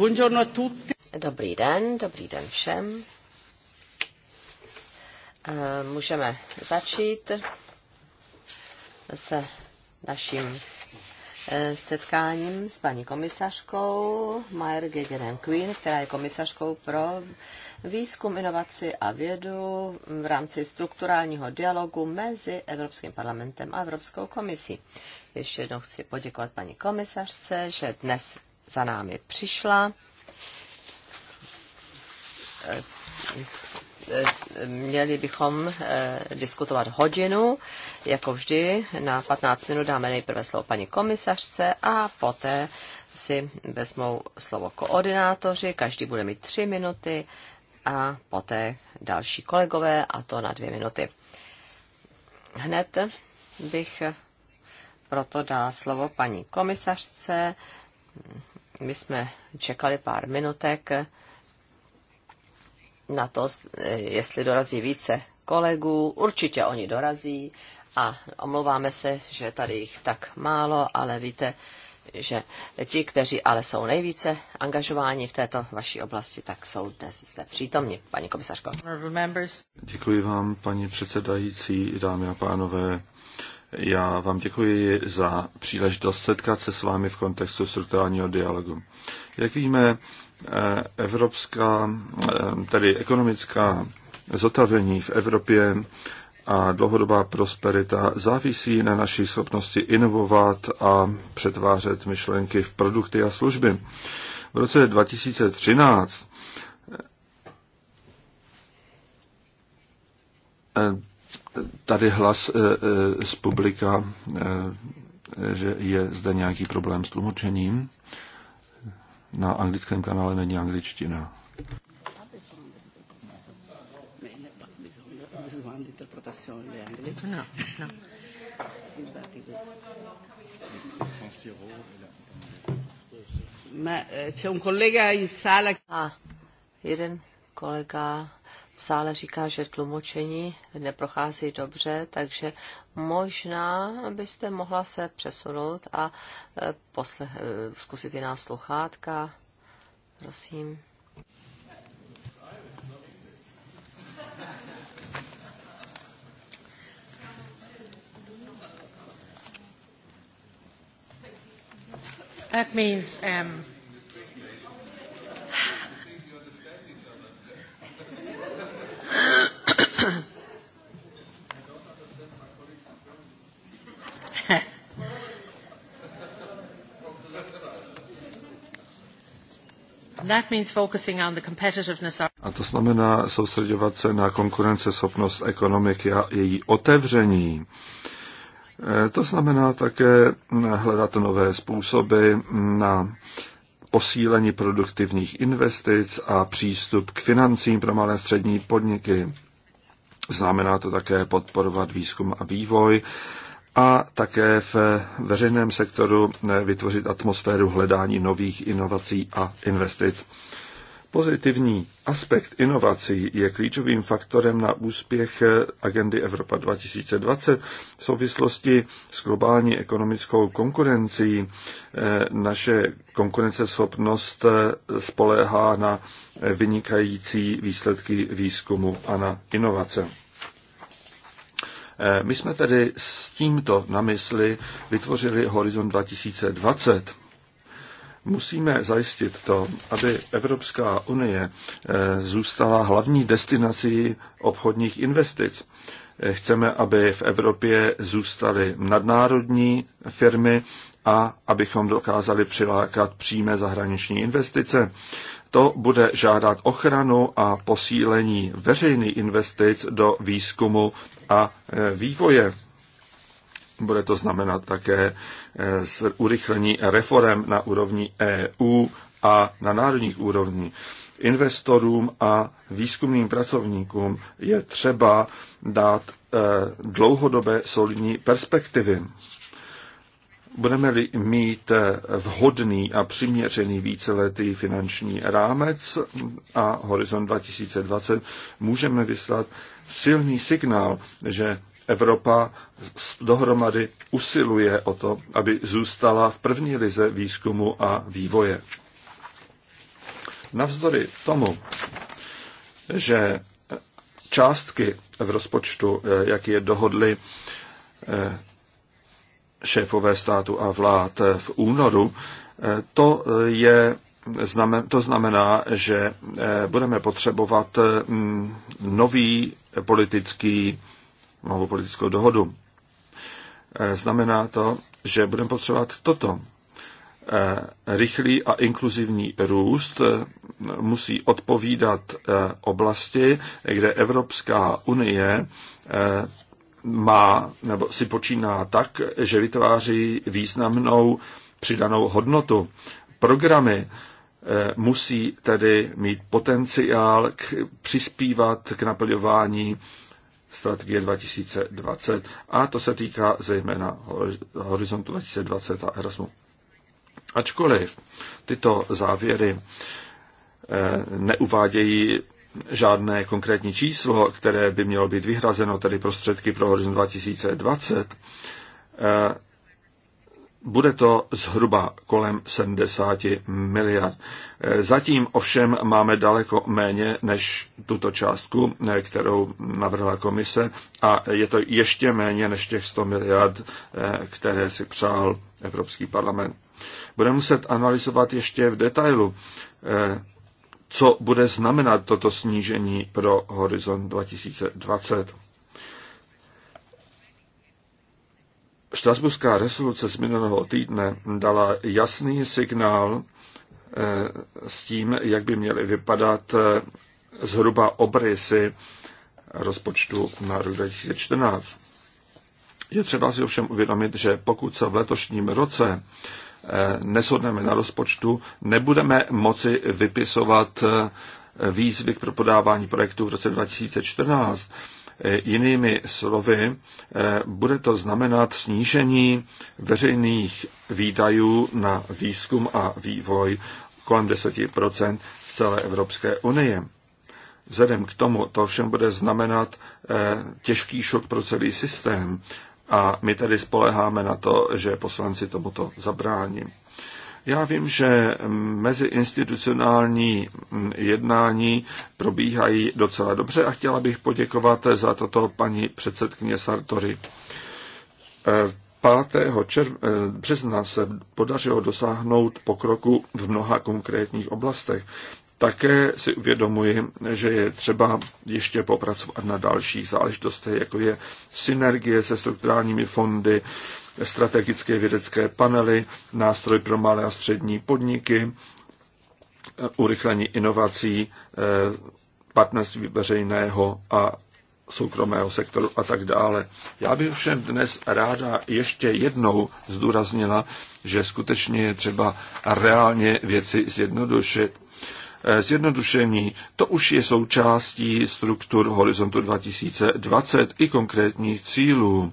Buongiorno a tutti. Dobrý den, dobrý den všem. Eh, můžeme začít se naším eh, setkáním s paní komisařkou Mayer Gegeren Queen, která je komisařkou pro výzkum, inovaci a vědu v rámci strukturálního dialogu mezi Evropským parlamentem a Evropskou komisí. Ještě jednou chci poděkovat paní komisařce, že dnes za námi přišla. Měli bychom eh, diskutovat hodinu, jako vždy. Na 15 minut dáme nejprve slovo paní komisařce a poté si vezmou slovo koordinátoři, každý bude mít tři minuty a poté další kolegové a to na dvě minuty. Hned bych proto dala slovo paní komisařce my jsme čekali pár minutek na to, jestli dorazí více kolegů. Určitě oni dorazí a omlouváme se, že tady jich tak málo, ale víte, že ti, kteří ale jsou nejvíce angažováni v této vaší oblasti, tak jsou dnes zde přítomni, paní komisařko. Děkuji vám, paní předsedající, dámy a pánové. Já vám děkuji za příležitost setkat se s vámi v kontextu strukturálního dialogu. Jak víme, eh, evropská, eh, tedy ekonomická zotavení v Evropě a dlouhodobá prosperita závisí na naší schopnosti inovovat a přetvářet myšlenky v produkty a služby. V roce 2013 tady hlas eh, eh, z publika, eh, že je zde nějaký problém s tlumočením. Na anglickém kanále není angličtina. Ma c'è un collega in sala. Ah, jeden collega v sále říká, že tlumočení neprochází dobře, takže možná byste mohla se přesunout a e, posle, e, zkusit jiná sluchátka. Prosím. That means um, A to znamená soustředovat se na konkurenceschopnost ekonomiky a její otevření. E, to znamená také hledat nové způsoby na posílení produktivních investic a přístup k financím pro malé střední podniky. Znamená to také podporovat výzkum a vývoj a také v veřejném sektoru eh, vytvořit atmosféru hledání nových inovací a investic. Pozitivní aspekt inovací je klíčovým faktorem na úspěch agendy Evropa 2020 v souvislosti s globální ekonomickou konkurencí. Eh, naše konkurenceschopnost eh, spoléhá na vynikající výsledky výzkumu a na inovace. Eh, my jsme tedy s tímto na mysli vytvořili Horizon 2020 Musíme zajistit to, aby Evropská unie eh, zůstala hlavní destinací obchodních investic. Eh, chceme, aby v Evropě zůstaly nadnárodní firmy a abychom dokázali přilákat přímé zahraniční investice. To bude žádat ochranu a posílení veřejných investic do výzkumu a eh, vývoje. Bude to znamenat také eh, urychlení reform na úrovni EU a na národních úrovni. Investorům a výzkumným pracovníkům je třeba dát eh, dlouhodobé solidní perspektivy. Budeme-li mít eh, vhodný a přiměřený víceletý finanční rámec a horizont 2020, můžeme vyslat silný signál, že Evropa dohromady usiluje o to, aby zůstala v první lize výzkumu a vývoje. Navzdory tomu, že částky v rozpočtu, eh, jak je dohodli eh, šéfové státu a vlád eh, v únoru, to je to znamená, že budeme potřebovat mm, nový politický novou politickou dohodu. Eh, znamená to, že budeme potřebovat toto. Eh, rychlý a inkluzivní růst eh, musí odpovídat oblasti, kde Evropská unie má nebo si počíná tak, že vytváří významnou přidanou hodnotu. Programy musí tedy mít potenciál k přispívat k naplňování strategie 2020 a to se týká zejména Horizontu 2020 a Erasmu. Ačkoliv tyto závěry eh, neuvádějí žádné konkrétní číslo, které by mělo být vyhrazeno, tedy prostředky pro horizont 2020, bude to zhruba kolem 70 miliard. Zatím ovšem máme daleko méně než tuto částku, kterou navrhla komise a je to ještě méně než těch 100 miliard, které si přál Evropský parlament. Budeme muset analyzovat ještě v detailu, co bude znamenat toto snížení pro horizont 2020. Štrasburská resoluce z minulého týdne dala jasný signál eh, s tím, jak by měly vypadat eh, zhruba obrysy rozpočtu na rok 2014. Je třeba si ovšem uvědomit, že pokud se v letošním roce eh, neshodneme na rozpočtu, nebudeme moci vypisovat výzvy k podávání projektů v roce 2014 Eh, jinými slovy, eh, bude to znamenat snížení veřejných výdajů na výzkum a vývoj kolem 10 v celé Evropské unii. Vzhledem k tomu to všem bude znamenat eh, těžký šok pro celý systém a my tedy spoleháme na to, že poslanci tomuto zabrání. Já vím, že meziinstitucionální jednání probíhají docela dobře a chtěla bych poděkovat za toto paní předsedkyně Sartory. 5. Červ- března se podařilo dosáhnout pokroku v mnoha konkrétních oblastech. Také si uvědomuji, že je třeba ještě popracovat na dalších záležitostech, jako je synergie se strukturálními fondy, strategické vědecké panely, nástroj pro malé a střední podniky, eh, urychlení inovací, eh, partnerství veřejného a soukromého sektoru a tak dále. Já bych všem dnes ráda ještě jednou zdůraznila, že skutečně je třeba reálně věci zjednodušit. Eh, zjednodušení to už je součástí struktur Horizontu 2020 i konkrétních cílů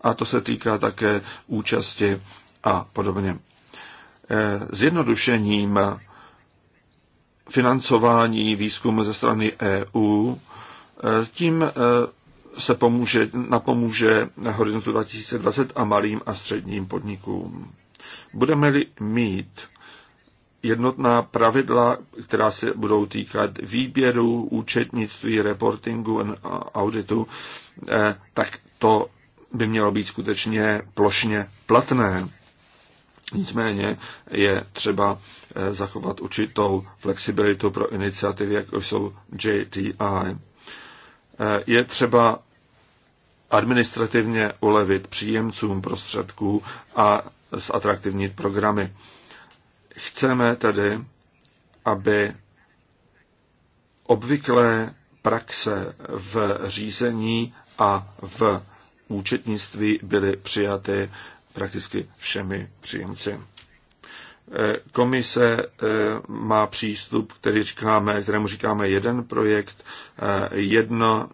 a to se týká také účasti a podobně. Eh, zjednodušením financování výzkumu ze strany EU, eh, tím eh, se pomůže, napomůže na Horizontu 2020 a malým a středním podnikům. Budeme-li mít jednotná pravidla, která se budou týkat výběru, účetnictví, reportingu a auditu, tak to by mělo být skutečně plošně platné. Nicméně je třeba eh, zachovat určitou flexibilitu pro iniciativy, jako jsou JTI. Eh, je třeba administrativně ulevit příjemcům prostředků a zatraktivnit programy. Chceme tedy, aby obvyklé praxe v řízení a v účetnictví byly přijaty prakticky všemi příjemci. Eh, komise eh, má přístup, který říkáme, kterému říkáme jeden projekt, eh, jedno,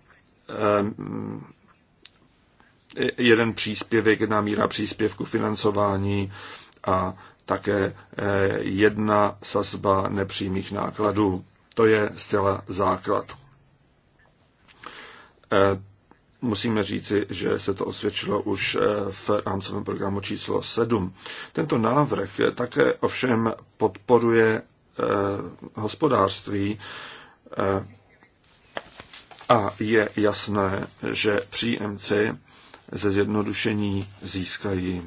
jeden příspěvek, jedna míra příspěvku financování a také jedna sazba nepřímých nákladů. To je zcela základ musíme říci, že se to osvědčilo už eh, v rámcovém programu číslo 7. Tento návrh také ovšem podporuje eh, hospodářství eh, a je jasné, že příjemci ze zjednodušení získají.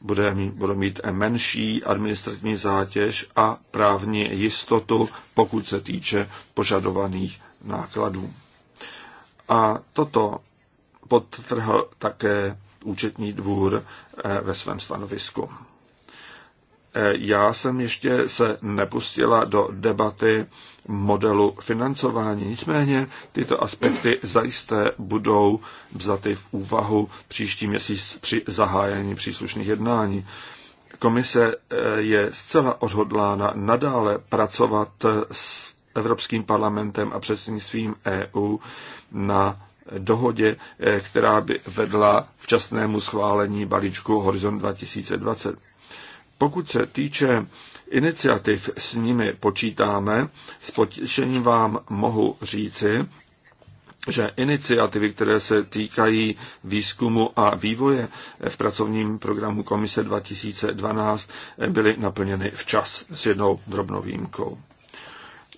Bude mít, budou mít menší administrativní zátěž a právní jistotu, pokud se týče požadovaných nákladů. A toto podtrhl také účetní dvůr eh, ve svém stanovisku. Eh, já jsem ještě se nepustila do debaty modelu financování, nicméně tyto aspekty zajisté budou vzaty v úvahu příští měsíc při zahájení příslušných jednání. Komise eh, je zcela odhodlána nadále pracovat s Evropským parlamentem a předsednictvím EU na dohodě, eh, která by vedla včasnému schválení balíčku Horizon 2020. Pokud se týče iniciativ, s nimi počítáme, s potěšením vám mohu říci, že iniciativy, které se týkají výzkumu a vývoje eh, v pracovním programu Komise 2012, eh, byly naplněny včas s jednou drobnou výjimkou.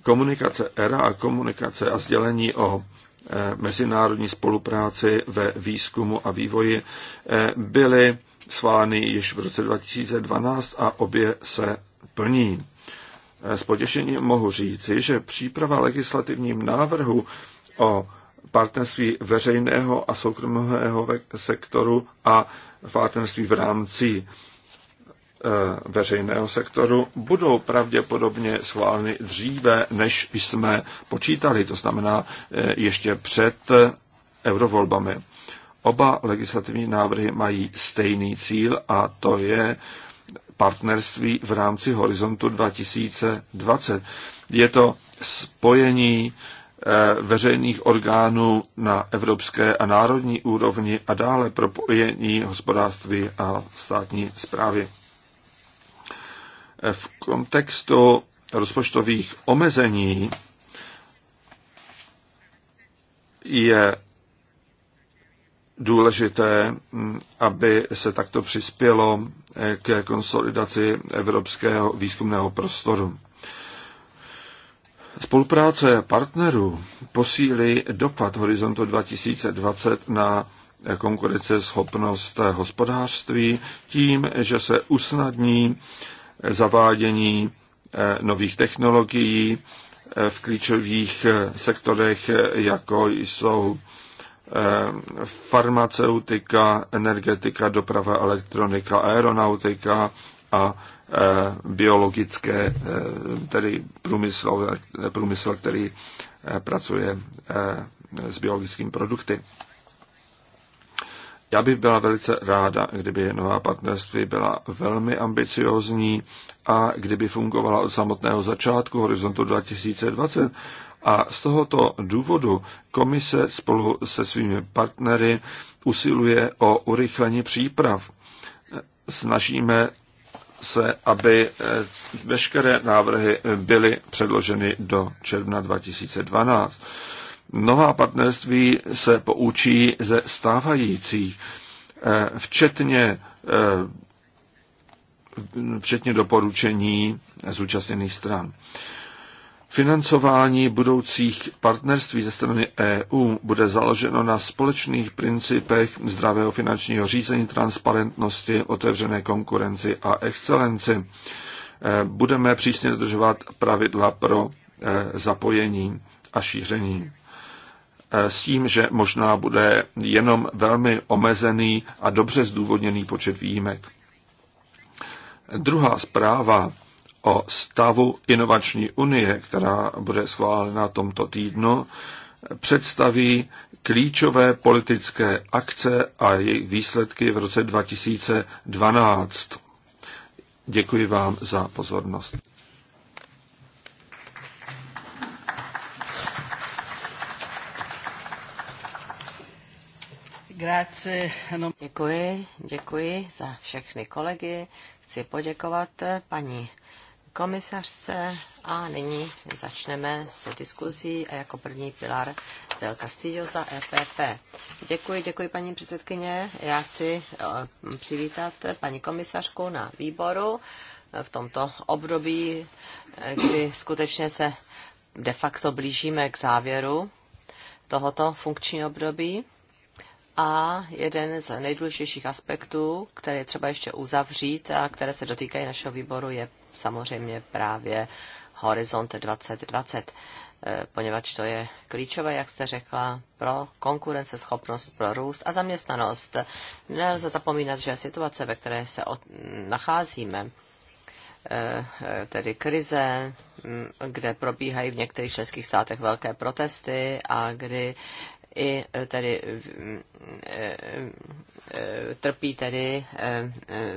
Komunikace ERA a komunikace a sdělení o eh, mezinárodní spolupráci ve výzkumu a vývoji eh, byly schváleny již v roce 2012 a obě se plní. Eh, s potěšením mohu říci, že příprava legislativním návrhu o partnerství veřejného a soukromého sektoru a partnerství v rámci Eh, veřejného sektoru budou pravděpodobně schváleny dříve, než jsme počítali, to znamená eh, ještě před eh, eurovolbami. Oba legislativní návrhy mají stejný cíl a to je partnerství v rámci Horizontu 2020. Je to spojení veřejných orgánů na evropské a národní úrovni a dále propojení hospodářství a státní zprávy. V kontextu rozpočtových omezení je důležité, aby se takto přispělo ke konsolidaci evropského výzkumného prostoru. Spolupráce partnerů posílí dopad Horizontu 2020 na konkurenceschopnost hospodářství tím, že se usnadní zavádění eh, nových technologií eh, v klíčových eh, sektorech, jako jsou farmaceutika, energetika, doprava, elektronika, aeronautika a biologické, tedy průmysl, průmysl který pracuje s biologickými produkty. Já bych byla velice ráda, kdyby nová partnerství byla velmi ambiciozní a kdyby fungovala od samotného začátku horizontu 2020. A z tohoto důvodu komise spolu se svými partnery usiluje o urychlení příprav. Snažíme se, aby eh, veškeré návrhy byly předloženy do června 2012. Nová partnerství se poučí ze stávajících, eh, včetně, eh, včetně doporučení zúčastněných stran. Financování budoucích partnerství ze strany EU bude založeno na společných principech zdravého finančního řízení, transparentnosti, otevřené konkurenci a excelenci. Eh, budeme přísně dodržovat pravidla pro zapojení a šíření. Eh, s tím, že možná bude jenom velmi omezený a dobře zdůvodněný počet výjimek. Druhá zpráva o stavu inovační unie, která bude schválena tomto týdnu, představí klíčové politické akce a jejich výsledky v roce 2012. Děkuji vám za pozornost. Grazie. Děkuji, děkuji za všechny kolegy. Chci poděkovat paní komisařce a nyní začneme s diskuzí a jako první pilar Del Castillo za EPP. Děkuji, děkuji paní předsedkyně. Já chci eh, přivítat paní komisařku na výboru v tomto období, eh, kdy skutečně se de facto blížíme k závěru tohoto funkčního období. A jeden z nejdůležitějších aspektů, který je třeba ještě uzavřít a které se dotýkají našeho výboru, je samozřejmě právě Horizont 2020, eh, poněvadž to je klíčové, jak jste řekla, pro konkurenceschopnost, pro růst a zaměstnanost. Nelze zapomínat, že situace, ve které se nacházíme, eh, eh, tedy krize, mm, kde probíhají v některých členských státech velké protesty a kdy i e, tedy e, e, trpí tedy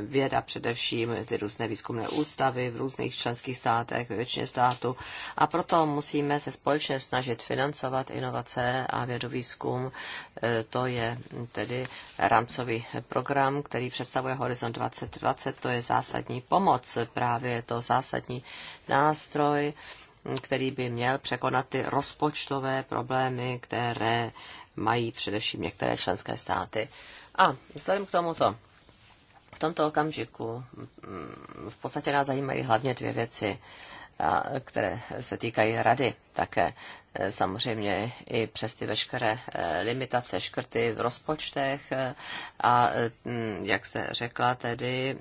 věda především ty různé výzkumné ústavy v různých členských státech, ve většině států. A proto musíme se společně snažit financovat inovace a vědu výzkum. To je tedy rámcový program, který představuje Horizon 2020. To je zásadní pomoc, právě je to zásadní nástroj, který by měl překonat ty rozpočtové problémy, které mají především některé členské státy. A vzhledem k tomuto, v tomto okamžiku mm, v podstatě nás zajímají hlavně dvě věci které se týkají rady také. E, samozřejmě i přes ty veškeré e, limitace, škrty v rozpočtech e, a, mm, jak jste řekla, tedy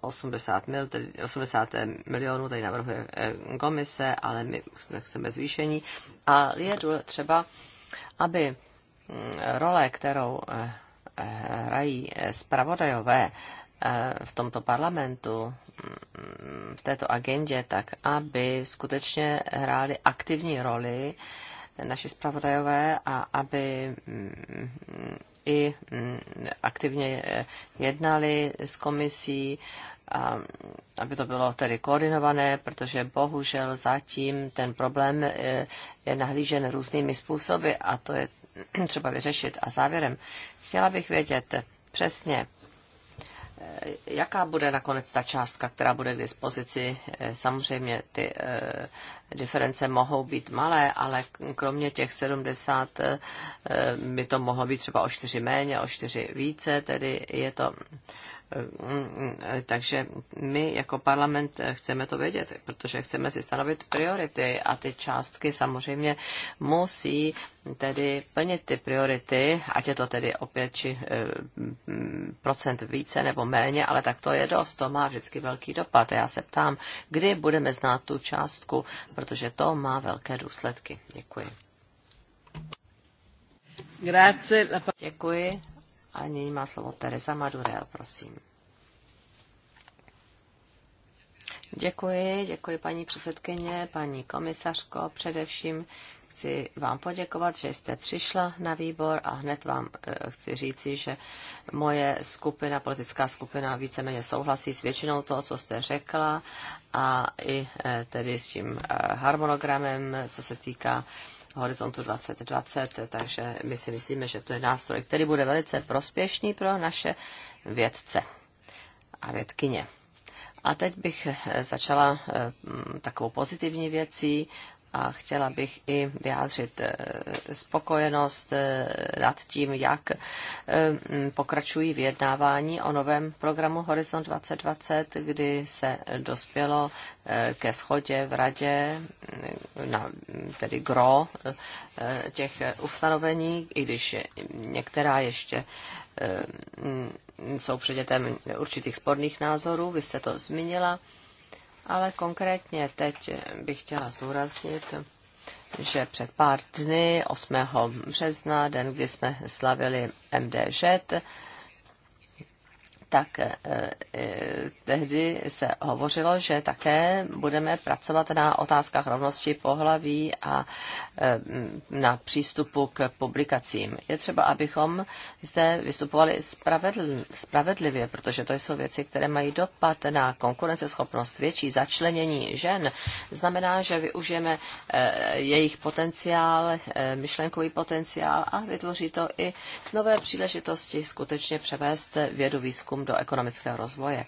80, mil, tedy 80 milionů tady navrhuje komise, ale my chceme zvýšení. A je třeba, aby mm, role, kterou hrají zpravodajové, Eh, v tomto parlamentu, mm, v této agendě, tak aby skutečně hráli aktivní roli naši zpravodajové a aby mm, i mm, aktivně jednali s komisí, a aby to bylo tedy koordinované, protože bohužel zatím ten problém eh, je nahlížen různými způsoby a to je třeba vyřešit. A závěrem, chtěla bych vědět přesně, jaká bude nakonec ta částka, která bude k dispozici. Eh, samozřejmě ty eh, diference mohou být malé, ale kromě těch 70 eh, by to mohlo být třeba o 4 méně, o 4 více, tedy je to Eh, takže my jako parlament eh, chceme to vědět, protože chceme si stanovit priority a ty částky samozřejmě musí tedy plnit ty priority, ať je to tedy opět či eh, mm, procent více nebo méně, ale tak to je dost, to má vždycky velký dopad. já se ptám, kdy budeme znát tu částku, protože to má velké důsledky. Děkuji. Grazie. Děkuji. A nyní má slovo Teresa Madurel, prosím. Děkuji, děkuji paní předsedkyně, paní komisařko. Především chci vám poděkovat, že jste přišla na výbor a hned vám eh, chci říci, že moje skupina, politická skupina víceméně souhlasí s většinou toho, co jste řekla a i eh, tedy s tím eh, harmonogramem, co se týká Horizontu 2020, takže my si myslíme, že to je nástroj, který bude velice prospěšný pro naše vědce a vědkyně. A teď bych začala eh, takovou pozitivní věcí a chtěla bych i vyjádřit eh, spokojenost eh, nad tím, jak eh, pokračují vyjednávání o novém programu Horizont 2020, kdy se dospělo ke schodě v radě, mm, na, tedy gro těch ustanovení, i když některá ještě jsou předětem určitých sporných názorů, vy jste to zmínila. Ale konkrétně teď bych chtěla zdůraznit, že před pár dny, 8. března, den, kdy jsme slavili MDŽ, tak eh, eh, tehdy se hovořilo, že také budeme pracovat na otázkách rovnosti pohlaví a eh, na přístupu k publikacím. Je třeba, abychom zde vystupovali spravedlivě, protože to jsou věci, které mají dopad na konkurenceschopnost větší. Začlenění žen znamená, že využijeme jejich potenciál, myšlenkový potenciál a vytvoří to i nové příležitosti skutečně převést vědu výzkum výzkum do ekonomického rozvoje.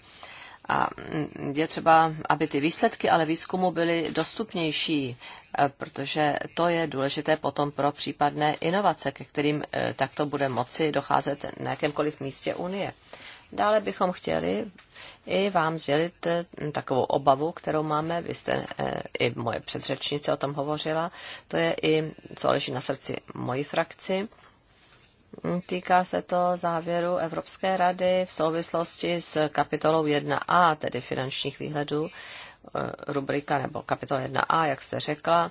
A je třeba, aby ty výsledky ale výzkumu byly dostupnější, e, protože to je důležité potom pro případné inovace, ke kterým e, takto bude moci docházet na jakémkoliv místě Unie. Dále bychom chtěli i vám sdělit e, takovou obavu, kterou máme. Vy jste, i moje předřečnice o tom hovořila. To je i, co leží na srdci mojí frakci Týká se to závěru Evropské rady v souvislosti s kapitolou 1a, tedy finančních výhledů, e, rubrika nebo kapitola 1a, jak jste řekla.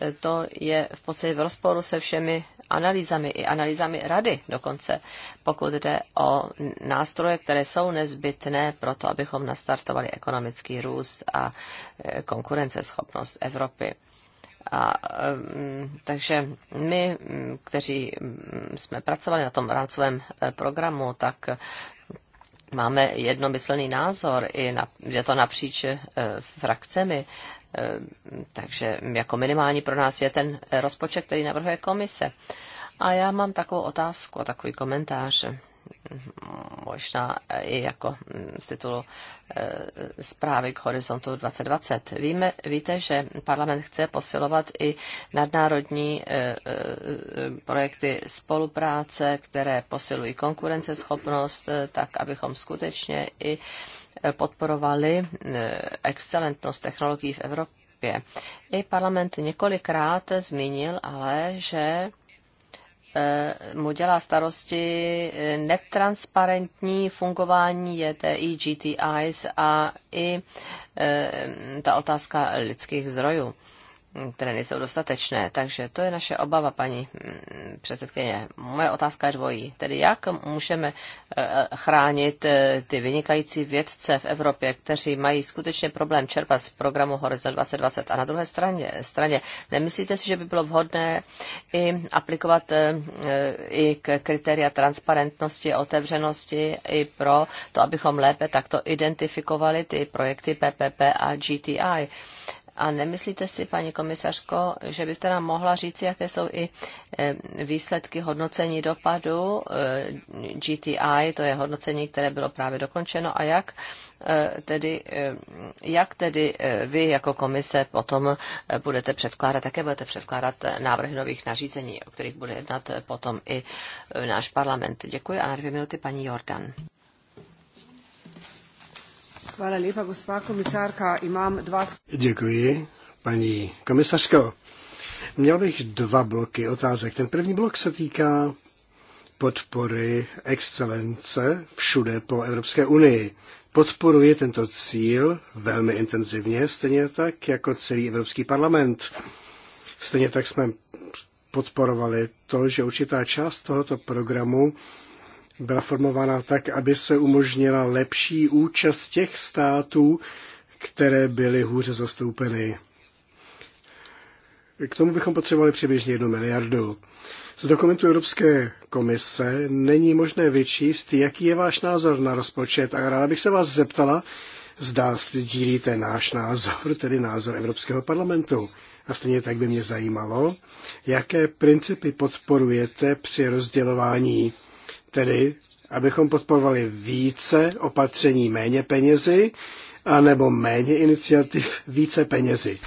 E, to je v podstatě v rozporu se všemi analýzami i analýzami rady dokonce, pokud jde o nástroje, které jsou nezbytné pro to, abychom nastartovali ekonomický růst a e, konkurenceschopnost Evropy. A, mm, takže my, mm, kteří mm, jsme pracovali na tom rámcovém e, programu, tak máme jednomyslný názor, i na, je to napříč e, frakcemi, e, takže jako minimální pro nás je ten rozpočet, který navrhuje komise. A já mám takovou otázku, takový komentář možná i jako mm, z titulu e, zprávy k horizontu 2020. Víme, víte, že parlament chce posilovat i nadnárodní e, e, projekty spolupráce, které posilují konkurenceschopnost, tak abychom skutečně i podporovali excelentnost technologií v Evropě. I parlament několikrát zmínil ale, že Eh, mu dělá starosti eh, netransparentní fungování JTI, GTIs a i eh, ta otázka lidských zdrojů trendy jsou dostatečné. Takže to je naše obava, paní mm, předsedkyně. Moje otázka je dvojí. Tedy jak můžeme eh, chránit eh, ty vynikající vědce v Evropě, kteří mají skutečně problém čerpat z programu Horizon 2020? A na druhé straně, straně nemyslíte si, že by bylo vhodné i aplikovat eh, i k kritéria transparentnosti, otevřenosti i pro to, abychom lépe takto identifikovali ty projekty PPP a GTI? A nemyslíte si, paní komisařko, že byste nám mohla říct, jaké jsou i eh, výsledky hodnocení dopadu eh, GTI, to je hodnocení, které bylo právě dokončeno, a jak eh, tedy, jak tedy vy jako komise potom budete předkládat, také budete předkládat návrhy nových nařízení, o kterých bude jednat potom i náš parlament. Děkuji a na dvě minuty paní Jordan. Hvala lepa, gospa dva... Děkuji, paní komisařko. Měl bych dva bloky otázek. Ten první blok se týká podpory excelence všude po Evropské unii. Podporuji tento cíl velmi intenzivně, stejně tak jako celý Evropský parlament. Stejně tak jsme podporovali to, že určitá část tohoto programu byla formována tak, aby se umožnila lepší účast těch států, které byly hůře zastoupeny. K tomu bychom potřebovali přibližně jednu miliardu. Z dokumentu Evropské komise není možné vyčíst, jaký je váš názor na rozpočet a ráda bych se vás zeptala, zda sdílíte náš názor, tedy názor Evropského parlamentu. A stejně tak by mě zajímalo, jaké principy podporujete při rozdělování Tedy, abychom podporovali více opatření méně penězi, anebo méně iniciativ více penězi.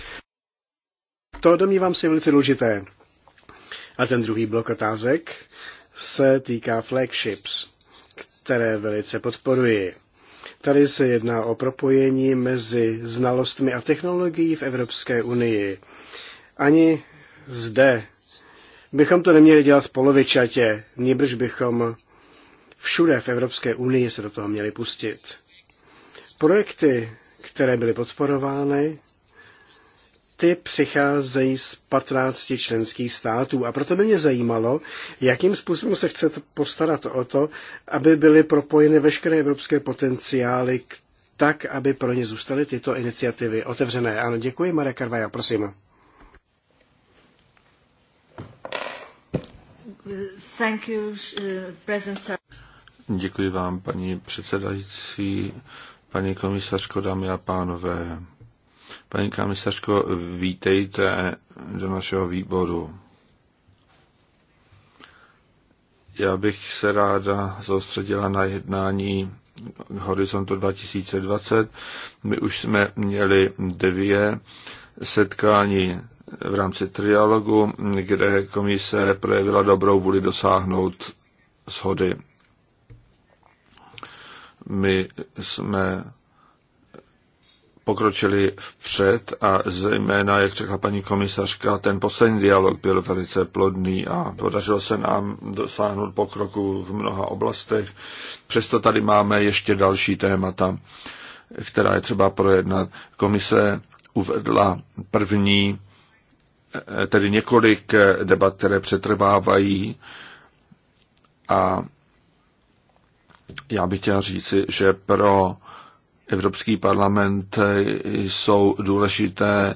To domnívám si velice důležité. A ten druhý blok otázek se týká flagships, které velice podporuji. Tady se jedná o propojení mezi znalostmi a technologií v Evropské unii. Ani zde bychom to neměli dělat polovičatě, níbrž bychom všude v Evropské unii se do toho měli pustit. Projekty, které byly podporovány, ty přicházejí z 15 členských států. A proto by mě zajímalo, jakým způsobem se chcete postarat o to, aby byly propojeny veškeré evropské potenciály tak, aby pro ně zůstaly tyto iniciativy otevřené. Ano, děkuji, Marek Karvaja, prosím. Thank you, uh, President Děkuji vám, paní předsedající, paní komisařko, dámy a pánové. Paní komisařko, vítejte do našeho výboru. Já bych se ráda soustředila na jednání Horizontu 2020. My už jsme měli dvě setkání v rámci trialogu, kde komise projevila dobrou vůli dosáhnout shody. My jsme pokročili vpřed a zejména, jak řekla paní komisařka, ten poslední dialog byl velice plodný a podařilo se nám dosáhnout pokroku v mnoha oblastech. Přesto tady máme ještě další témata, která je třeba projednat. Komise uvedla první, eh, tedy několik debat, které přetrvávají a já bych chtěl říci, že pro Evropský parlament jsou důležité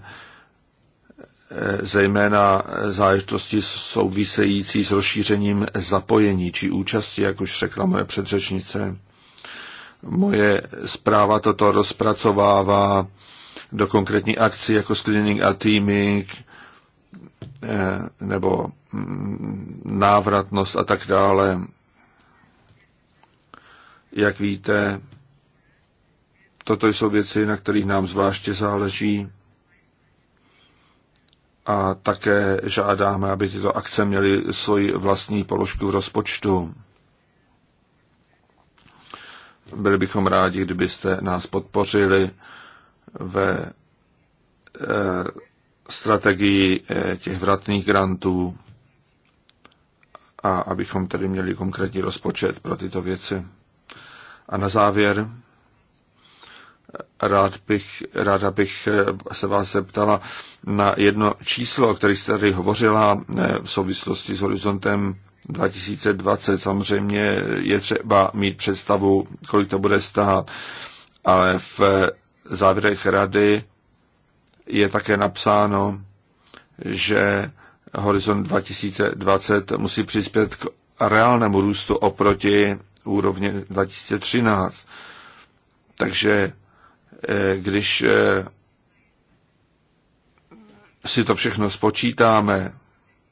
eh, zejména záležitosti související s rozšířením zapojení či účasti, jak už řekla moje předřečnice. Moje zpráva toto rozpracovává do konkrétní akci jako screening a teaming eh, nebo mm, návratnost a tak dále. Jak víte, toto jsou věci, na kterých nám zvláště záleží a také žádáme, aby tyto akce měly svoji vlastní položku v rozpočtu. Byli bychom rádi, kdybyste nás podpořili ve eh, strategii eh, těch vratných grantů a abychom tedy měli konkrétní rozpočet pro tyto věci. A na závěr rád bych, ráda bych se vás zeptala na jedno číslo, o které jste tady hovořila eh, v souvislosti s horizontem 2020. Samozřejmě je třeba mít představu, kolik to bude stát, ale v eh, závěrech rady je také napsáno, že Horizont 2020 musí přispět k reálnému růstu oproti úrovně 2013. Takže eh, když eh, si to všechno spočítáme,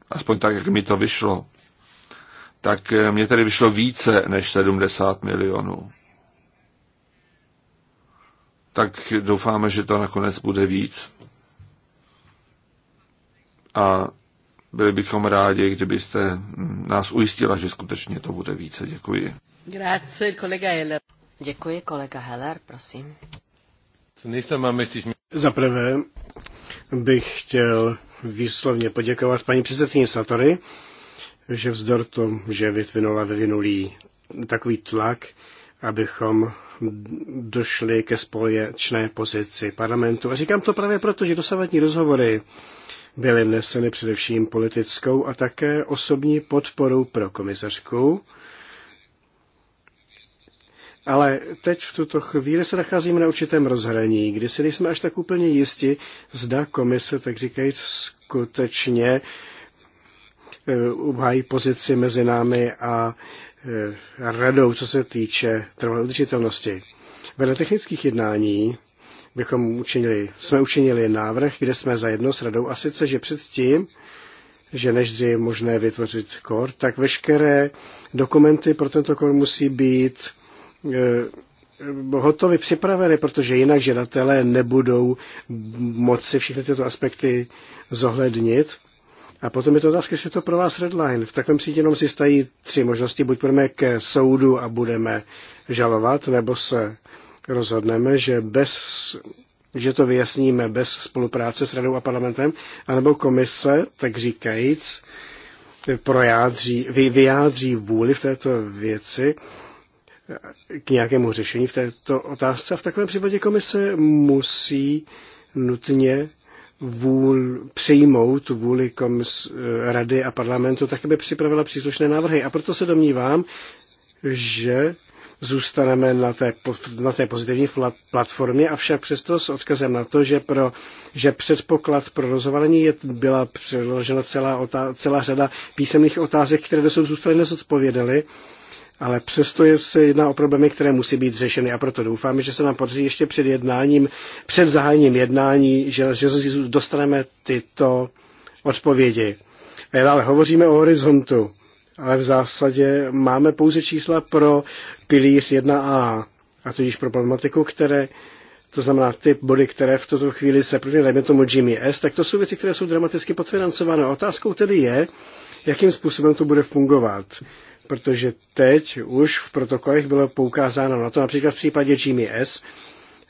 aspoň tak, jak mi to vyšlo, tak eh, mě tedy vyšlo více než 70 milionů. Tak doufáme, že to nakonec bude víc. A byli bychom rádi, kdybyste mm, nás ujistila, že skutečně to bude více. Děkuji kolega Heller. Děkuji, kolega Heller, prosím. Za prvé bych chtěl výslovně poděkovat paní předsedkyni Satory, že vzdor tomu, že vytvinula vyvinulý takový tlak, abychom došli ke společné pozici parlamentu. A říkám to právě proto, že dosavadní rozhovory byly neseny především politickou a také osobní podporou pro komisařku, ale teď v tuto chvíli se nacházíme na určitém rozhraní, kdy si nejsme až tak úplně jisti, zda komise, tak říkajíc, skutečně eh, obhájí pozici mezi námi a eh, radou, co se týče trvalé udržitelnosti. Vedle technických jednání bychom učinili, jsme učinili návrh, kde jsme zajedno s radou a sice, že předtím, že než je možné vytvořit kor, tak veškeré dokumenty pro tento kor musí být Eh, hotovy připraveny, protože jinak žadatelé nebudou moci všechny tyto aspekty zohlednit. A potom je to otázka, jestli je to pro vás redline. V takovém případě jenom si stají tři možnosti. Buď půjdeme ke soudu a budeme žalovat, nebo se rozhodneme, že, bez, že to vyjasníme bez spolupráce s radou a parlamentem, anebo komise, tak říkajíc, projádří, vyjádří vůli v této věci k nějakému řešení v této otázce. A v takovém případě komise musí nutně vůl, přijmout vůli komis, rady a parlamentu, tak aby připravila příslušné návrhy. A proto se domnívám, že zůstaneme na té, na té pozitivní platformě, avšak přesto s odkazem na to, že, pro, že předpoklad pro rozhovalení je, byla přeložena celá, celá řada písemných otázek, které dosud zůstaly nezodpovědely, ale přesto je, se jedná o problémy, které musí být řešeny a proto doufáme, že se nám podaří ještě před jednáním, před zahájením jednání, že, že dostaneme tyto odpovědi. A dále hovoříme o horizontu, ale v zásadě máme pouze čísla pro pilíř 1a, a tudíž pro problematiku, které, to znamená ty body, které v tuto chvíli se první, dejme tomu Jimmy S, tak to jsou věci, které jsou dramaticky podfinancované. Otázkou tedy je, jakým způsobem to bude fungovat protože teď už v protokolech bylo poukázáno na to, například v případě Jimmy S.,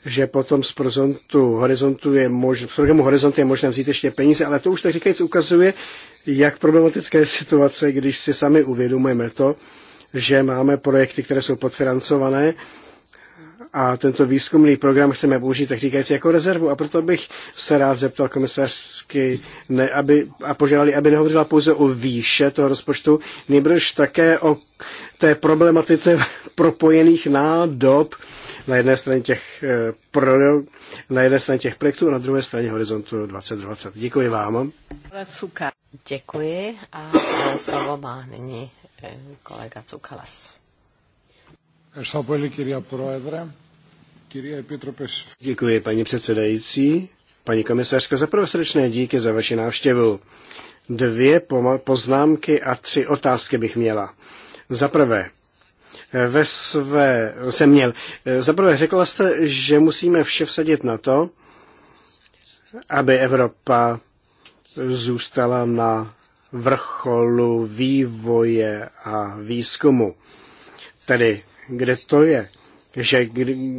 že potom z horizontu, horizontu je mož, z programu Horizont je možné vzít ještě peníze, ale to už tak říkajíc ukazuje, jak problematické je situace, když si sami uvědomujeme to, že máme projekty, které jsou podfinancované a tento výzkumný program chceme použít, tak říkající, jako rezervu. A proto bych se rád zeptal komisařky ne, aby, a požádali, aby nehovořila pouze o výše toho rozpočtu, nejbrž také o té problematice propojených nádob na jedné straně těch eh, pro, na jedné straně těch projektů a na druhé straně horizontu 2020. Děkuji vám. Děkuji a slovo má nyní eh, kolega Cukalas. Ευχαριστώ πολύ κυρία Πρόεδρε. Děkuji, paní předsedající. Paní komisařko, za prvé srdečné díky za vaši návštěvu. Dvě poznámky a tři otázky bych měla. Za prvé, eh, ve své, jsem měl, eh, za prvé řekla jste, že musíme vše vsadit na to, aby Evropa zůstala na vrcholu vývoje a výzkumu. Tedy, kde to je? že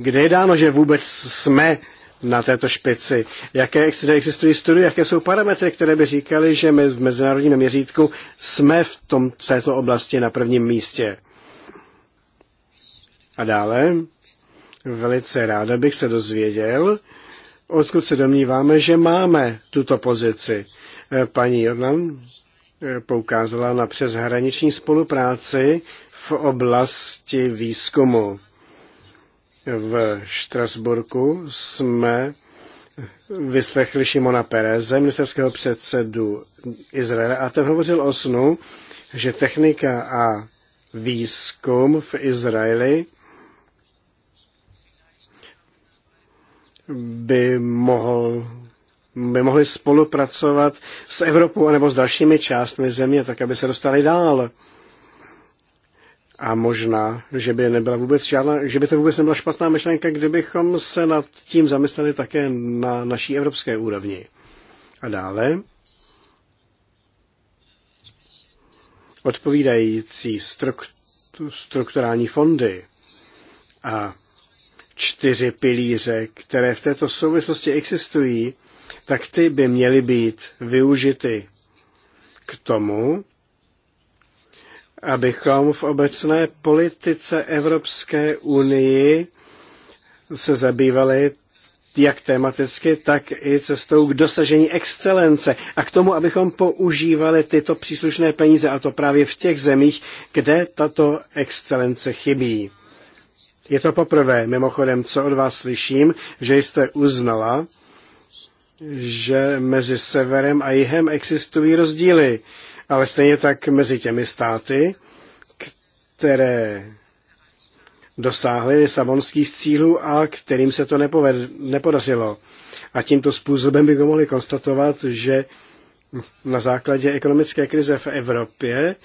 kde je dáno, že vůbec jsme na této špici. Jaké existují studie, jaké jsou parametry, které by říkaly, že my v mezinárodním měřítku jsme v tom, této oblasti na prvním místě. A dále, velice ráda bych se dozvěděl, odkud se domníváme, že máme tuto pozici. Eh, paní Jordan eh, poukázala na přeshraniční spolupráci v oblasti výzkumu v Štrasburku jsme vyslechli Šimona Pereze, ministerského předsedu Izraele, a ten hovořil o snu, že technika a výzkum v Izraeli by mohl by mohli spolupracovat s Evropou nebo s dalšími částmi země, tak aby se dostali dál. A možná, že by nebyla vůbec žádná, že by to vůbec nebyla špatná myšlenka, kdybychom se nad tím zamysleli také na naší evropské úrovni. A dále. Odpovídající strukturální fondy a čtyři pilíře, které v této souvislosti existují, tak ty by měly být využity k tomu, abychom v obecné politice Evropské unii se zabývali jak tematicky, tak i cestou k dosažení excelence a k tomu, abychom používali tyto příslušné peníze, a to právě v těch zemích, kde tato excelence chybí. Je to poprvé, mimochodem, co od vás slyším, že jste uznala, že mezi severem a jihem existují rozdíly ale stejně tak mezi těmi státy, které dosáhly lisabonských cílů a kterým se to nepoved, nepodařilo. A tímto způsobem bychom mohli konstatovat, že na základě ekonomické krize v Evropě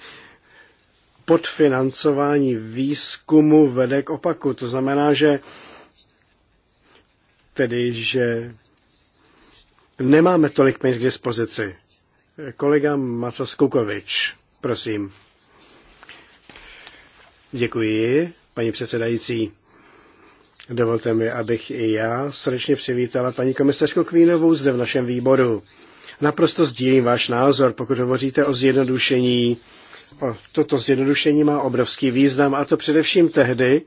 podfinancování výzkumu vede k opaku. To znamená, že tedy, že nemáme tolik peněz k dispozici. Kolega Macas prosím. Děkuji, paní předsedající. Dovolte mi, abych i já srdečně přivítala paní komisařku Kvínovou zde v našem výboru. Naprosto sdílím váš názor, pokud hovoříte o zjednodušení. O, toto zjednodušení má obrovský význam, a to především tehdy,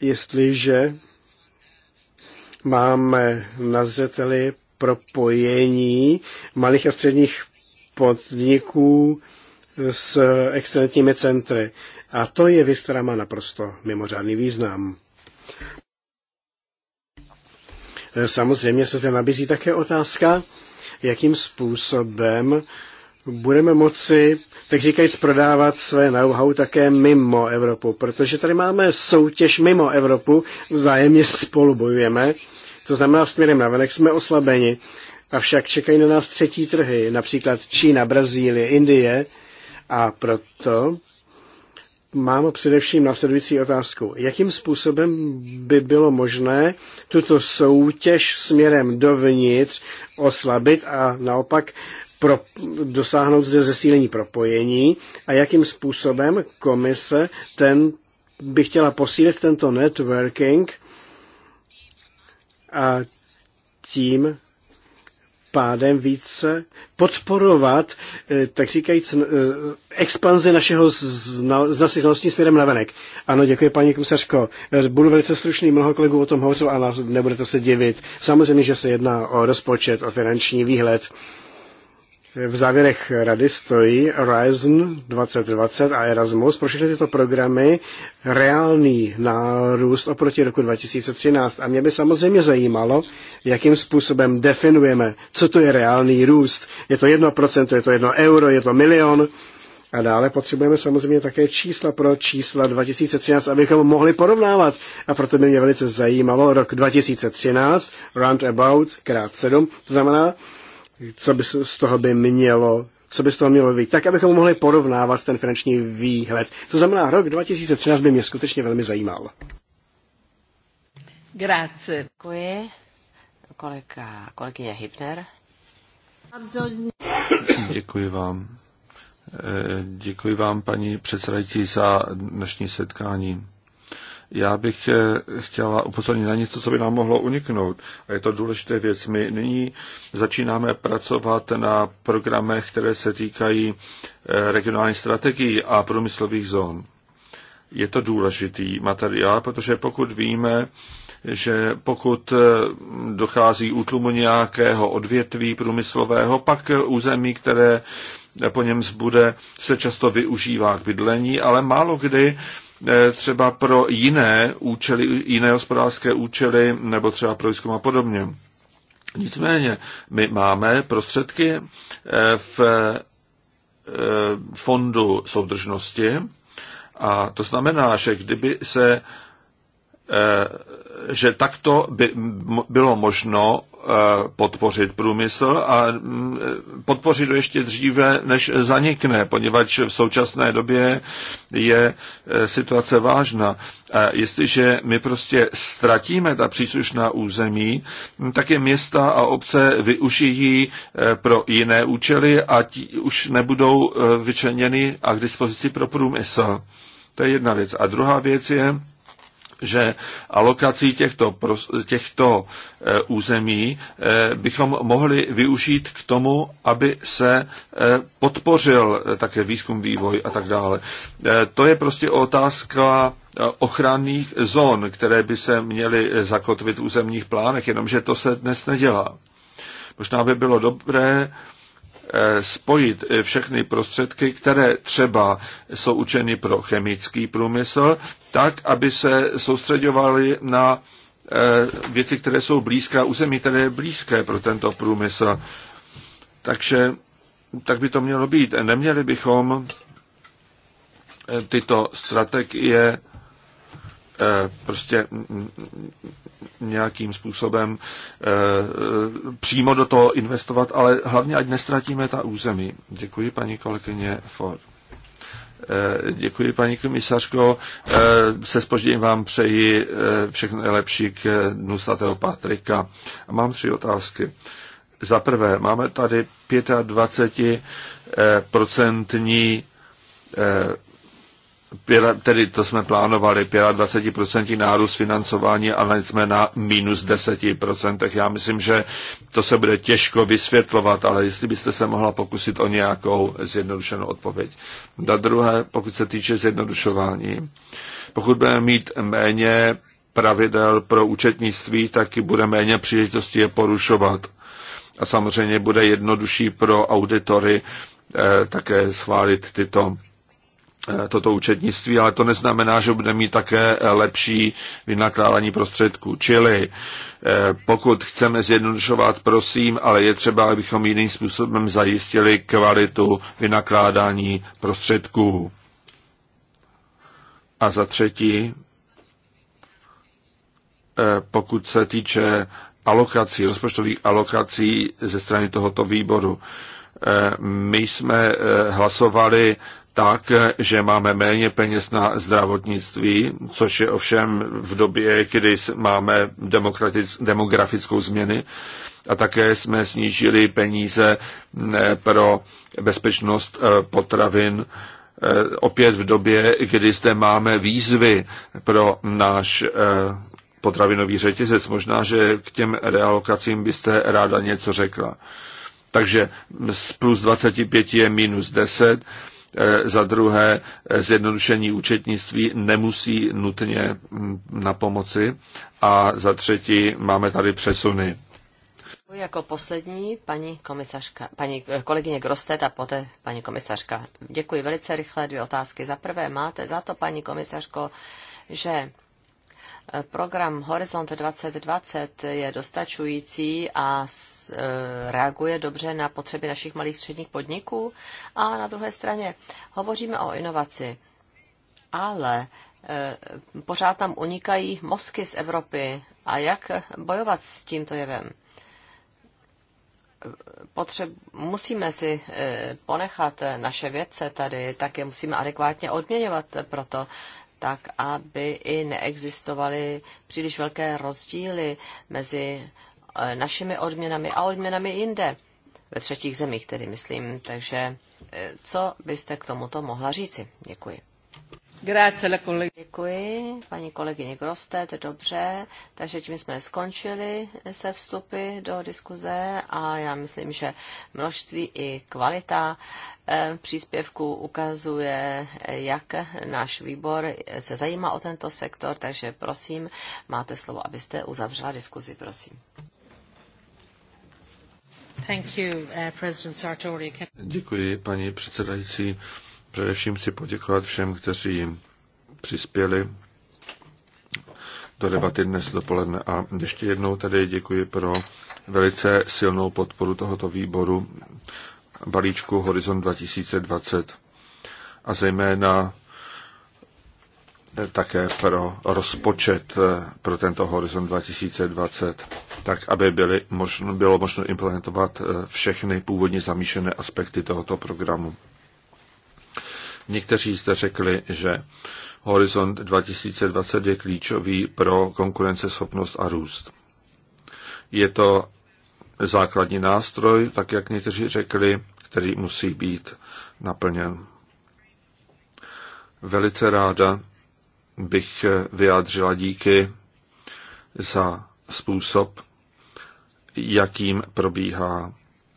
jestliže máme na zřeteli propojení malých a středních podniků s excelentními centry. A to je věc, která má naprosto mimořádný význam. Samozřejmě se zde nabízí také otázka, jakým způsobem budeme moci, tak říkajíc, prodávat své know-how také mimo Evropu, protože tady máme soutěž mimo Evropu, vzájemně spolu bojujeme to znamená, směrem na venek jsme oslabeni, avšak čekají na nás třetí trhy, například Čína, Brazílie, Indie a proto mám především následující otázku. Jakým způsobem by bylo možné tuto soutěž směrem dovnitř oslabit a naopak pro, dosáhnout zde zesílení propojení a jakým způsobem komise ten, by chtěla posílit tento networking a tím pádem více podporovat, eh, tak říkajíc, eh, expanzi našeho znalostí směrem na venek. Ano, děkuji, paní komisařko. Eh, budu velice stručný, mnoho kolegů o tom hovořil a nebudete se divit. Samozřejmě, že se jedná o rozpočet, o finanční výhled v závěrech rady stojí Horizon 2020 a Erasmus. Pro všechny tyto programy reálný nárůst oproti roku 2013. A mě by samozřejmě zajímalo, jakým způsobem definujeme, co to je reálný růst. Je to 1%, je to 1 euro, je to milion. A dále potřebujeme samozřejmě také čísla pro čísla 2013, abychom mohli porovnávat. A proto by mě velice zajímalo rok 2013, roundabout krát 7, to znamená co by z toho by mělo co by z toho mělo být, tak abychom mohli porovnávat ten finanční výhled. To znamená, rok 2013 by mě skutečně velmi zajímal. Grazie. Děkuji. Kolega, kolegyně Hipner. Děkuji vám. Eh, děkuji vám, paní předsedající, za dnešní setkání. Já bych eh, chtěla upozornit na něco, co by nám mohlo uniknout. A je to důležité věc. My nyní začínáme pracovat na programech, které se týkají eh, regionální strategií a průmyslových zón. Je to důležitý materiál, protože pokud víme, že pokud eh, dochází útlumu nějakého odvětví průmyslového, pak území, které po něm zbude, se často využívá k bydlení, ale málo kdy Eh, třeba pro jiné účely, jiné hospodářské účely nebo třeba pro výzkum a podobně. Nicméně, my máme prostředky eh, v eh, fondu soudržnosti a to znamená, že kdyby se že takto by bylo možno Eh, podpořit průmysl a mm, eh, podpořit ho ještě dříve, než zanikne, poněvadž v současné době je eh, situace vážná. A jestliže my prostě ztratíme ta příslušná území, mm, tak je města a obce využijí pro jiné účely a ti už nebudou vyčleněny a k dispozici pro průmysl. To je jedna věc. A druhá věc je, že alokací těchto, těchto e, území e, bychom mohli využít k tomu, aby se e, podpořil také výzkum, vývoj a tak dále. To je prostě otázka ochranných zón, které by se měly zakotvit v územních plánech, jenomže to se dnes nedělá. Možná by bylo dobré Eh, spojit eh, všechny prostředky, které třeba jsou učeny pro chemický průmysl, tak, aby se soustředovaly na eh, věci, které jsou blízké, území, které je blízké pro tento průmysl. Takže tak by to mělo být. Neměli bychom tyto strategie Eh, prostě nějakým způsobem eh, přímo do toho investovat, ale hlavně, ať nestratíme ta území. Děkuji, paní kolegyně Ford. Eh, děkuji, paní komisařko. Se spožděním vám přeji všechno nejlepší k dnu svatého Patrika. Mám tři otázky. Za prvé, máme tady 25% procentní tedy to jsme plánovali, 25% nárůst financování, ale jsme na minus 10%. Já myslím, že to se bude těžko vysvětlovat, ale jestli byste se mohla pokusit o nějakou zjednodušenou odpověď. Za druhé, pokud se týče zjednodušování, pokud budeme mít méně pravidel pro účetnictví, tak bude méně příležitostí je porušovat. A samozřejmě bude jednodušší pro auditory eh, také schválit tyto Eh, toto účetnictví, ale to neznamená, že bude mít také eh, lepší vynakládání prostředků. Čili eh, pokud chceme zjednodušovat, prosím, ale je třeba, abychom jiným způsobem zajistili kvalitu vynakládání prostředků. A za třetí, pokud se týče alokací, rozpočtových alokací ze strany tohoto výboru, my jsme hlasovali tak, že máme méně peněz na zdravotnictví, což je ovšem v době, kdy máme demografickou změny, a také jsme snížili peníze eh, pro bezpečnost eh, potravin eh, opět v době, kdy zde máme výzvy pro náš potravinový řetězec. Možná, že k těm realokacím byste ráda něco řekla. Takže z plus 25 je minus 10 Eh, za druhé, eh, zjednodušení účetnictví nemusí nutně mm, na pomoci. A za třetí, máme tady přesuny. Jako poslední paní komisařka, paní eh, kolegyně Grostet a poté paní komisařka. Děkuji velice rychle, dvě otázky. Za prvé, máte za to, paní komisařko, že Program Horizont 2020 je dostačující a e, reaguje dobře na potřeby našich malých středních podniků. A na druhé straně hovoříme o inovaci, ale e, pořád tam unikají mozky z Evropy. A jak bojovat s tímto jevem? potřeb, musíme si e, ponechat naše vědce tady, tak je musíme adekvátně odměňovat proto tak aby i neexistovaly příliš velké rozdíly mezi eh, našimi odměnami a odměnami jinde, ve třetích zemích tedy myslím. Takže eh, co byste k tomuto mohla říci? Děkuji. Děkuji, paní kolegyně Grostet, dobře. Takže tím jsme skončili se vstupy do diskuze a já myslím, že množství i kvalita eh, příspěvků ukazuje, jak náš výbor se zajímá o tento sektor, takže prosím, máte slovo, abyste uzavřela diskuzi, prosím. Eh, Děkuji, paní předsedající. Především chci poděkovat všem, kteří přispěli do debaty dnes dopoledne. A ještě jednou tady děkuji pro velice silnou podporu tohoto výboru balíčku Horizon 2020 a zejména také pro rozpočet eh, pro tento Horizon 2020, tak aby byly možno, bylo možno implementovat eh, všechny původně zamýšlené aspekty tohoto programu. Někteří jste řekli, že Horizont 2020 je klíčový pro konkurenceschopnost a růst. Je to základní nástroj, tak jak někteří řekli, který musí být naplněn. Velice ráda bych vyjádřila díky za způsob, jakým probíhá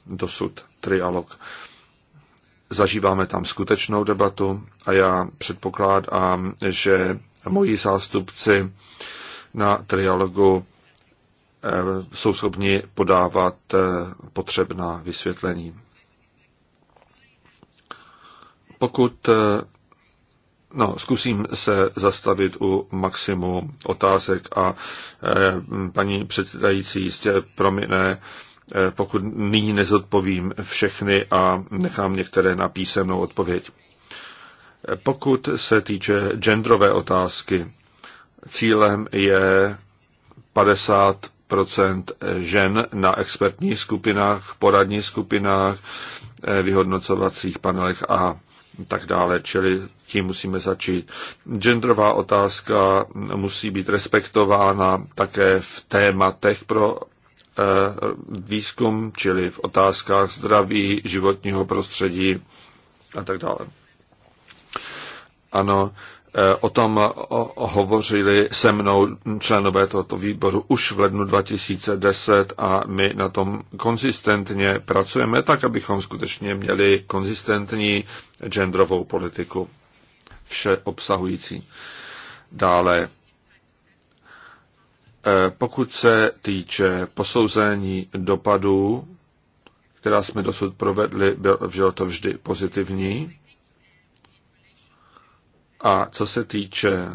dosud trialog. Zažíváme tam skutečnou debatu a já předpokládám, že moji zástupci na trialogu eh, jsou schopni podávat eh, potřebná vysvětlení. Pokud eh, No, zkusím se zastavit u maximum otázek a paní předsedající jistě promine, Eh, pokud nyní nezodpovím všechny a nechám některé na písemnou odpověď. Eh, pokud se týče genderové otázky, cílem je 50 žen na expertních skupinách, poradních skupinách, eh, vyhodnocovacích panelech a tak dále, čili tím musíme začít. Genderová otázka musí být respektována také v tématech pro Eh, výzkum, čili v otázkách zdraví, životního prostředí a tak dále. Ano, eh, o tom hovořili se mnou členové tohoto výboru už v lednu 2010 a my na tom konzistentně pracujeme tak, abychom skutečně měli konzistentní genderovou politiku, vše obsahující. Dále Eh, pokud se týče posouzení dopadů, která jsme dosud provedli, bylo to vždy pozitivní. A co se týče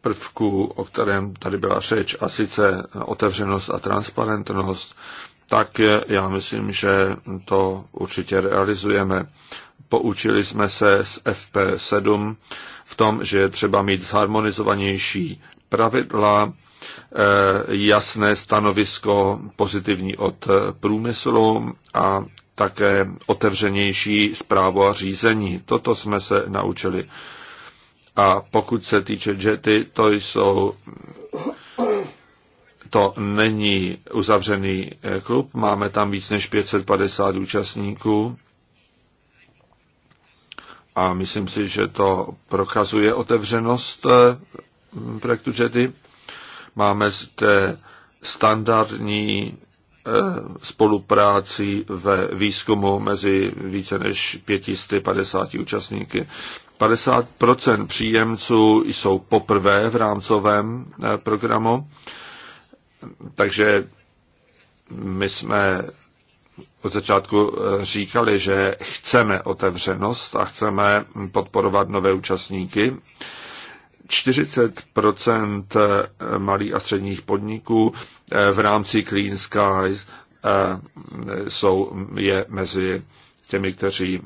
prvků, o kterém tady byla řeč, a sice otevřenost a transparentnost, tak já myslím, že to určitě realizujeme. Poučili jsme se z FP7 v tom, že je třeba mít zharmonizovanější pravidla, eh, jasné stanovisko pozitivní od eh, průmyslu a také otevřenější zprávu a řízení. Toto jsme se naučili. A pokud se týče jety, to jsou to není uzavřený eh, klub, máme tam víc než 550 účastníků a myslím si, že to prokazuje otevřenost eh, projektu JEDI. Máme zde standardní eh, spolupráci ve výzkumu mezi více než 550 účastníky. 50 příjemců jsou poprvé v rámcovém eh, programu, takže my jsme od začátku eh, říkali, že chceme otevřenost a chceme podporovat nové účastníky. 40 eh, malých a středních podniků eh, v rámci Clean Skies jsou, je mezi těmi, kteří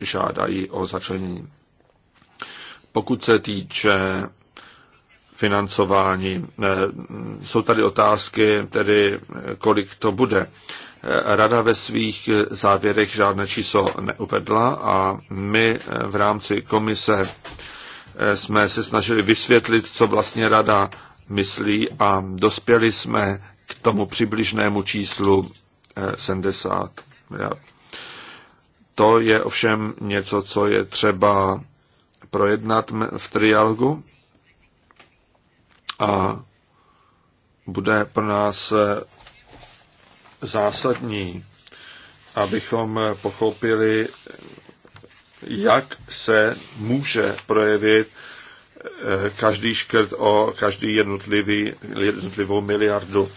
žádají o začlenění. Pokud se týče financování, jsou tady otázky, tedy kolik to bude. Rada ve svých závěrech žádné číslo neuvedla a my v rámci komise eh, jsme se snažili vysvětlit, co vlastně rada myslí a dospěli jsme k tomu přibližnému číslu 70 eh, miliard. To je ovšem něco, co je třeba projednat v trialogu a bude pro nás eh, zásadní, abychom pochopili, jak se může projevit eh, každý škrt o každý jednotlivý, jednotlivou miliardu.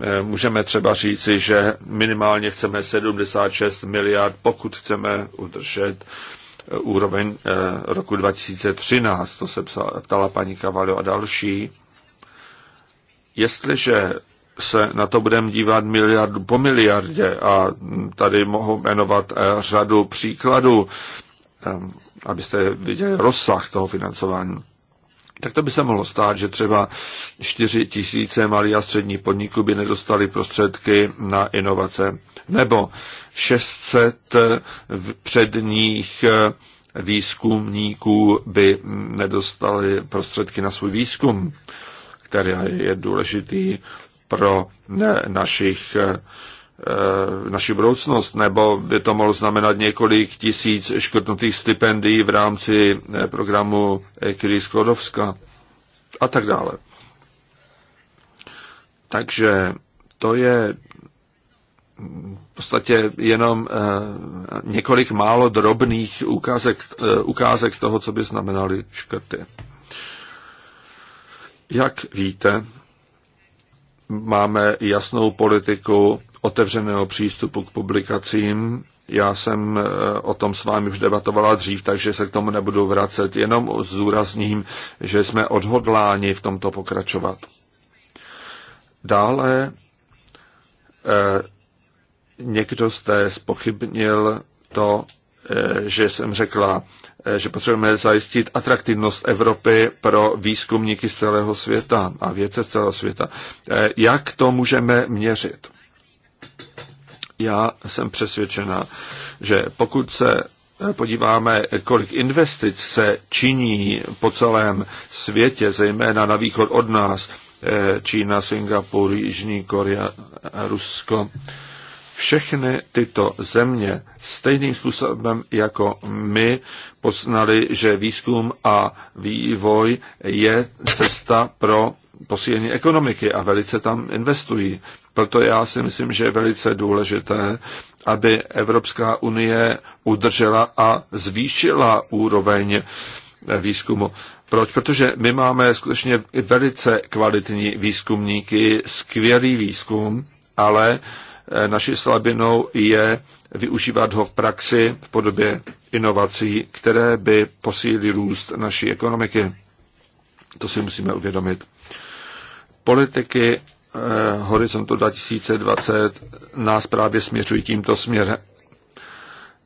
Eh, můžeme třeba říci, že minimálně chceme 76 miliard, pokud chceme udržet eh, úroveň roku 2013, to se ptala paní Kavalo a další. Jestliže se na to budeme dívat miliardu po miliardě a tady mohu jmenovat eh, řadu příkladů, ehm, abyste viděli rozsah toho financování. Tak to by se mohlo stát, že třeba 4 tisíce malých a středních podniků by nedostali prostředky na inovace, nebo 600 eh, předních eh, výzkumníků by nedostali prostředky na svůj výzkum, který je důležitý pro našich, eh, eh, naši budoucnost, nebo by to mohlo znamenat několik tisíc škrtnutých stipendií v rámci eh, programu Kyrie Sklodovska a tak dále. Takže to je v podstatě jenom několik málo drobných ukázek, ukázek toho, co by znamenaly škrty. Jak víte, Máme jasnou politiku otevřeného přístupu k publikacím. Já jsem eh, o tom s vámi už debatovala dřív, takže se k tomu nebudu vracet. Jenom zúrazním, že jsme odhodláni v tomto pokračovat. Dále eh, někdo jste spochybnil to, Eh, že jsem řekla, eh, že potřebujeme zajistit atraktivnost Evropy pro výzkumníky z celého světa a vědce z celého světa. Eh, jak to můžeme měřit? Já jsem přesvědčena, že pokud se podíváme, kolik investic se činí po celém světě, zejména na východ od nás, Čína, Singapur, Jižní Korea, Rusko, všechny tyto země stejným způsobem jako my poznali, že výzkum a vývoj je cesta pro posílení ekonomiky a velice tam investují. Proto já si myslím, že je velice důležité, aby Evropská unie udržela a zvýšila úroveň výzkumu. Proč? Protože my máme skutečně velice kvalitní výzkumníky, skvělý výzkum, ale uh, Eh, naší slabinou je využívat ho v praxi v podobě inovací, které by posílily růst naší ekonomiky. To si musíme uvědomit. Politiky eh, Horizontu 2020 nás právě směřují tímto směrem.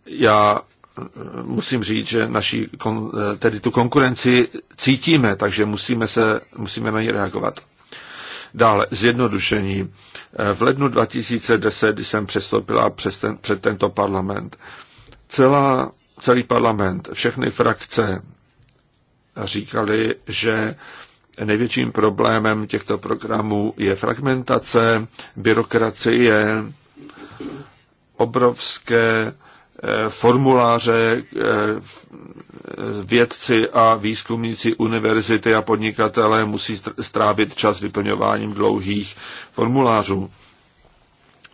Já eh, musím říct, že naší, kon, eh, tedy tu konkurenci cítíme, takže musíme, se, musíme na ní reagovat. Dále zjednodušení. V lednu 2010 kdy jsem přestoupila přes ten, před tento parlament. Celá, celý parlament, všechny frakce říkali, že největším problémem těchto programů je fragmentace, byrokracie, obrovské Eh, formuláře eh, eh, vědci a výzkumníci univerzity a podnikatelé musí strávit čas vyplňováním dlouhých formulářů.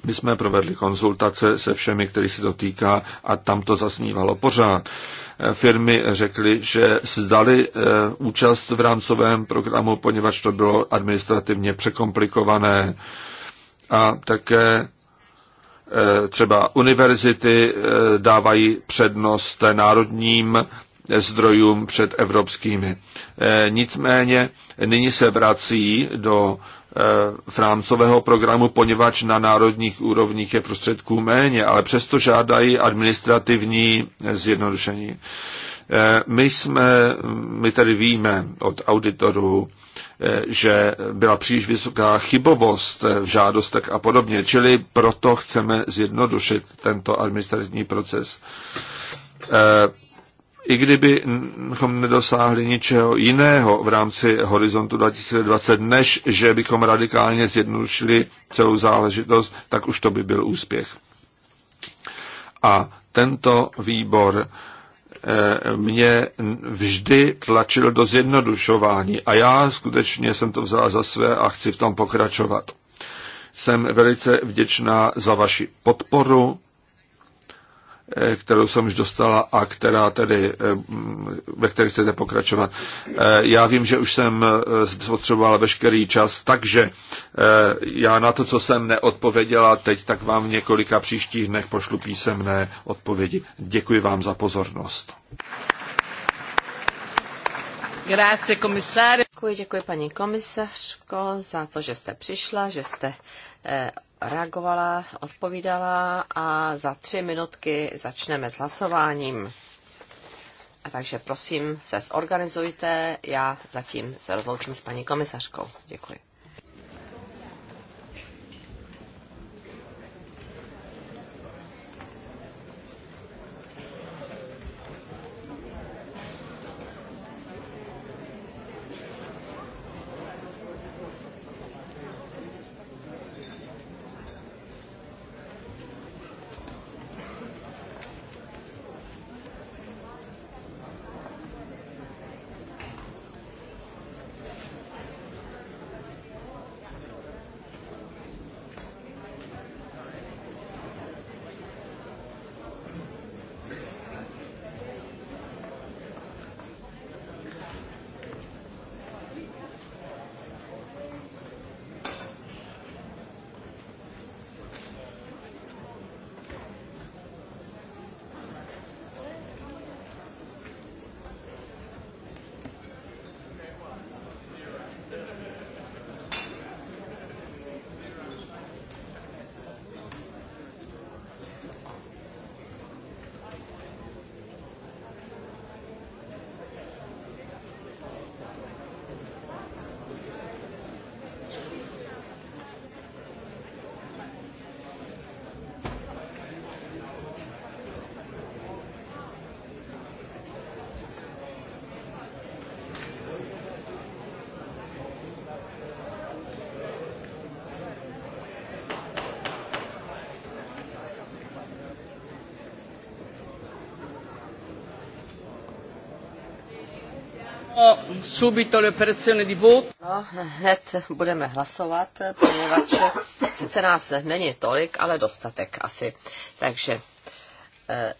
My jsme provedli konzultace se všemi, který se to týká a tam to zasnívalo pořád. Firmy řekly, že zdali účast v rámcovém programu, poněvadž to bylo administrativně překomplikované a také Eh, třeba univerzity eh, dávají přednost národním eh, zdrojům před evropskými. Nicméně nyní se vrací do rámcového programu, poněvadž na národních úrovních je prostředků méně, ale přesto žádají administrativní zjednodušení. My jsme, my tady víme od auditorů, že byla příliš vysoká chybovost v žádostech a podobně. Čili proto chceme zjednodušit tento administrativní proces. Eh, I kdybychom nedosáhli ničeho jiného v rámci horizontu 2020, než že bychom radikálně zjednodušili celou záležitost, tak už to by byl úspěch. A tento výbor Eh, mě vždy tlačil do zjednodušování a já skutečně jsem to vzal za své a chci v tom pokračovat. Jsem velice vděčná za vaši podporu Eh, kterou jsem už dostala a která tedy, eh, ve které chcete pokračovat. Eh, já vím, že už jsem spotřeboval veškerý čas, takže já na to, co jsem neodpověděla teď, tak vám v několika příštích dnech pošlu písemné odpovědi. Děkuji vám za pozornost. Grazie, komisáře. Děkuji, děkuji paní komisařko za to, že jste přišla, že jste reagovala, odpovídala a za tři minutky začneme s hlasováním. A takže prosím se zorganizujte, já zatím se rozloučím s paní komisařkou. Děkuji. subito l'operazione di voto. No, hned budeme hlasovat, poněvadž sice nás není tolik, ale dostatek asi. Takže e,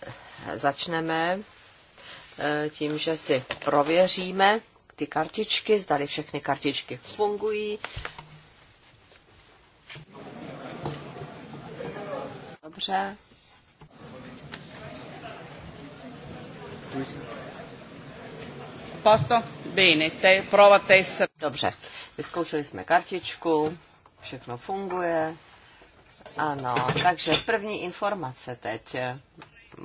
začneme e, tím, že si prověříme ty kartičky, zdali všechny kartičky fungují. Dobře. Posto? Bene, te, prova test. Dobře, vyzkoušeli jsme kartičku, všechno funguje. Ano, takže první informace teď.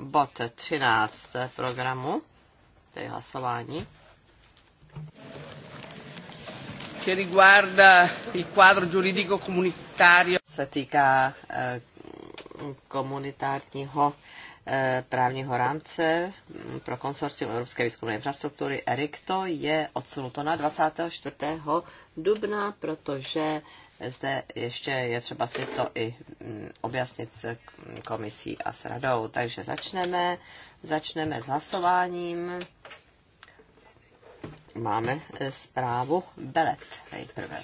Bod 13 programu, tedy hlasování. Che riguarda il quadro giuridico comunitario. Se týká eh, komunitárního eh, Eh, právního rámce pro konsorcium Evropské výzkumné infrastruktury ERICTO je odsunuto na 24. dubna, protože zde ještě je třeba si to i mm, objasnit s komisí a s radou. Takže začneme, začneme s hlasováním. Máme eh, zprávu Belet nejprve.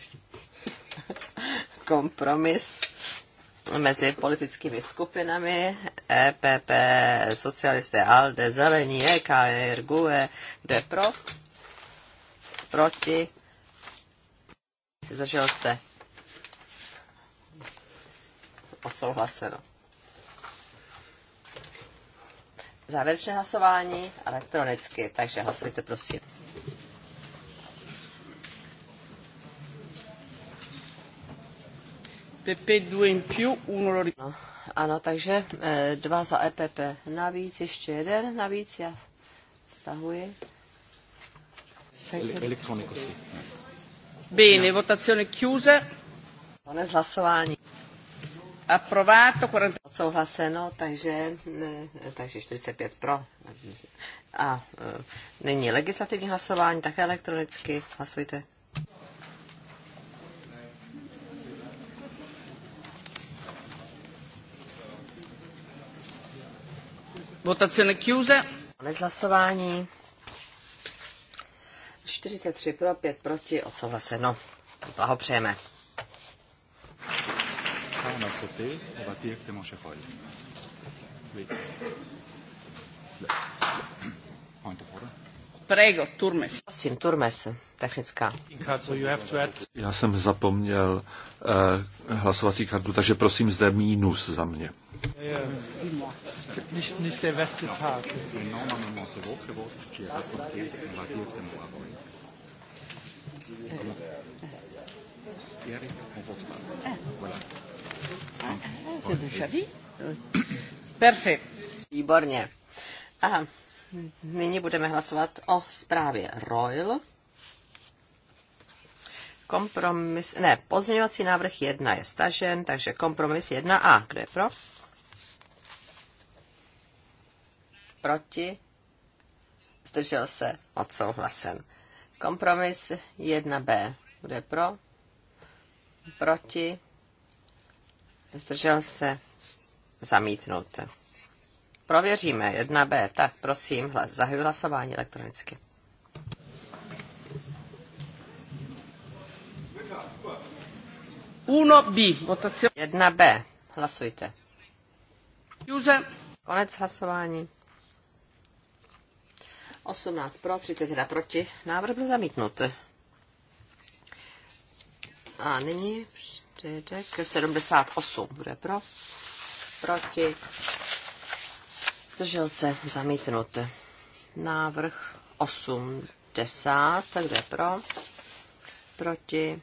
Kompromis mezi politickými skupinami EPP, socialisté, ALDE, Zelení, EKR, GUE, kdo pro, proti, zdržel se, odsouhlaseno. Závěrečné hlasování elektronicky, takže hlasujte prosím. PP 2 in più, 1 no, Ano, takže eh, dva za EPP navíc, ještě jeden navíc, já stahuji. Elektroniku si. Bene, votazione chiusa. Konec hlasování. Approvato, 40... Souhlaseno, takže, eh, takže 45 pro. A eh, nyní legislativní hlasování, také elektronicky. Hlasujte. Votazione chiusa. Konec hlasování. 43 pro, 5 proti, odsouhlaseno. Blahopřejeme. Sauna sauté, on va directement chez Roy. Oui. Point of order. Prego, Turmes. Prosím, Turmes, technická. Já jsem zapomněl eh, hlasovací kartu, takže prosím zde mínus za mě. Nicht, nicht der beste Tag. Výborně. Aha. Nyní budeme hlasovat o zprávě Royal. Kompromis, ne, pozměňovací návrh 1 je stažen, takže kompromis 1a. Kdo je pro? Proti? Zdržel se? Odsouhlasen. Kompromis 1b. Kdo je pro? Proti? Zdržel se? zamítnout. Prověříme 1B, tak prosím, hlas, zahajuji hlasování elektronicky. Uno B. Votazione. 1B. Hlasujte. Juže. Konec hlasování. 18 pro, 31 proti. Návrh byl zamítnut. A nyní přijde k 78. Bude pro, proti, zdržel se, zamítnut. Návrh 80, kde pro, proti,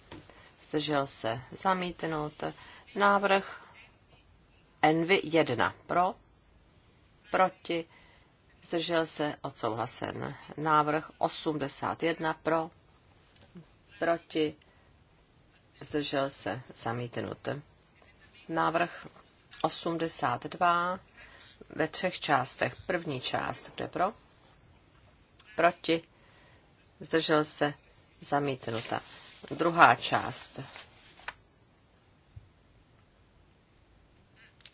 zdržel se, zamítnut. Návrh Envy 1, pro, proti, zdržel se, odsouhlasen. Návrh 81, pro, proti, zdržel se, zamítnut. Návrh 82, ve třech částech. První část, kde pro? Proti. Zdržel se zamítnuta. Druhá část.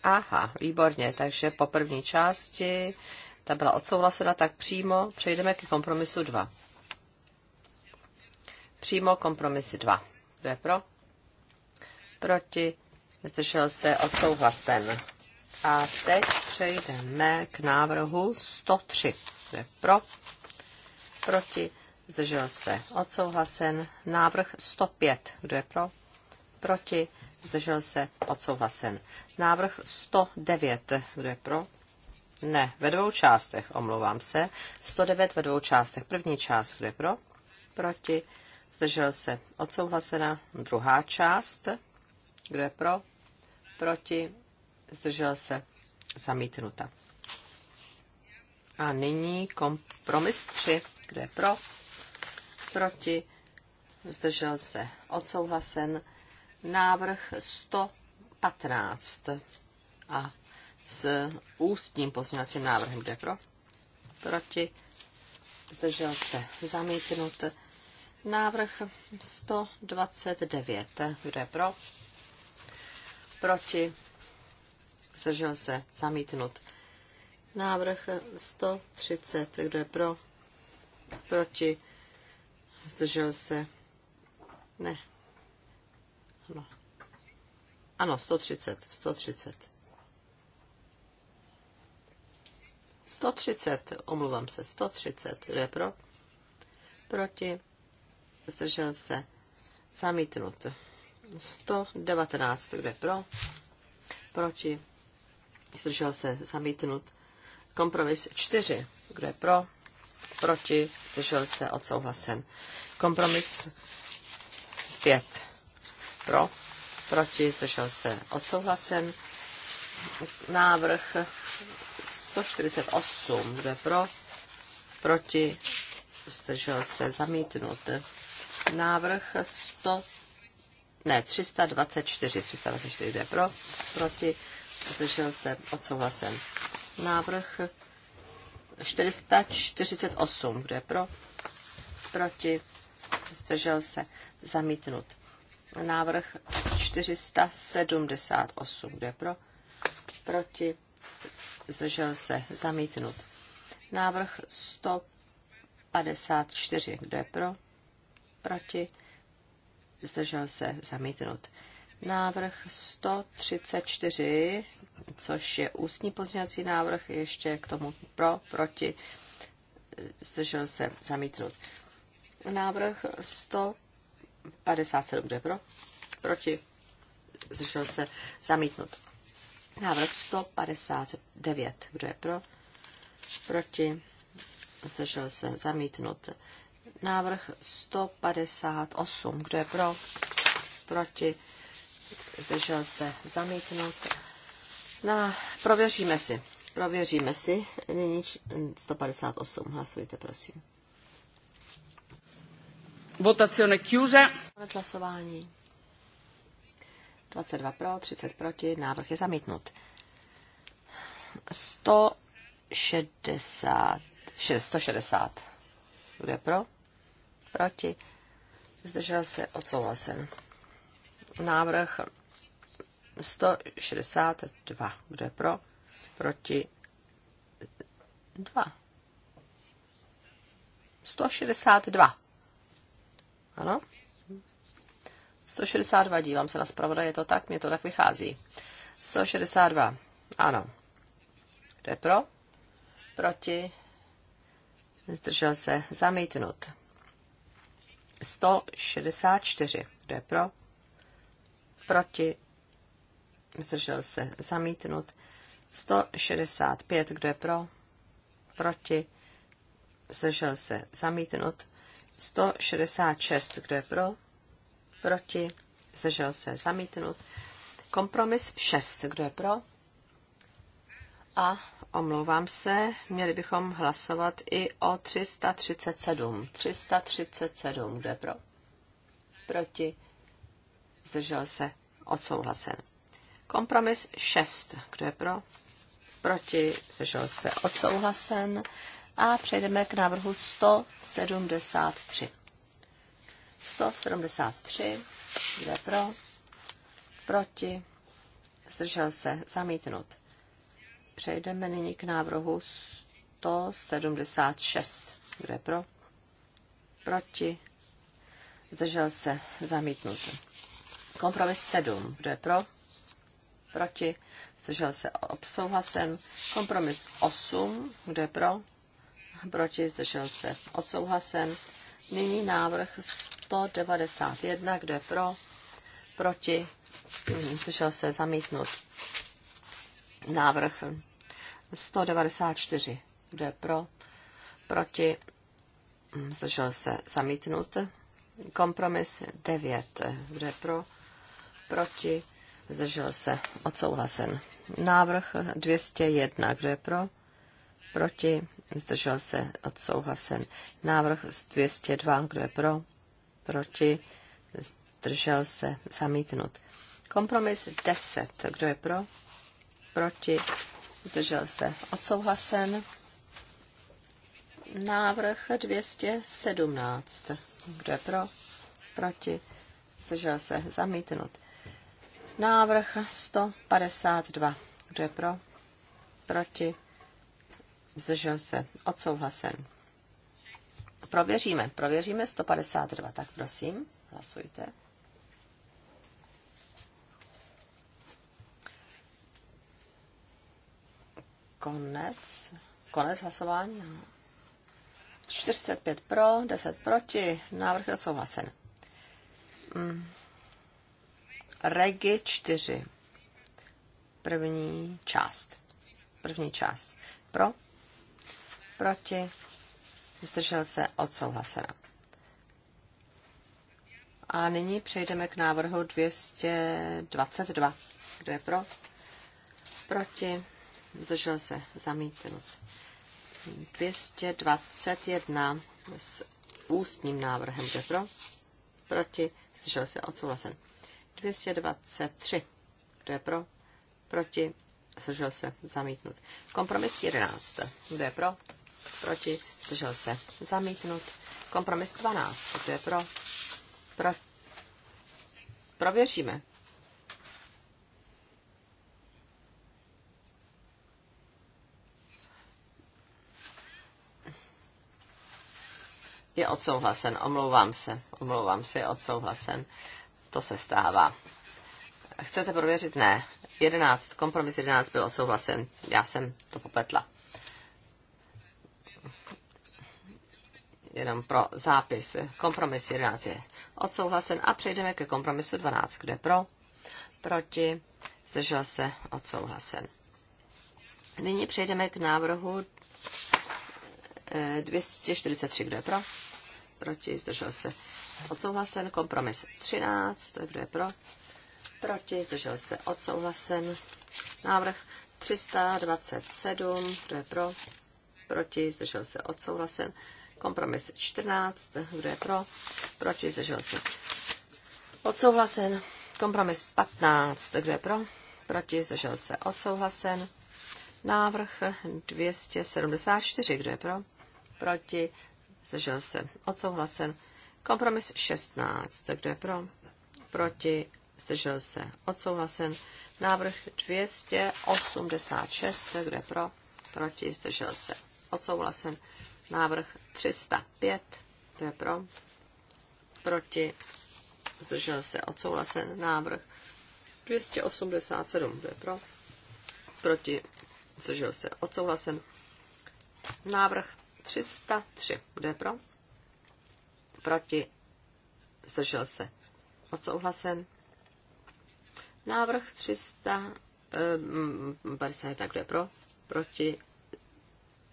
Aha, výborně, takže po první části ta byla odsouhlasena, tak přímo přejdeme ke kompromisu 2. Přímo kompromisy 2. Kdo je pro? Proti? Zdržel se odsouhlasen. A teď přejdeme k návrhu 103. Kdo je pro? Proti? Zdržel se? Odsouhlasen. Návrh 105. Kdo je pro? Proti? Zdržel se? Odsouhlasen. Návrh 109. Kdo je pro? Ne, ve dvou částech, omlouvám se. 109 ve dvou částech. První část, kdo je pro? Proti? Zdržel se? Odsouhlasena. Druhá část, kdo je pro? Proti? zdržel se, zamítnuta. A nyní kompromis 3, kde je pro, proti, zdržel se, odsouhlasen, návrh 115 a s ústním pozměňovacím návrhem, kde je pro, proti, zdržel se, zamítnut, návrh 129, kde je pro, proti, zdržel se, zamítnut. Návrh 130, kdo je pro, proti, zdržel se, ne. Ano, ano 130, 130. 130, omluvám se, 130, kdo je pro, proti, zdržel se, zamítnut. 119, kde pro, proti, zdržel se, zamítnut. Kompromis 4, kdo je pro, proti, zdržel se, odsouhlasen. Kompromis 5, pro, proti, zdržel se, odsouhlasen. Návrh 148, kdo je pro, proti, zdržel se, zamítnut. Návrh 100, ne, 324, 324, kdo je pro, proti, zdržel se, odsouhlasen. Návrh 448, kdo je pro, proti, zdržel se, zamítnut. Návrh 478, kdo je pro, proti, zdržel se, zamítnut. Návrh 154, kdo je pro, proti, zdržel se, zamítnut návrh 134, což je ústní pozměňovací návrh, ještě k tomu pro, proti, zdržel se zamítnut. Návrh 157, kde pro, proti, zdržel se zamítnut. Návrh 159, kdo je pro, proti, zdržel se zamítnut. Návrh 158, kdo je pro, proti, zdržel se zamítnout. No, prověříme si. Prověříme si. Nyní 158. Hlasujte, prosím. Votazione chiusa. Konec hlasování. 22 pro, 30 proti, návrh je zamítnut. 160. 160. Bude pro? Proti. Zdržel se odsouhlasen. Návrh 162. Kdo je pro? Proti? 2. 162. Ano? 162, dívám se na zpravodaj, je to tak? Mně to tak vychází. 162, ano. Kdo je pro? Proti? Zdržel se zamítnut. 164, kdo je pro? Proti? zdržel se zamítnut. 165, kdo je pro, proti, zdržel se zamítnut. 166, kdo je pro, proti, zdržel se zamítnut. Kompromis 6, kdo je pro? A omlouvám se, měli bychom hlasovat i o 337. 337, kdo je pro? Proti, zdržel se odsouhlasen. Kompromis 6. Kdo je pro? Proti? Zdržel se odsouhlasen. A přejdeme k návrhu 173. 173. Kdo je pro? Proti? Zdržel se zamítnut. Přejdeme nyní k návrhu 176. Kdo je pro? Proti? Zdržel se zamítnut. Kompromis 7. Kdo je pro? proti, zdržel se odsouhlasen. Kompromis 8, kdo je pro, proti, zdržel se odsouhlasen. Nyní návrh 191, kdo je pro, proti, zdržel se zamítnut. Návrh 194, kdo je pro, proti, zdržel se zamítnut. Kompromis 9, kdo je pro, proti, zdržel se, odsouhlasen. Návrh 201, kdo je pro, proti, zdržel se, odsouhlasen. Návrh 202, kdo je pro, proti, zdržel se, zamítnut. Kompromis 10, kdo je pro, proti, zdržel se, odsouhlasen. Návrh 217, kdo je pro, proti, zdržel se, zamítnut. Návrh 152. Kdo je pro? Proti? Zdržel se. Odsouhlasen. Prověříme. Prověříme 152. Tak prosím, hlasujte. Konec. Konec hlasování. 45 pro, 10 proti. Návrh je odsouhlasen. Mm. Regi 4. První část. První část. Pro, proti, zdržel se, odsouhlasena. A nyní přejdeme k návrhu 222. Kdo je pro? Proti, zdržel se, zamítnut. 221 s ústním návrhem. Kdo je pro? Proti, zdržel se, odsouhlasen. 223. Kdo je pro? Proti? Zdržel se. Zamítnut. Kompromis 11. Kdo je pro? Proti? Zdržel se. Zamítnut. Kompromis 12. Kdo je pro? pro... Prověříme. Je odsouhlasen, omlouvám se, omlouvám se, je odsouhlasen to se stává. Chcete prověřit? Ne. 11. Kompromis 11 byl odsouhlasen. Já jsem to popletla. Jenom pro zápis. Kompromis 11 je odsouhlasen a přejdeme ke kompromisu 12. Kde pro? Proti? Zdržel se? Odsouhlasen. Nyní přejdeme k návrhu 243. Eh, Kdo je pro? Proti? Zdržel se? odsouhlasen. Kompromis 13, kdo je pro? Proti, zdržel se odsouhlasen. Návrh 327, kdo je pro? Proti, zdržel se odsouhlasen. Kompromis 14, kdo je pro? Proti, zdržel se odsouhlasen. Kompromis 15, kdo je pro? Proti, zdržel se odsouhlasen. Návrh 274, kdo je pro? Proti, zdržel se odsouhlasen. Kompromis 16. Kdo je pro? Proti? Zdržel se. Odsouhlasen. Návrh 286. Kdo je pro? Proti? Zdržel se. Odsouhlasen. Návrh 305. Kdo je pro? Proti? Zdržel se. Odsouhlasen. Návrh 287. Kdo je pro? Proti? Zdržel se. Odsouhlasen. Návrh 303. Kdo je pro? proti, zdržel se odsouhlasen. Návrh 351, eh, mm, kdo je pro, proti,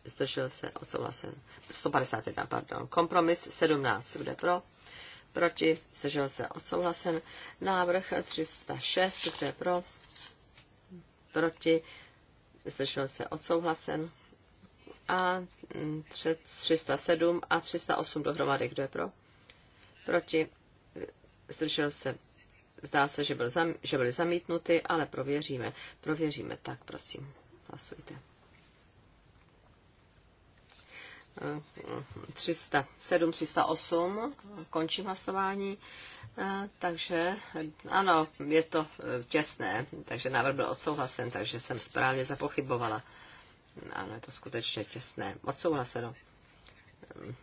zdržel se odsouhlasen. 151, pardon. Kompromis 17, kdo je pro, proti, zdržel se odsouhlasen. Návrh 306, kdo je pro, proti, zdržel se odsouhlasen. A 307 mm, a 308 dohromady, kdo je pro? proti, zdržel se. Zdá se, že, byl zam, že byly zamítnuty, ale prověříme. Prověříme, tak prosím, hlasujte. 307, eh, 308, končím hlasování. Eh, takže ano, je to eh, těsné, takže návrh byl odsouhlasen, takže jsem správně zapochybovala. Ano, je to skutečně těsné. Odsouhlaseno.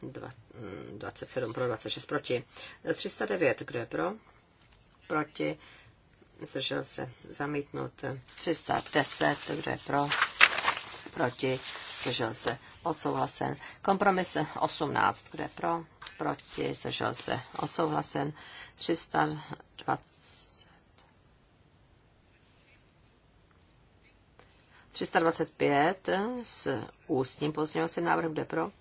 27 mm, pro, 26 proti. 309, kdo je pro? Proti. Zdržel se zamítnut. 310, kdo je pro? Proti. Zdržel se odsouhlasen. Kompromis 18, kdo je pro? Proti. Zdržel se odsouhlasen. 320. 325 s ústním pozměňovacím návrhem, kde pro?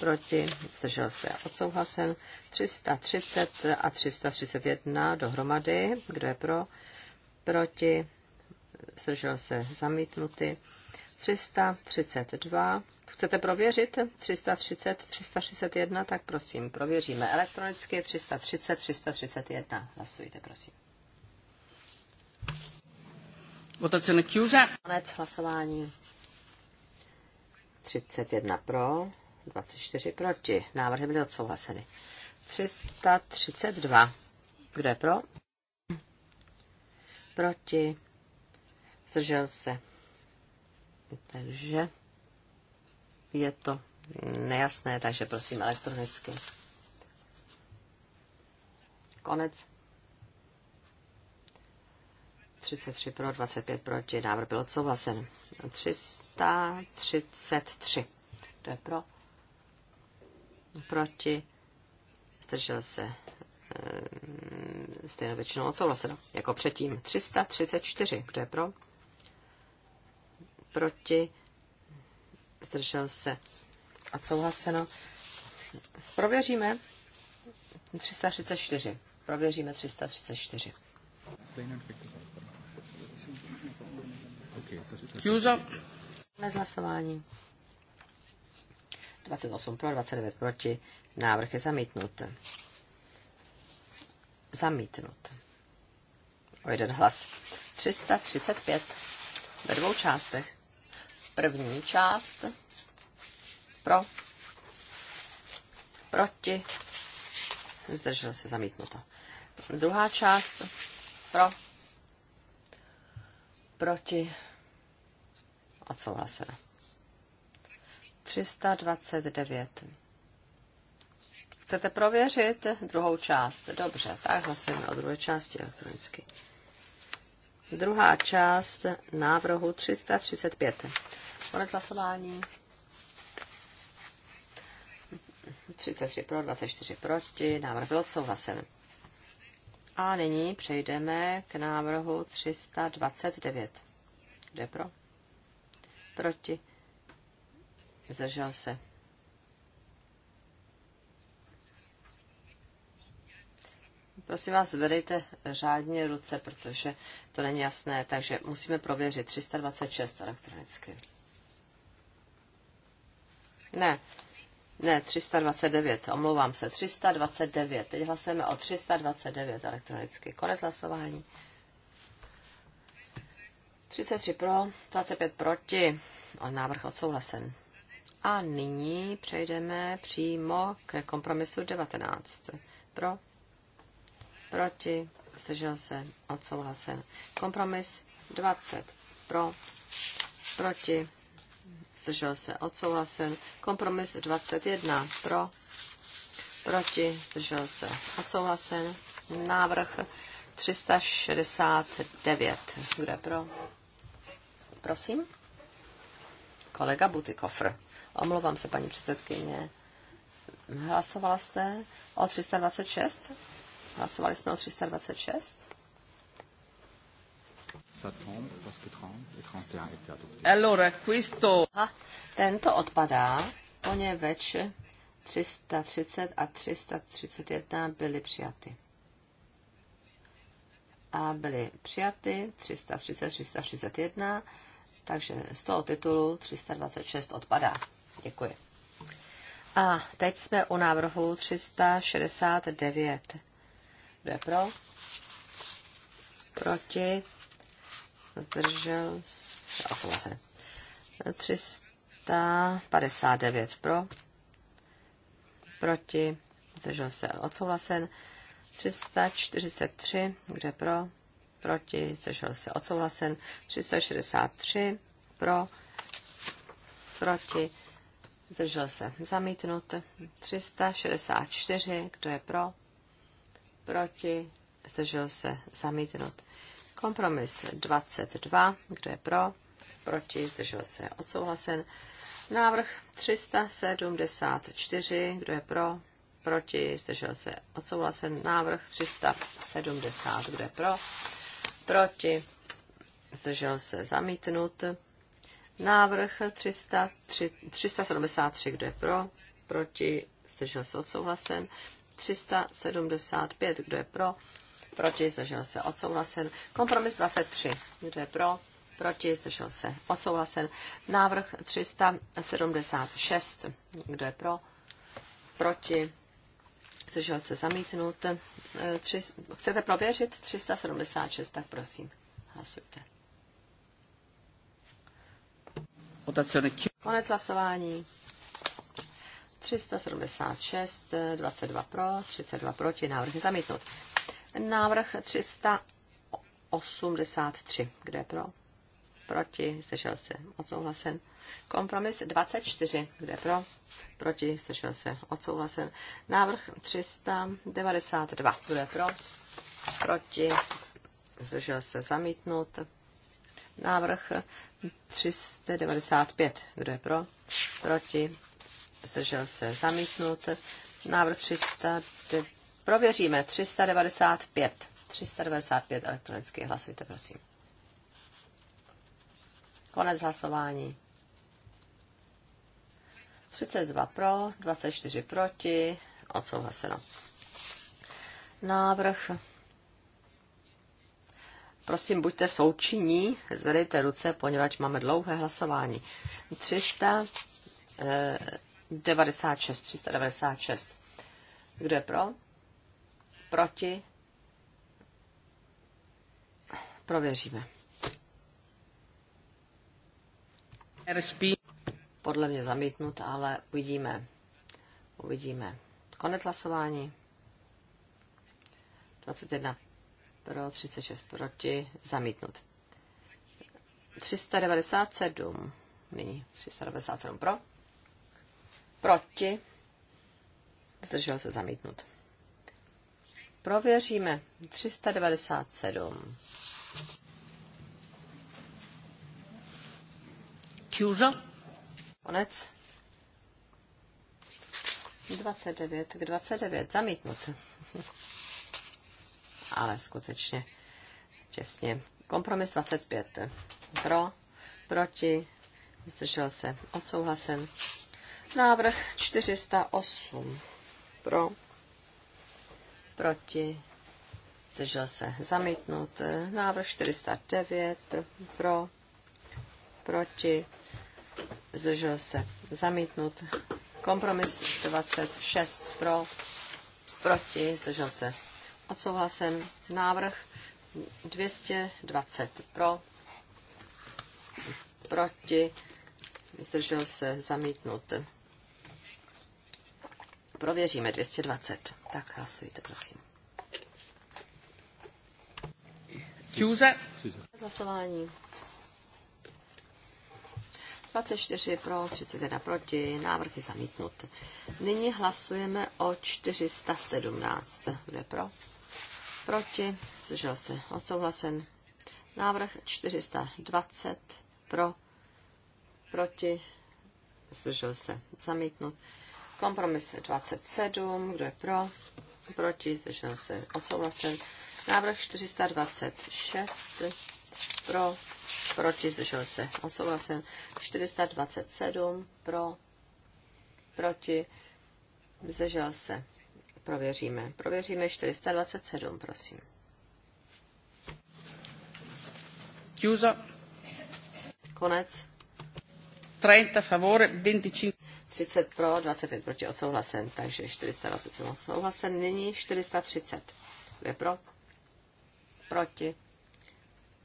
proti, zdržel se odsouhlasen, 330 a 331 dohromady, kdo je pro, proti, zdržel se zamítnuty, 332, chcete prověřit 330, 331, tak prosím, prověříme elektronicky 330, 331, hlasujte prosím. Votazione chiusa. Konec hlasování. 31 pro, 24 proti. Návrhy byly odsouhlaseny. 332. Kdo je pro? Proti. Zdržel se. Takže je to nejasné, takže prosím elektronicky. Konec. 33 pro, 25 proti. Návrh byl odsouhlasen. 333. To je pro proti, zdržel se eh, stejnou většinou odsouhlaseno, jako předtím. 334, kdo je pro? Proti, zdržel se odsouhlaseno. Prověříme 334. Prověříme 334. Kjuza. Bez hlasování. 28 pro, 29 proti. Návrh je zamítnut. Zamítnut. O jeden hlas. 335 ve dvou částech. První část pro, proti, zdržel se zamítnuto. Druhá část pro, proti, odsouhlasena. 329. Chcete prověřit druhou část? Dobře, tak hlasujeme o druhé části elektronicky. Druhá část návrhu 335. Konec hlasování. 33 pro, 24 proti. Návrh byl odsouhlasen. A nyní přejdeme k návrhu 329. Kde pro? Proti zdržel se. Prosím vás, vedejte řádně ruce, protože to není jasné, takže musíme prověřit 326 elektronicky. Ne, ne, 329, omlouvám se, 329. Teď hlasujeme o 329 elektronicky. Konec hlasování. 33 pro, 25 proti. A návrh odsouhlasen. A nyní přejdeme přímo k kompromisu 19. Pro, proti, zdržel se, odsouhlasen. Kompromis 20. Pro, proti, zdržel se, odsouhlasen. Kompromis 21. Pro, proti, zdržel se, odsouhlasen. Návrh 369. Kdo pro? Prosím. Kolega Butikofr. Omlouvám se, paní předsedkyně. Hlasovala jste o 326? Hlasovali jsme o 326? Allora, questo... Aha, tento odpadá, poněvadž 330 a 331 byly přijaty. A byly přijaty 330, 331, takže z toho titulu 326 odpadá. Děkuji. A teď jsme u návrhu 369. Kdo je pro? Proti? Zdržel se? Osoba se. 359 pro. Proti? Zdržel se? Odsouhlasen. 343. Kde pro? Proti? Zdržel se? Odsouhlasen. 363 pro. Proti? zdržel se zamítnut. 364, kdo je pro, proti, zdržel se zamítnut. Kompromis 22, kdo je pro, proti, zdržel se odsouhlasen. Návrh 374, kdo je pro, proti, zdržel se odsouhlasen. Návrh 370, kdo je pro, proti, zdržel se zamítnut. Návrh 303, 373, kdo je pro, proti, zdržel se odsouhlasen. 375, kdo je pro, proti, zdržel se odsouhlasen. Kompromis 23, kdo je pro, proti, zdržel se odsouhlasen. Návrh 376, kdo je pro, proti, zdržel se zamítnout. Eh, chcete prověřit 376, tak prosím, hlasujte. Konec hlasování. 376, 22 pro, 32 proti, návrh je zamítnut. Návrh 383, kde je pro? Proti, slyšel se, odsouhlasen. Kompromis 24, kde je pro? Proti, slyšel se, odsouhlasen. Návrh 392, kde je pro? Proti, zdržel se, zamítnout. Návrh 395. Kdo je pro? Proti? Zdržel se zamítnut. Návrh 300. Prověříme. 395. 395 elektronicky. Hlasujte, prosím. Konec hlasování. 32 pro, 24 proti, odsouhlaseno. Návrh Prosím, buďte součinní, zvedejte ruce, poněvadž máme dlouhé hlasování. 396, 396. Eh, Kdo je pro? Proti? Prověříme. RSP. Podle mě zamítnut, ale uvidíme. Uvidíme. Konec hlasování. 21 pro, 36 proti, zamítnut. 397, nyní 397 pro, proti, zdržel se zamítnut. Prověříme 397. Kjuža. Konec. 29 k 29, zamítnut ale skutečně těsně. Kompromis 25. Pro, proti, zdržel se, odsouhlasen. Návrh 408. Pro, proti, zdržel se, zamítnut. Návrh 409. Pro, proti, zdržel se, zamítnut. Kompromis 26. Pro, proti, zdržel se, odsouhlasen návrh 220 pro, proti, zdržel se zamítnut. Prověříme 220. Tak hlasujte, prosím. Čůze. Zasování. 24 pro, 31 proti, návrh je zamítnut. Nyní hlasujeme o 417. Kdo je pro? proti, zdržel se odsouhlasen. Návrh 420 pro, proti, zdržel se zamítnut. Kompromis 27, kdo je pro, proti, zdržel se odsouhlasen. Návrh 426 pro, proti, zdržel se odsouhlasen. 427 pro, proti, zdržel se Prověříme. Prověříme 427, prosím. Chiusa. Konec. 30 favore, 25. 30 pro, 25 proti odsouhlasen, takže 427 odsouhlasen, nyní 430. je pro? Proti.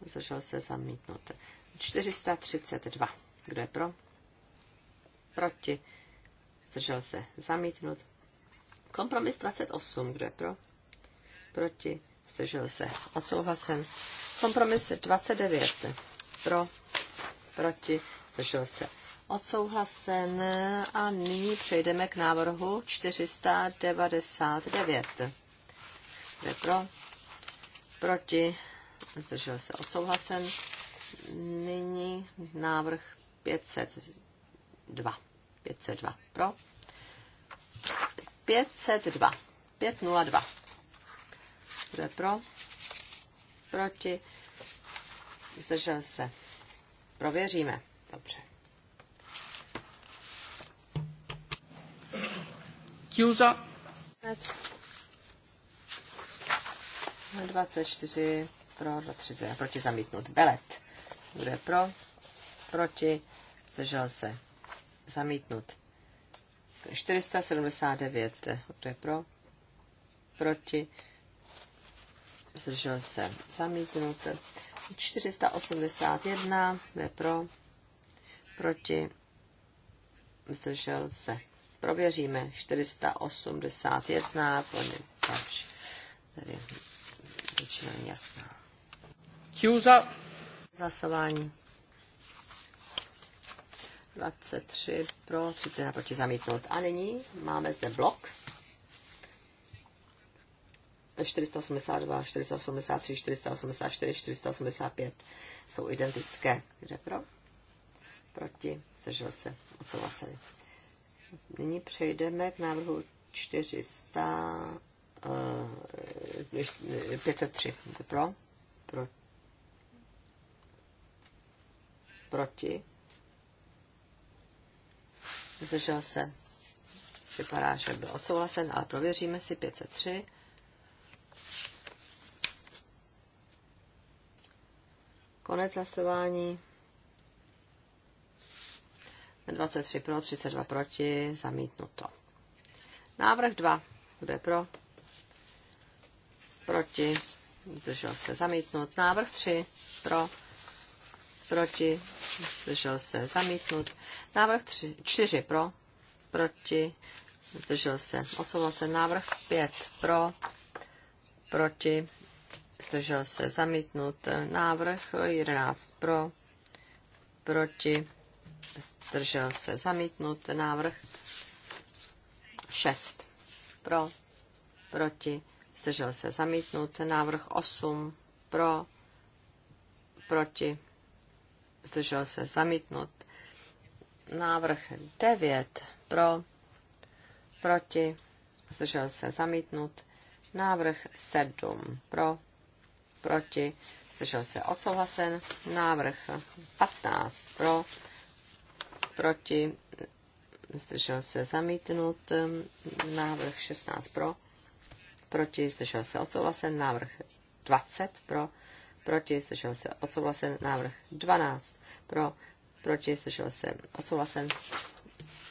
Zdržel se zamítnout. 432. Kdo je pro? Proti. Zdržel se zamítnout. Kompromis 28, kdo je pro? Proti, zdržel se, odsouhlasen. Kompromis 29, pro, proti, zdržel se, odsouhlasen. A nyní přejdeme k návrhu 499. Kdo je pro? Proti, zdržel se, odsouhlasen. Nyní návrh 502. 502 pro, 502. 502. Kdo je pro? Proti? Zdržel se. Prověříme. Dobře. Chiusa. 24 pro, 30 proti zamítnut. Belet. Bude pro? Proti? Zdržel se. Zamítnut. 479. To je pro? Proti? Zdržel se. Zamítnut. 481. Ne je pro? Proti? Zdržel se. Prověříme. 481. Pane, tady většina jasná. Chiusa. Zasování. 23 pro, 31 proti zamítnout. A nyní máme zde blok 482, 483, 484, 485 jsou identické. Kde pro? Proti. Zdržel se. Odsouhlasili. Nyní přejdeme k návrhu 400, uh, 503. Kde pro? pro? Proti zdržel se, vypadá, že byl odsouhlasen, ale prověříme si 503. Konec hlasování. 23 pro, 32 proti, zamítnuto. Návrh 2. Kdo je pro? Proti. Zdržel se zamítnut. Návrh 3. Pro. Proti zdržel se zamítnut. Návrh 4 pro, proti, zdržel se. Odsouhlas se návrh 5 pro, proti, zdržel se zamítnut. Návrh 11 pro, proti, zdržel se zamítnut. Návrh 6 pro, proti, zdržel se zamítnut. Návrh 8 pro, proti, zdržel se zamítnut. Návrh 9 pro, proti, zdržel se zamítnut. Návrh 7 pro, proti, zdržel se odsouhlasen. Návrh 15 pro, proti, zdržel se zamítnut. Návrh 16 pro, proti, zdržel se odsouhlasen. Návrh 20 pro, proti, zdržel se, odsouhlasen. Návrh 12 pro, proti, zdržel se, odsouhlasen.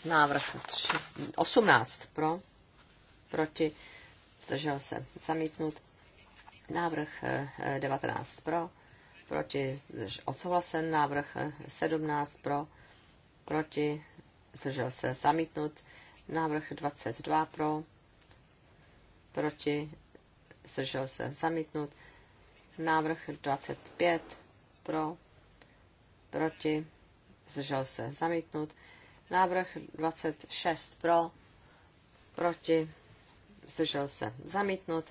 Návrh 18 pro, proti, zdržel se, zamítnut. Návrh 19 eh, pro, proti, odsouhlasen. Návrh 17 eh, pro, proti, zdržel se, zamítnut. Návrh 22 pro, proti, zdržel se, zamítnut. Návrh 25 pro, proti, zdržel se zamítnut. Návrh 26 pro, proti, zdržel se zamítnut.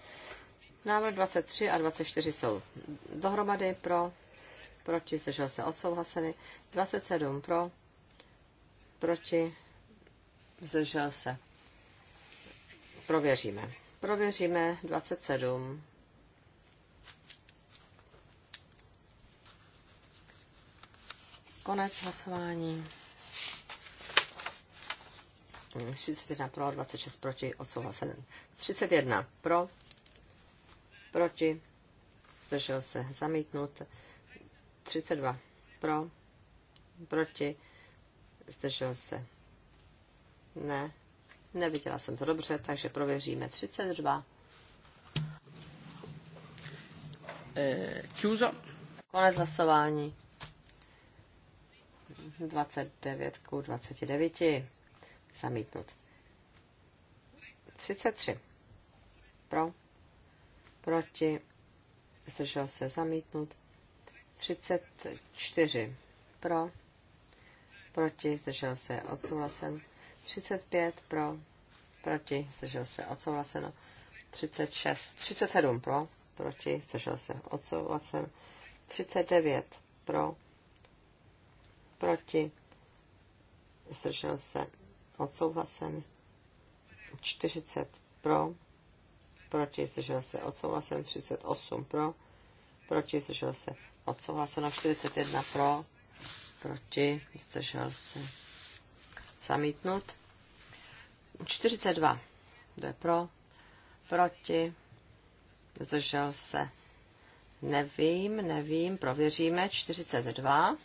Návrh 23 a 24 jsou dohromady pro, proti, zdržel se odsouhlaseny. 27 pro, proti, zdržel se. Prověříme. Prověříme 27. Konec hlasování. 31 pro, 26 proti, odsouhlasen. 31 pro, proti, zdržel se, zamítnut. 32 pro, proti, zdržel se. Ne, neviděla jsem to dobře, takže prověříme. 32. Eh, Konec hlasování. 29 ku 29. Zamítnut. 33. Pro. Proti. Zdržel se zamítnut. 34. Pro. Proti. Zdržel se odsouhlasen. 35. Pro. Proti. Zdržel se odsouhlaseno. 36. 37. Pro. Proti. Zdržel se odsouhlasen. 39. Pro proti, zdržel se, odsouhlasen, 40 pro, proti, zdržel se, odsouhlasen, 38 pro, proti, zdržel se, odsouhlaseno, 41 pro, proti, zdržel se, zamítnut, 42, kdo je pro, proti, zdržel se, nevím, nevím, prověříme, 42,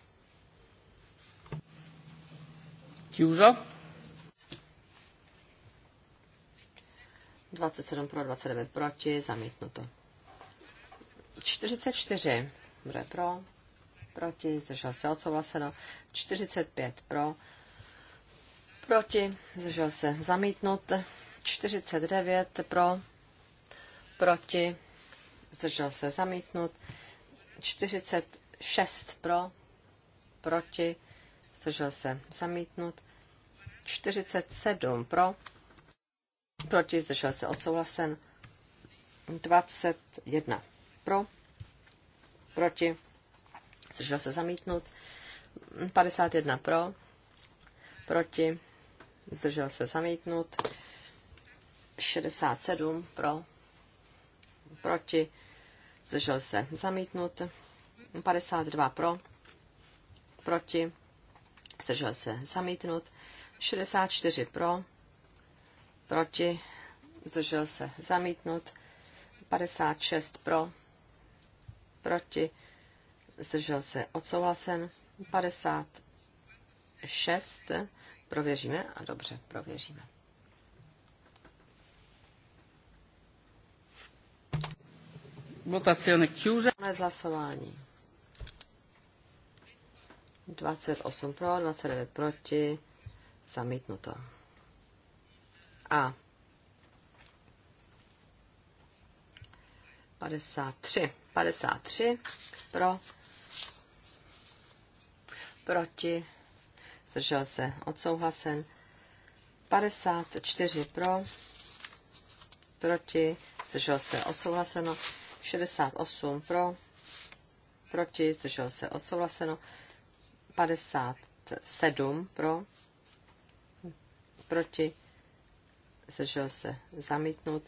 27 pro, 29 proti, zamítnuto. 44 bude pro, proti, zdržel se odsouhlaseno. 45 pro, proti, zdržel se zamítnut. 49 pro, proti, zdržel se zamítnut. 46 pro, proti, zdržel se zamítnut. 47 pro, proti, zdržel se odsouhlasen, 21 pro, proti, zdržel se zamítnut, 51 pro, proti, zdržel se zamítnut, 67 pro, proti, zdržel se zamítnut, 52 pro, proti, zdržel se zamítnut, 64 pro, proti, zdržel se zamítnut, 56 pro, proti, zdržel se odsouhlasen, 56, prověříme a dobře, prověříme. Votazione chiusa. Máme hlasování. 28 pro, 29 proti Zamítnuto. A 53. 53 pro, proti, držel se odsouhlasen. 54 pro, proti, zdržel se odsouhlaseno. 68 pro, proti, zdržel se odsouhlaseno. 57 pro, proti, zdržel se zamítnut,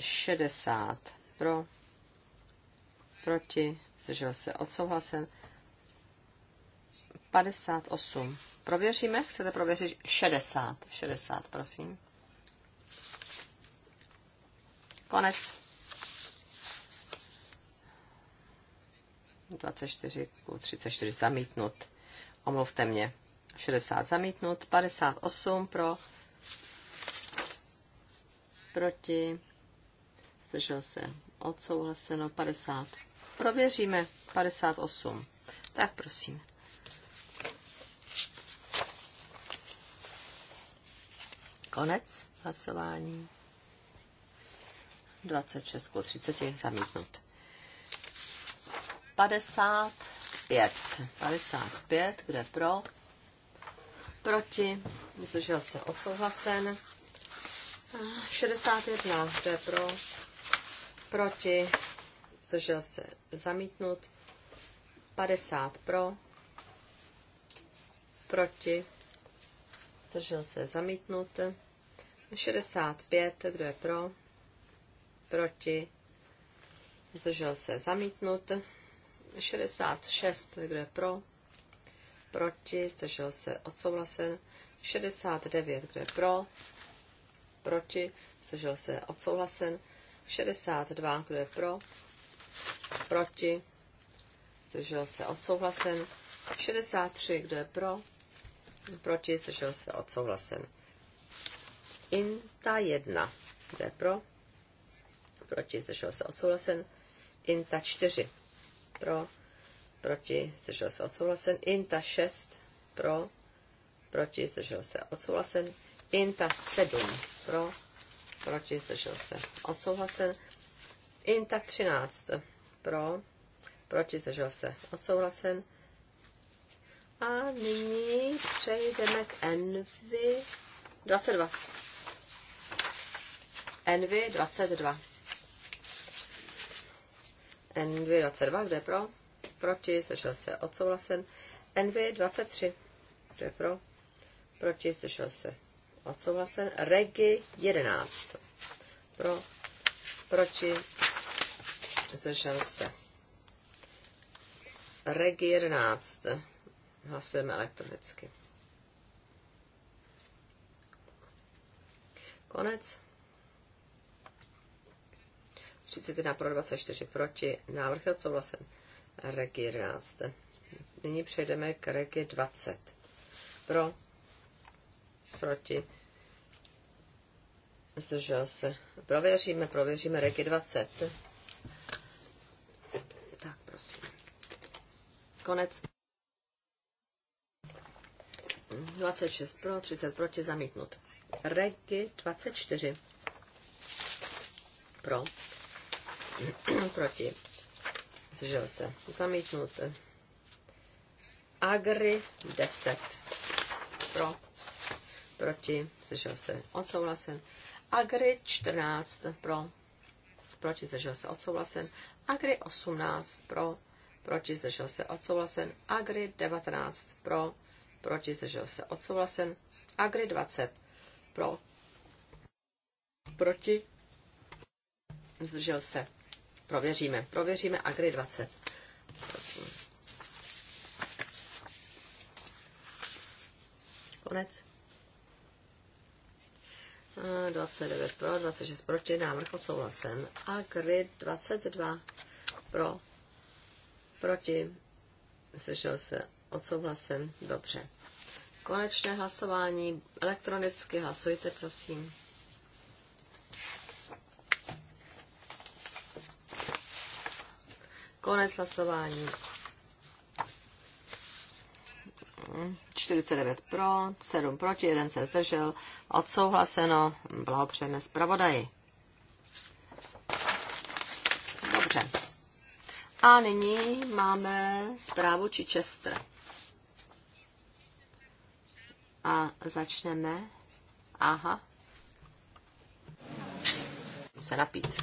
60 pro, proti, zdržel se odsouhlasen, 58. Prověříme? Chcete prověřit 60? 60, prosím. Konec. 24 ku 34 zamítnut. Omluvte mě. 60 zamítnut, 58 pro, proti, zdržel se, odsouhlaseno, 50. Prověříme, 58. Tak prosím. Konec hlasování. 26 k 30 zamítnut. 55. 55, kde pro? proti, zdržel se odsouhlasen. 61, kdo je pro, proti, zdržel se zamítnut. 50 pro, proti, zdržel se zamítnut. 65, kdo je pro, proti, zdržel se zamítnut. 66, kdo je pro, proti, zdržel se odsouhlasen. 69, kdo je pro, proti, zdržel se odsouhlasen. 62, kdo je pro, proti, zdržel se odsouhlasen. 63, kdo je pro, proti, zdržel se odsouhlasen. ta jedna, kdo je pro, proti, zdržel se odsouhlasen. ta čtyři, pro, proti, zdržel se odsouhlasen. Inta 6 pro, proti, zdržel se odsouhlasen. Inta 7 pro, proti, zdržel se odsouhlasen. Inta 13 pro, proti, zdržel se odsouhlasen. A nyní přejdeme k Envy 22. Envy 22. Envy 22, kde pro? proti, zdržel se odsouhlasen. Envy 23, kdo je pro, proti, zdržel se odsouhlasen. Regi 11, pro, proti, zdržel se. Regi 11, hlasujeme elektronicky. Konec. 31 pro 24 proti. Návrh je odsouhlasen regi 11. Nyní přejdeme k regi 20. Pro, proti, zdržel se. Prověříme, prověříme regi 20. Tak, prosím. Konec. 26 pro, 30 proti, zamítnut. Regi 24. Pro. proti zdržel se, zamítnut. Agri 10, pro, proti, zdržel se, odsouhlasen. Agri 14, pro, proti, zdržel se, odsouhlasen. Agri 18, pro, proti, zdržel se, odsouhlasen. Agri 19, pro, proti, zdržel se, odsouhlasen. Agri 20, pro, proti, zdržel se, Prověříme. Prověříme Agri 20. Prosím. Konec. 29 eh, pro, 26 proti, návrh odsouhlasen. kry 22 pro, proti, slyšel se odsouhlasen, dobře. Konečné hlasování, elektronicky hlasujte, prosím. Konec hlasování. 49 pro, 7 proti, 1 se zdržel. Odsouhlaseno. Blahopřejeme zpravodaji. Dobře. A nyní máme zprávu Chichester. A začneme. Aha. Se napít.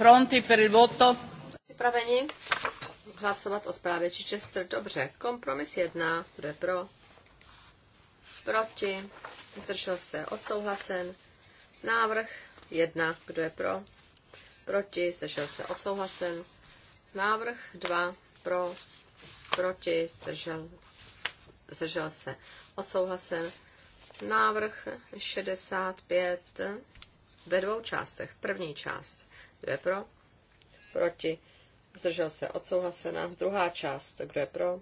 Pronti per il voto? Připraveni? Hlasovat o zprávě Chichester. Dobře. Kompromis jedna. Bude pro? Proti? Zdržel se. Odsouhlasen. Návrh jedna. Kdo je pro? Proti? Zdržel se. Odsouhlasen. Návrh dva. Pro? Proti? Zdržel, zdržel se. Odsouhlasen. Návrh 65 ve dvou částech. První část kdo je pro? Proti. Zdržel se odsouhlasena. Druhá část. Kdo je pro?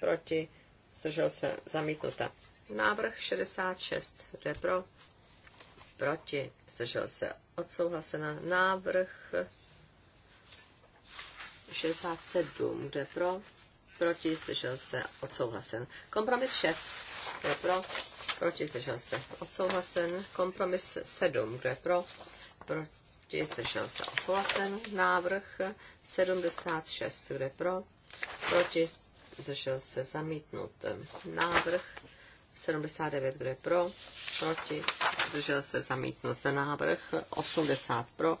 Proti. Zdržel se zamítnuta. Návrh 66. Kdo je pro? Proti. Zdržel se odsouhlasena. Návrh 67. Kdo je pro? Proti. Zdržel se odsouhlasen. Kompromis 6. Kdo je pro? Proti. Zdržel se odsouhlasen. Kompromis 7. Kdo je pro? Proti proti, zdržel se odsouhlasen. Návrh 76, kde pro, proti, zdržel se zamítnut. Návrh 79, kde pro, proti, zdržel se zamítnut. Návrh 80 pro,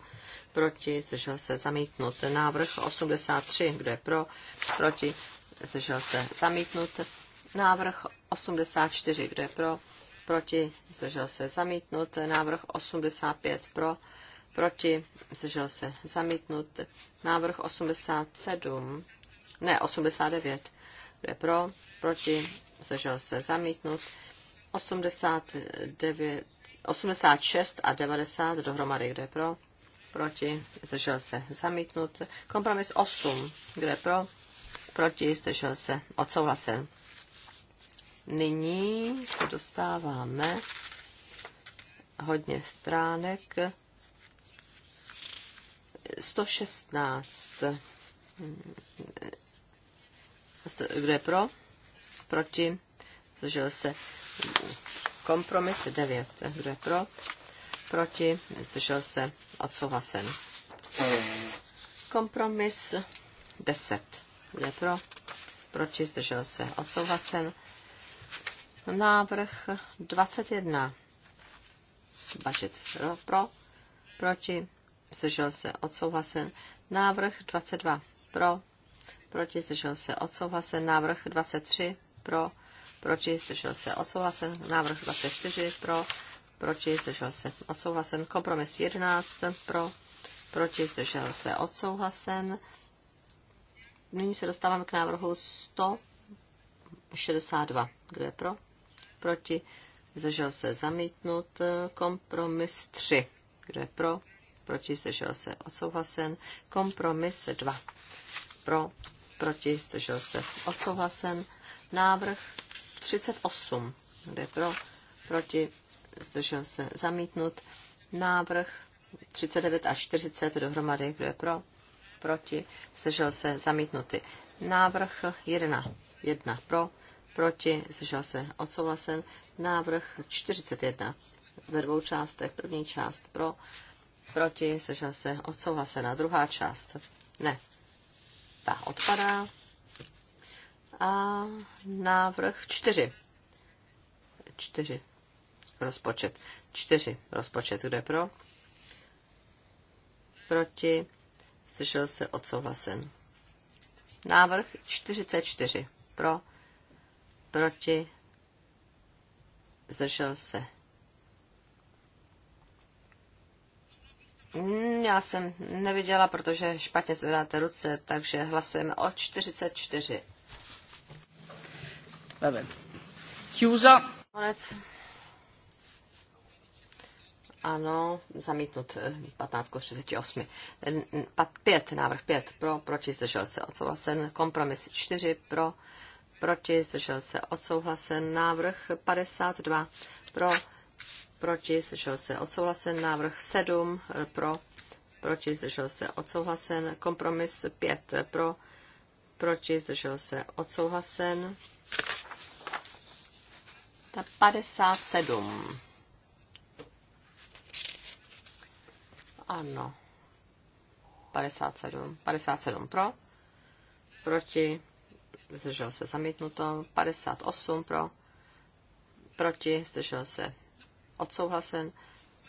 proti, zdržel se zamítnut. Návrh 83, kde pro, proti, zdržel se zamítnut. Návrh 84, kde pro, proti, zdržel se zamítnut. Návrh 85 pro, proti, zdržel se zamítnut. Návrh 87, ne 89, kdo je pro, proti, zdržel se zamítnut. 89, 86 a 90 dohromady, kdo je pro, proti, zdržel se zamítnut. Kompromis 8, kdo je pro, proti, zdržel se odsouhlasen. Nyní se dostáváme hodně stránek 116. Kdo je pro? Proti? Zdržel se. Kompromis 9. Kdo je pro? Proti? Zdržel se. Odsouhlasen. Kompromis 10. Kdo je pro? Proti? Zdržel se. Odsouhlasen. Návrh 21. Bažet pro, proti, zdržel se, odsouhlasen. Návrh 22 pro, proti, zdržel se, odsouhlasen. Návrh 23 pro, proti, zdržel se, odsouhlasen. Návrh 24 pro, proti, zdržel se, odsouhlasen. Kompromis 11 pro, proti, zdržel se, odsouhlasen. Nyní se dostáváme k návrhu 162. Kdo je pro? Proti. Zdržel se zamítnut. Kompromis 3. Kdo je pro? proti, zdržel se, odsouhlasen. Kompromis 2, pro, proti, zdržel se, odsouhlasen. Návrh 38, kde pro, proti, zdržel se, zamítnut. Návrh 39 a 40 dohromady, kdo je pro, proti, zdržel se, zamítnuty. Návrh 1, 1 pro, proti, zdržel se, odsouhlasen. Návrh 41 ve dvou částech. První část pro, proti, sežel se, na Druhá část, ne, ta odpadá. A návrh čtyři. Čtyři. Rozpočet. Čtyři. Rozpočet. kde pro? Proti. Zdržel se odsouhlasen. Návrh 44. Pro. Proti. Zdržel se. Já jsem neviděla, protože špatně zvedáte ruce, takže hlasujeme o 44. Bebe. Konec. Ano, zamítnut 15 38. 5, návrh 5 pro, proti zdržel se odsouhlasen, kompromis 4 pro, proti zdržel se odsouhlasen, návrh 52 pro, proti, zdržel se odsouhlasen. Návrh 7 pro, proti, zdržel se odsouhlasen. Kompromis 5 pro, proti, zdržel se odsouhlasen. Ta 57. Ano. 57. 57 pro, proti, zdržel se zamítnuto, 58 pro, proti, zdržel se odsouhlasen.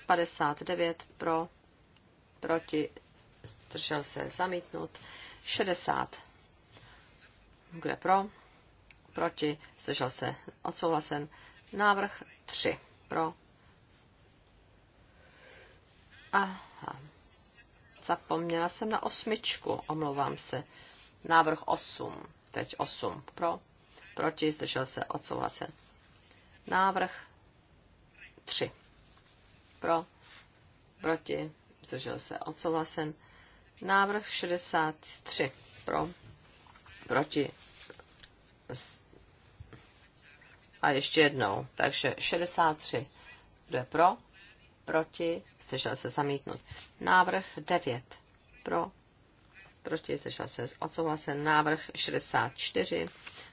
59 pro, proti, zdržel se zamítnut. 60. Kde pro? Proti, zdržel se odsouhlasen. Návrh 3 pro. Aha. Zapomněla jsem na osmičku, omlouvám se. Návrh 8, teď 8 pro, proti, zdržel se odsouhlasen. Návrh 3. Pro, proti, zdržel se odsouhlasen. Návrh 63. Pro, proti. A ještě jednou. Takže 63. Kdo je pro? Proti. Zdržel se zamítnout. Návrh 9. Pro. Proti. Zdržel se odsouhlasen. Návrh 64.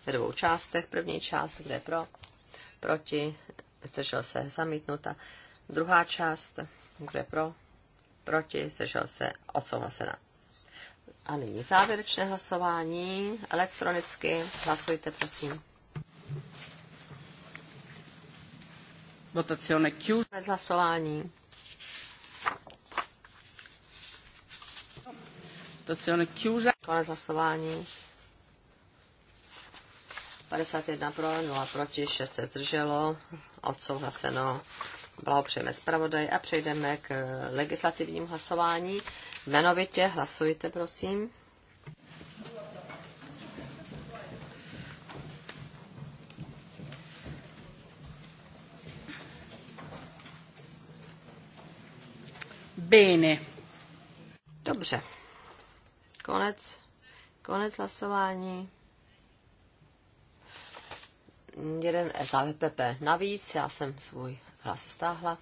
Ve dvou částech. První část. Kde je pro? Proti zdržel se, zamítnuta. Druhá část, kdo je pro, proti, zdržel se, odsouhlasena. A nyní závěrečné hlasování elektronicky. Hlasujte, prosím. Votazione chiusa. Bez hlasování. Votazione chiusa. Konec hlasování. 51 pro, 0 proti, 6 se zdrželo odsouhlaseno. Blahopřejeme zpravodaj a přejdeme k legislativnímu hlasování. Jmenovitě hlasujte, prosím. Bene. Dobře. Konec. Konec hlasování jeden SAVPP e navíc, já jsem svůj hlas stáhla.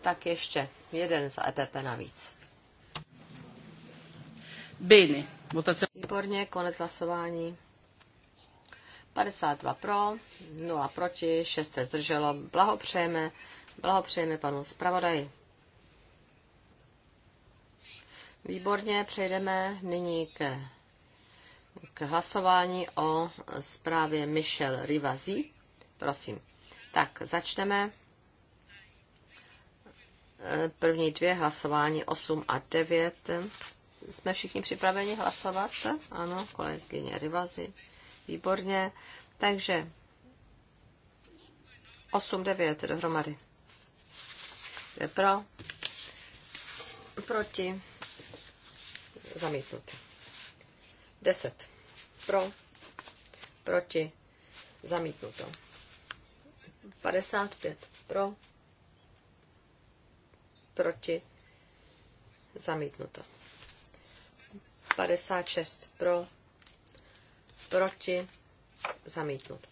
Tak ještě jeden za EPP navíc. Bejny. Výborně, konec hlasování. 52 pro, 0 proti, 6 se zdrželo. Blahopřejeme, blahopřejeme panu zpravodaji. Výborně, přejdeme nyní ke k hlasování o zprávě Michel Rivazi. Prosím. Tak, začneme. První dvě hlasování 8 a 9. Jsme všichni připraveni hlasovat? Ano, kolegyně Rivazi. Výborně. Takže 8, 9 dohromady. Je pro, proti, zamítnuté. 10 pro, proti, zamítnuto. 55 pro, proti, zamítnuto. 56 pro, proti, zamítnuto.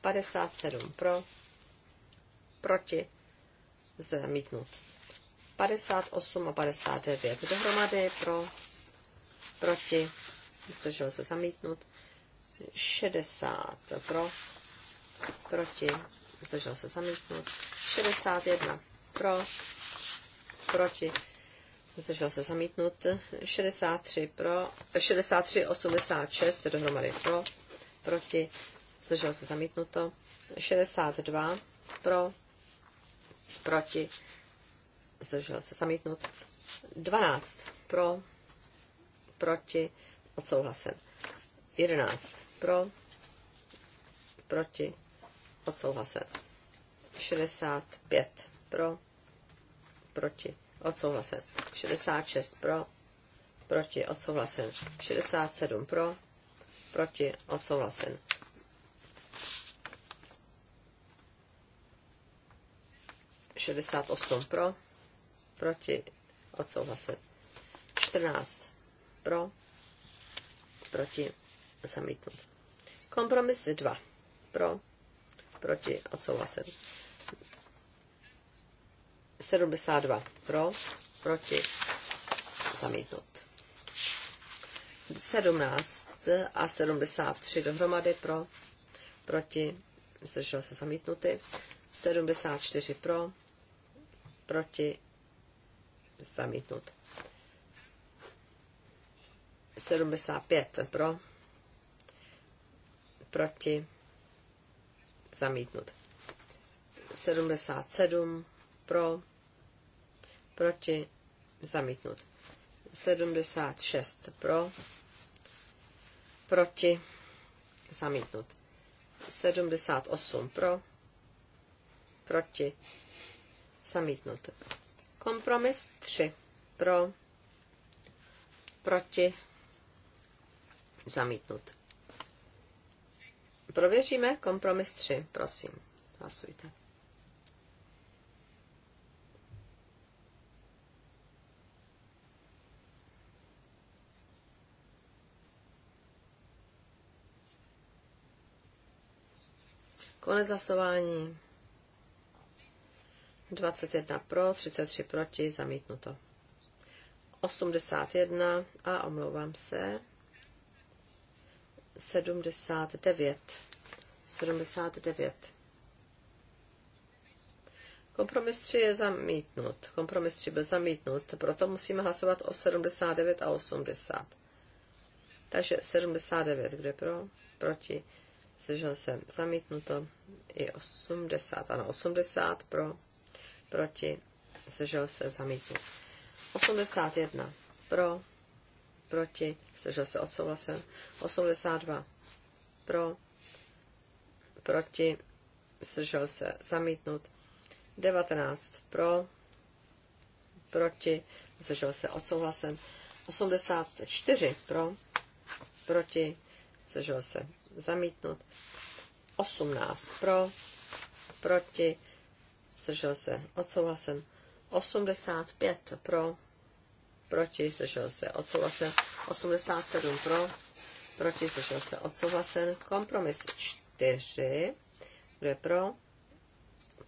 57 pro, proti, zamítnut. 58 a 59 dohromady pro, proti, zdržel se zamítnut, 60 pro, proti, zdržel se zamítnut, 61 pro, proti, zdržel se zamítnut, 63 pro, 63, 86 dohromady pro, proti, zdržel se zamítnuto, 62 pro, proti, zdržel se zamítnut, 12 pro, proti, odsouhlasen. 11 pro, proti, odsouhlasen. 65 pro, proti, odsouhlasen. 66 pro, proti, odsouhlasen. 67 pro, proti, odsouhlasen. 68 pro, proti, odsouhlasen. 14 pro, proti, zamítnut. Kompromis 2, pro, proti, odsouhlasen. 72, pro, proti, zamítnut. 17 a 73 dohromady pro, proti, zdržel se zamítnuty, 74 pro, proti, zamítnut. 75 pro, proti, zamítnut. 77 pro, proti, zamítnut. 76 pro, proti, zamítnut. 78 pro, proti, zamítnut. Kompromis 3 pro, proti, zamítnut. Zamítnut. Prověříme kompromis 3, prosím. Hlasujte. Konec hlasování. 21 pro, 33 proti, zamítnuto. 81 a omlouvám se, 79. 79. Kompromis 3 je zamítnut. Kompromis 3 byl zamítnut, proto musíme hlasovat o 79 a 80. Takže 79, kde pro? Proti. Slyšel jsem zamítnuto. I 80, ano, 80 pro. Proti. Slyšel se zamítnut. 81 pro. Proti zdržel se odsouhlasen. 82 pro, proti, zdržel se zamítnut. 19 pro, proti, zdržel se odsouhlasen. 84 pro, proti, zdržel se zamítnut. 18 pro, proti, zdržel se odsouhlasen. 85 pro, proti, zdržel se odsouhlasen. 87 pro, proti zdržel se odsouhlasen. Kompromis 4, kdo je pro,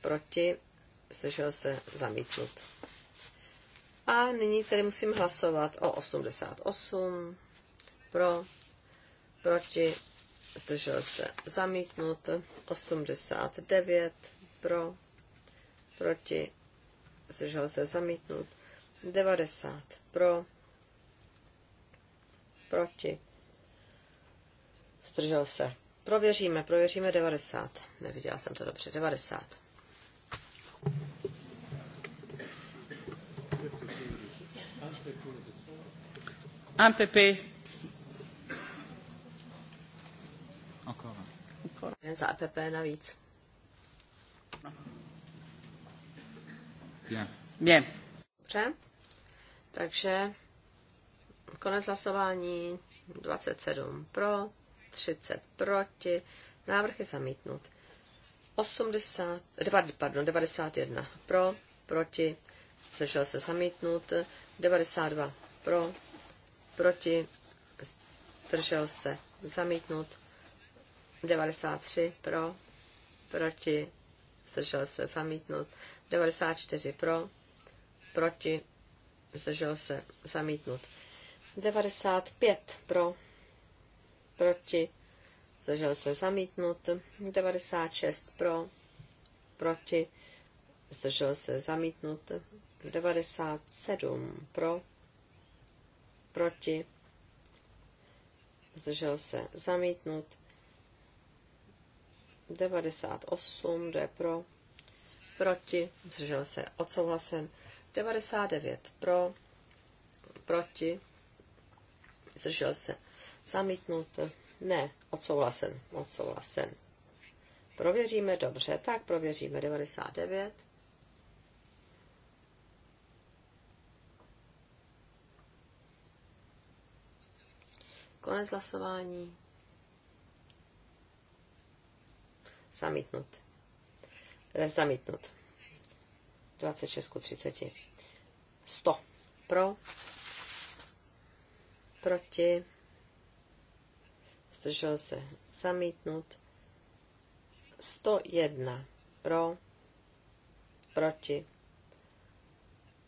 proti zdržel se zamítnut. A nyní tedy musím hlasovat o 88 pro, proti zdržel se zamítnut, 89 pro, proti zdržel se zamítnut, 90 pro, proti, zdržel se. Prověříme, prověříme 90. Neviděla jsem to dobře, 90. Un Jen za EPP navíc. Bien. Bien. Dobře. Takže Konec hlasování 27 pro, 30 proti. Návrh je zamítnut. 80, dva, pardon, 91 pro, proti, zdržel se zamítnut. 92 pro, proti, zdržel se zamítnut. 93 pro, proti, zdržel se zamítnut. 94 pro, proti, zdržel se zamítnut. 95 pro, proti, zdržel se zamítnut, 96 pro, proti, zdržel se zamítnut, 97 pro, proti, zdržel se zamítnut, 98, kdo je pro, proti, zdržel se odsouhlasen, 99 pro, proti, zdržel se, zamítnut, ne, odsouhlasen, odsouhlasen. Prověříme dobře, tak prověříme 99. Konec hlasování. Zamítnut. Ne, zamítnut. 26 30. 100 pro, proti, zdržel se zamítnut, 101 pro, proti,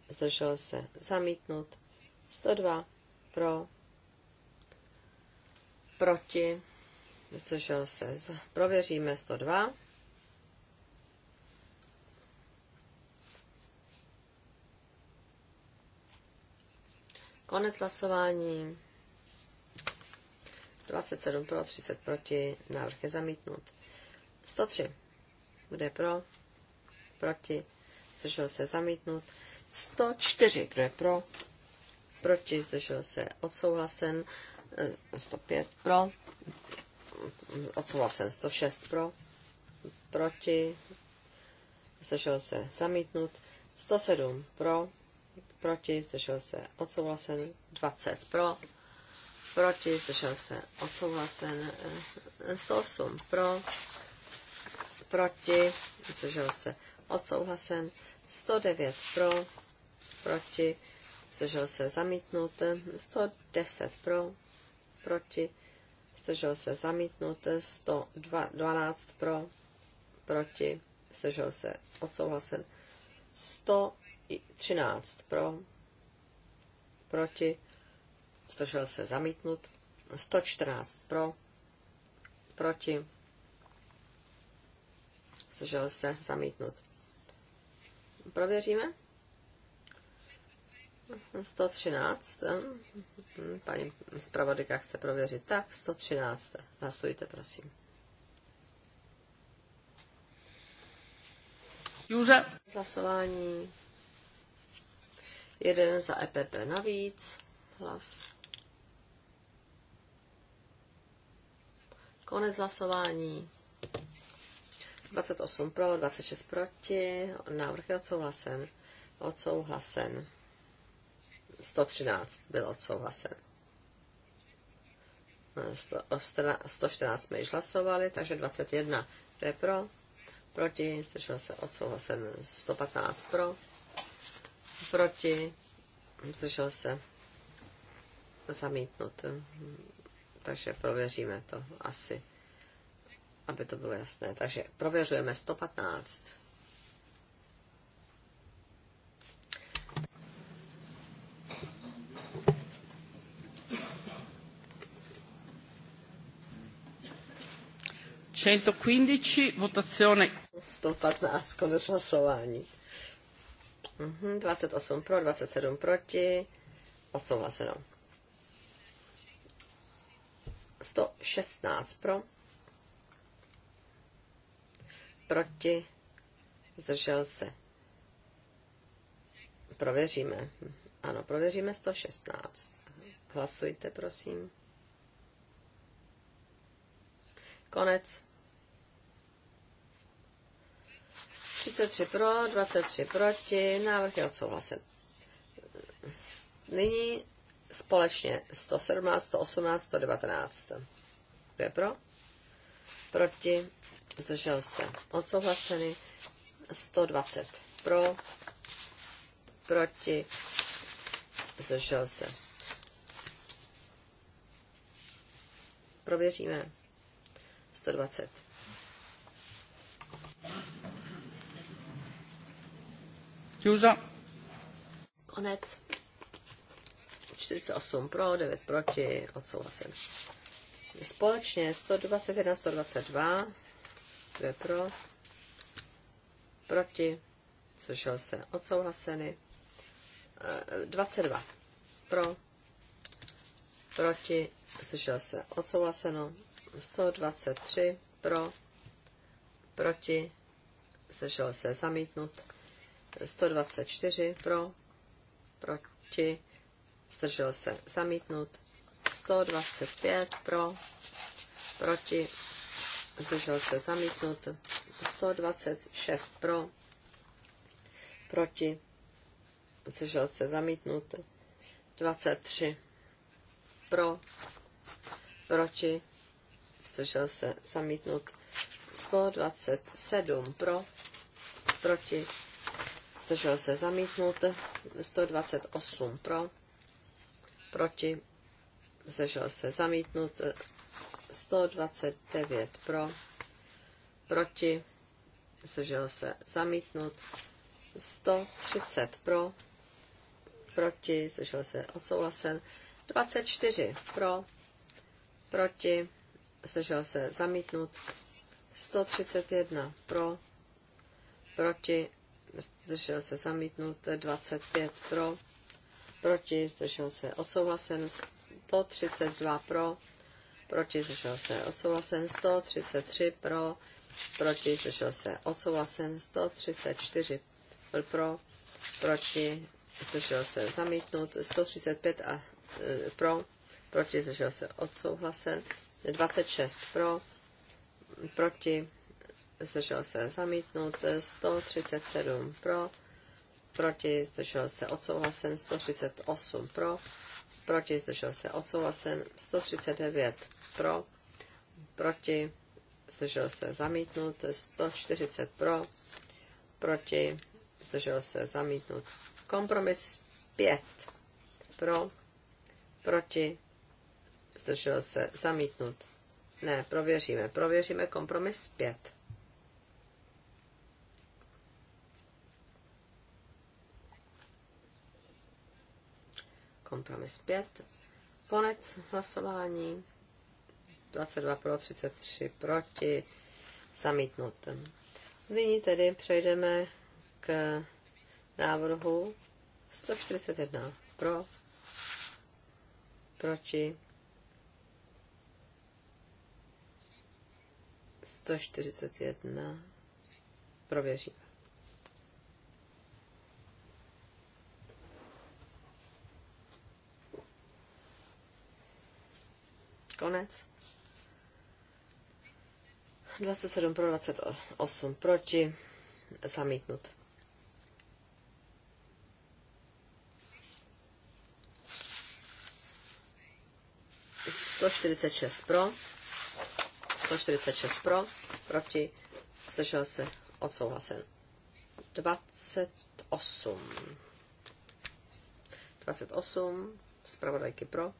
zdržel se zamítnut, 102 pro, proti, zdržel se, z... prověříme 102. Konec hlasování. 27 pro, 30 proti, návrh je zamítnut. 103. Kdo je pro? Proti. Zdržel se zamítnut. 104. Kdo je pro? Proti. Zdržel se odsouhlasen. 105 eh, pro. Odsouhlasen 106 pro. Proti. Zdržel se zamítnut. 107 pro. Proti. Zdržel se odsouhlasen. 20 pro proti, zdržel se odsouhlasen 108 eh, pro, proti, zdržel se odsouhlasen 109 pro, proti, zdržel se zamítnut 110 pro, proti, zdržel se zamítnut 112 pro, proti, zdržel se odsouhlasen 113 pro, proti, zdržel se zamítnut, 114 pro, proti, zdržel se zamítnut. Prověříme. 113. Paní zpravodajka chce prověřit. Tak, 113. Hlasujte, prosím. Juře. Hlasování. Jeden za EPP navíc. Hlas. Konec hlasování. 28 pro, 26 proti. Návrh je odsouhlasen. Odsouhlasen. 113 byl odsouhlasen. 114 jsme již hlasovali, takže 21. to je pro? Proti. Zdržel se odsouhlasen. 115 pro. Proti. Zdržel se zamítnut takže prověříme to asi, aby to bylo jasné. Takže prověřujeme 115. votazione 115 konec hlasování. Mhm, 28 pro, 27 proti. Odsouhlaseno. 116 pro, proti, zdržel se. Prověříme. Ano, prověříme 116. Hlasujte, prosím. Konec. 33 pro, 23 proti, návrh je odsouhlasen. Nyní společně 117, 118, 119. Kdo je pro? Proti? Zdržel se. Odsouhlaseny 120. Pro? Proti? Zdržel se. Prověříme. 120. Juža. Konec. 48 pro, 9 proti, odsouhlasen. Společně 121, 122, 2 pro, proti, slyšel se, odsouhlaseny. 22 e, pro, proti, slyšel se, odsouhlaseno. 123 pro, proti, slyšel se, zamítnut. 124 pro, proti, zdržel se zamítnut, 125 pro, proti, zdržel se zamítnut, 126 pro, proti, zdržel se zamítnut, 23 pro, proti, zdržel se zamítnut, 127 pro, proti, zdržel se zamítnut, 128 pro, proti, zdržel se zamítnut, 129 eh, pro, proti, zdržel se zamítnut, 130 pro, proti, zdržel se odsouhlasen, 24 pro, proti, zdržel se zamítnut, 131 pro, proti, zdržel se zamítnut, 25 pro, proti, zdržel se odsouhlasen 132 pro, proti, zdržel se odsouhlasen 133 pro, proti, zdržel se odsouhlasen 134 pro, proti, zdržel se zamítnut 135 a e, pro, proti, zdržel se odsouhlasen 26 pro, proti, zdržel se zamítnut 137 pro, proti, zdržel se odsouhlasen, 138 pro, proti, zdržel se odsouhlasen, 139 pro, proti, zdržel se zamítnut, 140 pro, proti, zdržel se zamítnut. Kompromis 5 pro, proti, zdržel se zamítnut. Ne, prověříme, prověříme kompromis 5. Kompromis 5. Konec hlasování. 22 pro, 33 proti. Zamítnut. Nyní tedy přejdeme k návrhu 141 pro, proti 141 prověříme. Konec. 27 pro 28 proti. Zamítnut. Sto čtyřicet šest pro, sto čtyřicet šest pro, proti, zdržel se, odsouhlasen. Dvacet osm. Dvacet osm, zpravodajky pro,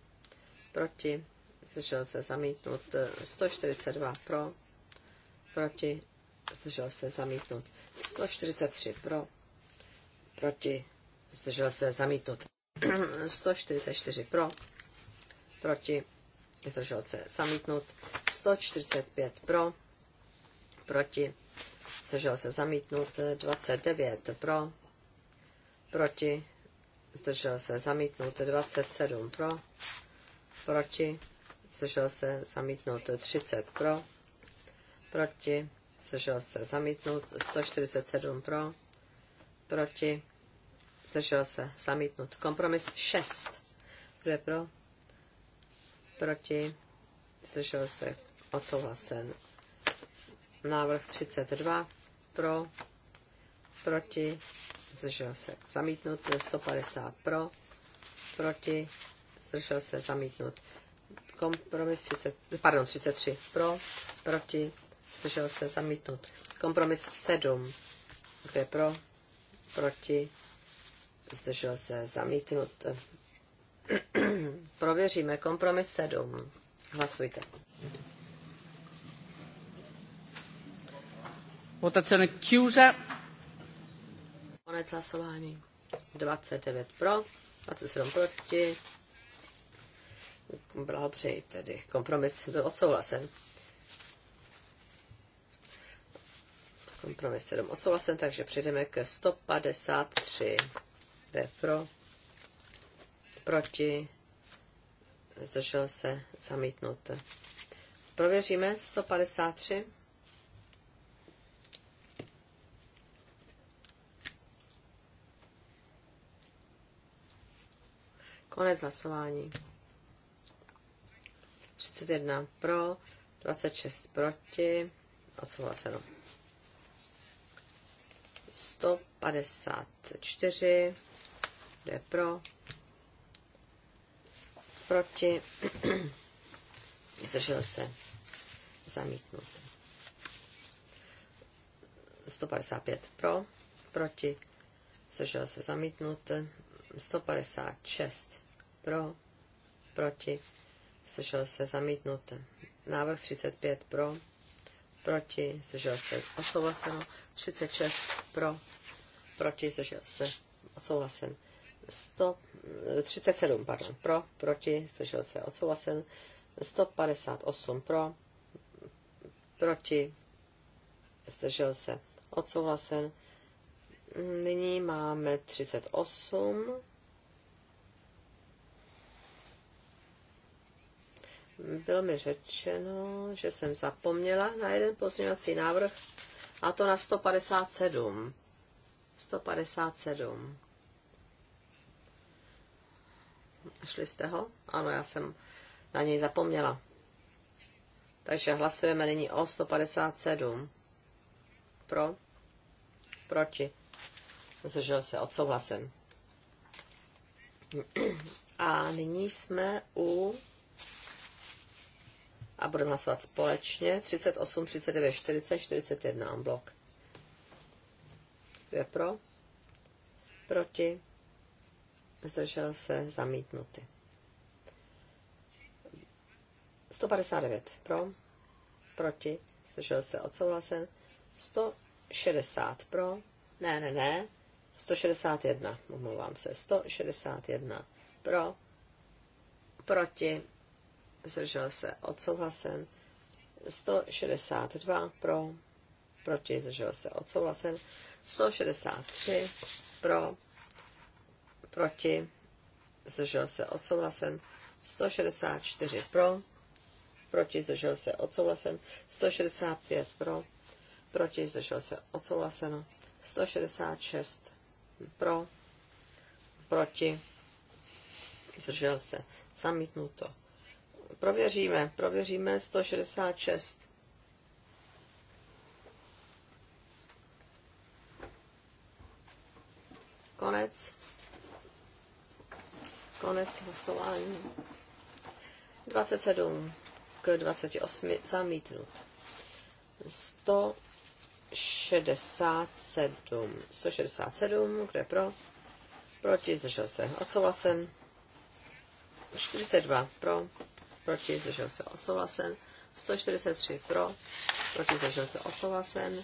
proti, zdržel se zamítnut. 142 pro, proti, zdržel se zamítnut. 143 pro, proti, zdržel se zamítnut. 144 pro, proti, zdržel se zamítnut. 145 pro, proti, zdržel se zamítnut. 29 pro, proti, zdržel se zamítnut. 27 pro, proti, zdržel se zamítnout 30 pro, proti, zdržel se zamítnout 147 pro, proti, zdržel se zamítnout kompromis 6, kdo je pro, proti, zdržel se odsouhlasen návrh 32 pro, proti, zdržel se zamítnut 150 pro, proti, zdržel se zamítnut Kompromis 30, pardon, 33 pro, proti, zdržel se zamítnout. Kompromis 7, kde pro, proti, zdržel se zamítnout. Prověříme kompromis 7. Hlasujte. Votazione chiusa. Konec hlasování. 29 pro, 27 proti Blahopřeji tedy. Kompromis byl odsouhlasen. Kompromis 7 odsouhlasen, takže přejdeme ke 153. To je pro, proti, zdržel se, zamítnut. Prověříme 153. Konec hlasování. 31 pro, 26 proti, a odsouhlaseno. 154, kdo je pro, proti, zdržel se, zamítnut. 155 pro, proti, zdržel se, zamítnut. 156 pro, proti, zdržel se zamítnut. Návrh 35 pro, proti, zdržel se odsouhlaseno. 36 pro, proti, zdržel se odsouhlasen. 100, 37 pardon, pro, proti, zdržel se odsouhlasen. 158 pro, proti, zdržel se odsouhlasen. Nyní máme 38 bylo mi řečeno, že jsem zapomněla na jeden pozměňovací návrh, a to na 157. 157. Šli jste ho? Ano, já jsem na něj zapomněla. Takže hlasujeme nyní o 157. Pro? Proti? Zdržel se, odsouhlasen. A nyní jsme u a budeme hlasovat společně 38, 39, 40, 41 en blok. Kdo je pro? Proti? Zdržel se zamítnuty. 159 pro, proti, zdržel se odsouhlasen. 160 pro, ne, ne, ne, 161, omlouvám se, 161 pro, proti, zdržel se, odsouhlasen. 162 pro, proti, zdržel se, odsouhlasen. 163 pro, proti, zdržel se, odsouhlasen. 164 pro, proti, zdržel se, odsouhlasen. 165 pro, proti, zdržel se, odsouhlaseno. 166 pro, proti, zdržel se, zamítnuto. Prověříme, prověříme 166. Konec. Konec hlasování. 27 k 28 zamítnut. 167. 167, kde pro? Proti, zdržel se. Odsouhlasen. 42 pro proti, zdržel se odsouhlasen. 143 pro, proti, zdržel se odsouhlasen.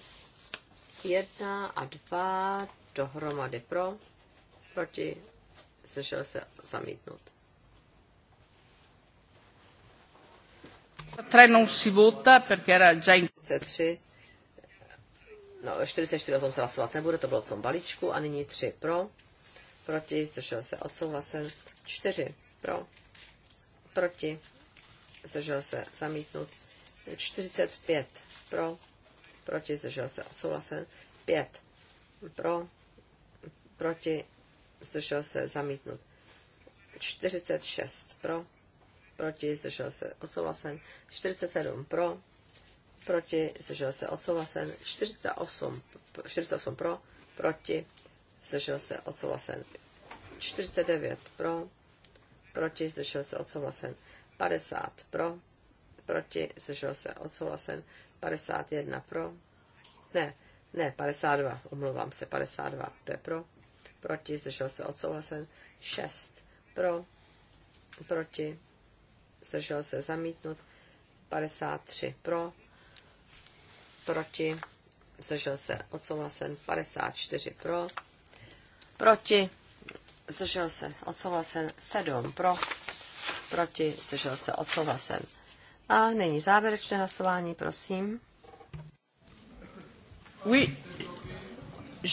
1 a 2 dohromady pro, proti, zdržel se zamítnut. Tre non si vota perché era già in... 43. No, 44 o tom se hlasovat nebude, to bylo v tom balíčku a nyní 3 pro, proti, zdržel se odsouhlasen, 4 pro, proti, zdržel se zamítnut. 45 pro, proti, zdržel se odsouhlasen. 5 pro, proti, zdržel se zamítnut. 46 pro, proti, zdržel se odsouhlasen. 47 pro, proti, zdržel se odsouhlasen. 48, 48 pro, proti, zdržel se odsouhlasen. 49 pro, proti, zdržel se odsouhlasen. 50 pro, proti, zdržel se, odsouhlasen, 51 pro, ne, ne, 52, omlouvám se, 52, to je pro, proti, zdržel se, odsouhlasen, 6 pro, proti, zdržel se, zamítnut, 53 pro, proti, zdržel se, odsouhlasen, 54 pro, proti, zdržel se, odsouhlasen, 7 pro, proti, zdržel se odsouhlasen. A nyní závěrečné hlasování, prosím. Oui.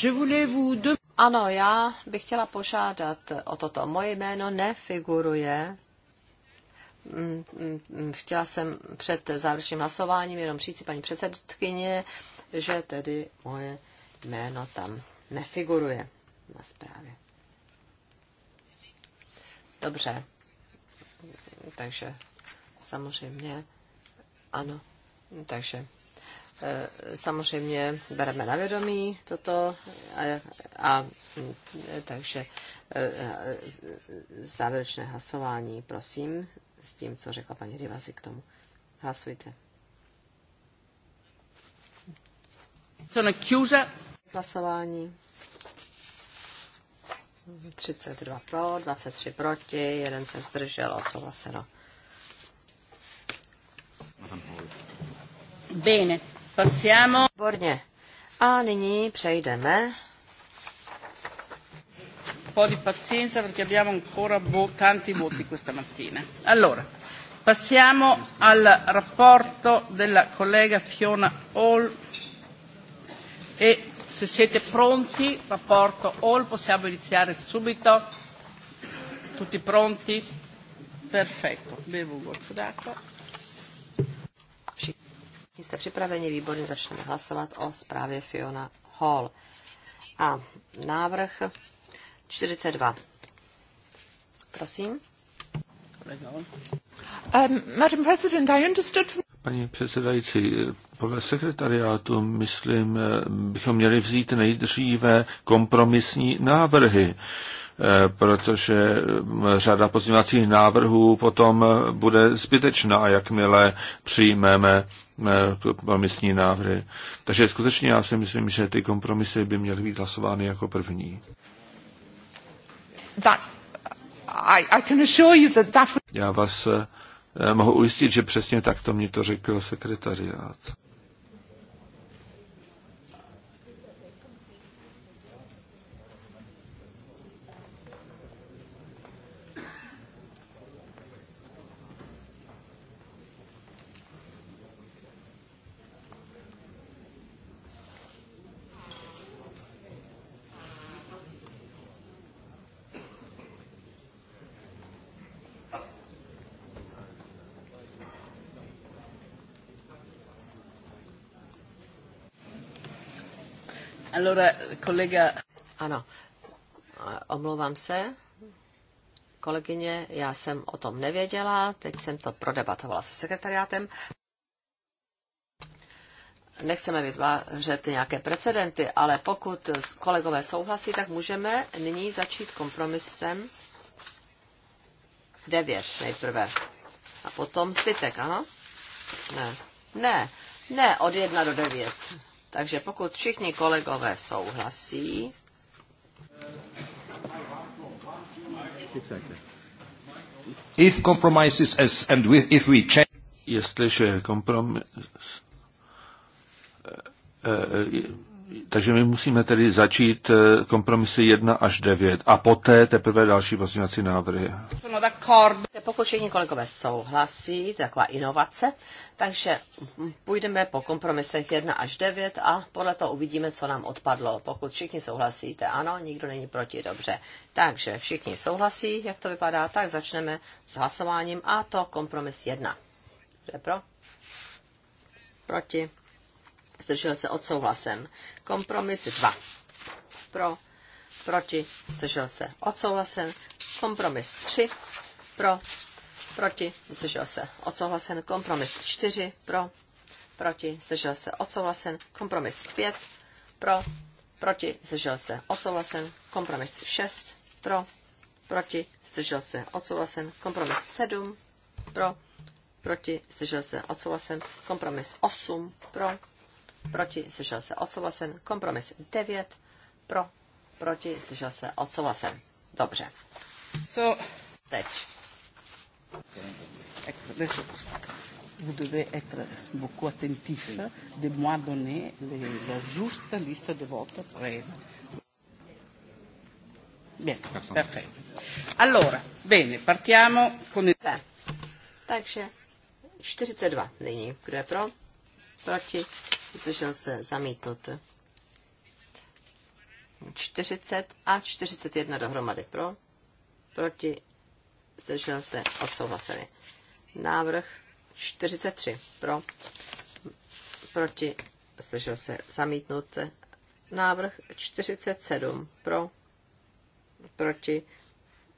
Je voulais vous de... Ano, já bych chtěla požádat o toto. Moje jméno nefiguruje. Mm, mm, mm, chtěla jsem před závěrečným hlasováním jenom říct si paní předsedkyně, že tedy moje jméno tam nefiguruje na zprávě. Dobře, takže samozřejmě ano, takže e, samozřejmě bereme na vědomí toto a, a e, takže e, závěrečné hlasování, prosím, s tím, co řekla paní Rivasi k tomu. Hlasujte. Co na Hlasování. 32 pro, 23 proti, jeden se zdržel, odsouhlaseno. Bene, passiamo. Borně. A nyní přejdeme. po' di pazienza perché abbiamo ancora vo- tanti voti questa mattina. Allora, passiamo al rapporto della collega Fiona Hall e se siete pronti, rapporto Hall, possiamo iniziare subito. Tutti pronti? Perfetto. Bevo un golfo d'acqua. Všichni jste připraveni, výborně začneme hlasovat o zprávě Fiona Hall. A návrh 42. Prosím. Um, Madam President, I understood from... Paní předsedající, podle sekretariátu, myslím, bychom měli vzít nejdříve kompromisní návrhy, eh, protože hm, řada pozměňovacích návrhů potom bude zbytečná, jakmile přijmeme eh, kompromisní návrhy. Takže skutečně já si myslím, že ty kompromisy by měly být hlasovány jako první. That, I, I can assure you that that... Já vás eh, Eh, mohu ujistit, že přesně tak to mě to řekl sekretariát. Allora, kolega... Ano, omlouvám se. Kolegyně, já jsem o tom nevěděla, teď jsem to prodebatovala se sekretariátem. Nechceme vytvářet nějaké precedenty, ale pokud kolegové souhlasí, tak můžeme nyní začít kompromisem 9 nejprve. A potom zbytek, ano? Ne. Ne, ne, od 1 do 9. Takže pokud všichni kolegové souhlasí, If compromises as, and we, if we change... Jestliže kompromis, eh, eh, takže my musíme tedy začít eh, kompromisy 1 až 9 a poté teprve další pozměňovací návrhy. Pokud všichni kolegové souhlasí, taková inovace, takže půjdeme po kompromisech 1 až 9 a podle toho uvidíme, co nám odpadlo. Pokud všichni souhlasíte, ano, nikdo není proti, dobře. Takže všichni souhlasí, jak to vypadá, tak začneme s hlasováním a to kompromis 1. Kdo pro? Proti? zdržel se odsouhlasen. Kompromis 2. Pro, proti, zdržel se odsouhlasen. Kompromis 3. Pro, proti, zdržel se odsouhlasen. Kompromis 4. Pro, proti, zdržel se odsouhlasen. Kompromis 5. Pro, proti, zdržel se odsouhlasen. Kompromis 6. Pro, proti, zdržel se odsouhlasen. Kompromis 7. Pro, proti, zdržel se odsouhlasen. Kompromis 8. Pro, proti, slyšel se odsouhlasen. Kompromis 9, pro, proti, slyšel se odsouhlasen. Dobře. Co? teď. Adesso vous devez être de moi donner la juste liste de votes Bien, perfetto. Allora, bene, partiamo con il... Takže 42 nyní. Kdo je pro? Proti? zdržel se, zamítnut. 40 a 41 dohromady pro, proti, zdržel se, odsouhlasený. Návrh 43 pro, proti, zdržel se, zamítnut. Návrh 47 pro, proti,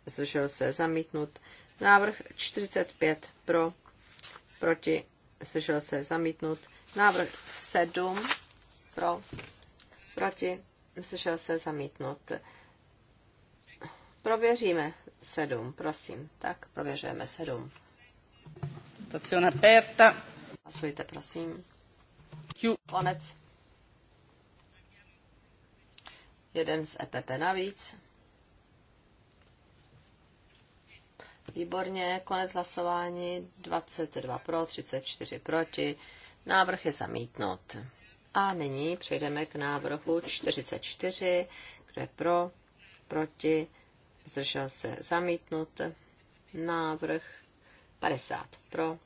zdržel se, zamítnut. Návrh 45 pro, proti, zdržel se, zamítnut. Návrh 7 pro, proti, slyšel se zamítnout. Prověříme 7, prosím. Tak, prověřujeme 7. Votazione aperta. Hlasujte, prosím. Q. Konec. Jeden z EPP navíc. Výborně, konec hlasování, 22 pro, 34 proti. Návrh je zamítnut. A nyní přejdeme k návrhu 44. Kdo je pro? Proti? Zdržel se zamítnut. Návrh 50 pro,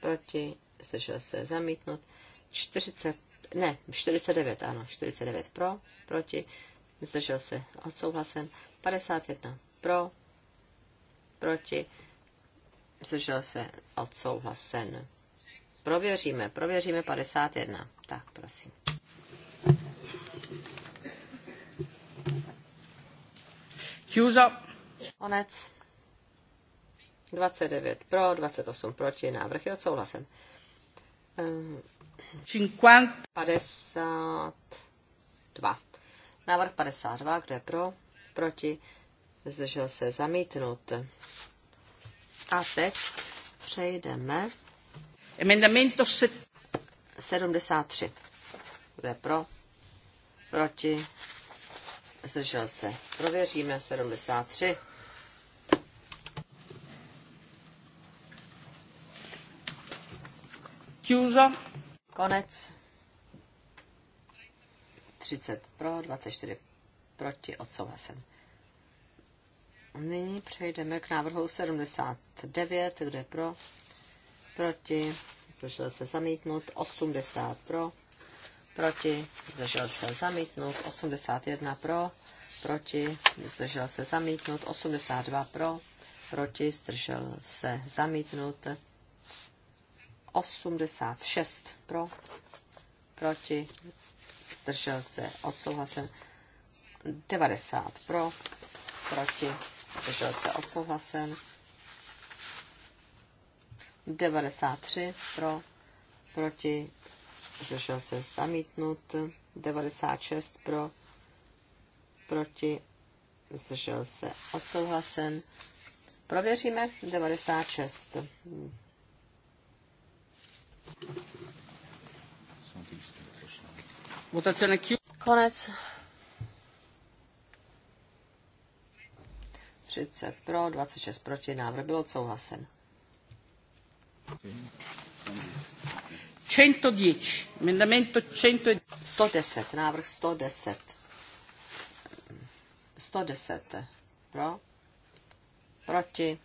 proti, zdržel se zamítnut. 40, ne, 49, ano, 49 pro, proti, zdržel se odsouhlasen. 51 pro, proti, zdržel se odsouhlasen. Prověříme, prověříme 51. Tak, prosím. Chůza. Konec. 29 pro, 28 proti, návrh je odsouhlasen. 50. Ehm, 52. Návrh 52, kde pro, proti, zdržel se zamítnut. A teď přejdeme Emendamento 73. Kdo je pro? Proti? Zdržel se. Prověříme 73. Chiuso. Konec. 30 pro, 24 proti, odsouhlasen. Nyní přejdeme k návrhu 79, kde pro, proti, zdržel se zamítnut, 80 pro, proti, zdržel se zamítnut, 81 pro, proti, zdržel se zamítnut, 82 pro, proti, zdržel se zamítnut, 86 pro, proti, zdržel se odsouhlasen, 90 pro, proti, zdržel se odsouhlasen, 93 pro, proti, zdržel se zamítnut, 96 pro, proti, zdržel se odsouhlasen. Prověříme 96. Konec. 30 pro, 26 proti, návrh byl odsouhlasen. 110. Emendamento 110. 110. Návrh 110. 110. Pro. Proti.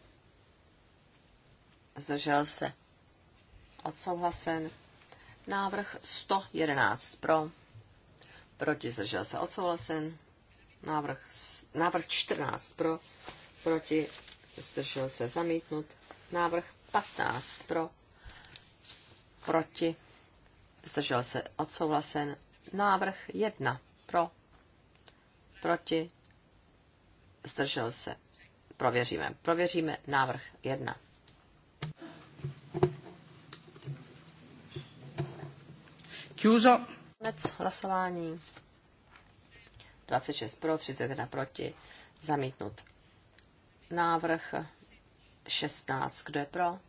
Zdržel se. Odsouhlasen. Návrh 111. Pro. Proti. Zdržel se. Odsouhlasen. Návrh, návrh 14. Pro. Proti. Zdržel se. Zamítnut. Návrh 15 pro, proti, zdržel se odsouhlasen. Návrh 1 pro, proti, zdržel se. Prověříme. Prověříme návrh 1. Kjuzo. Konec hlasování. 26 pro, 31 proti. Zamítnut. Návrh 16. Kdo je pro?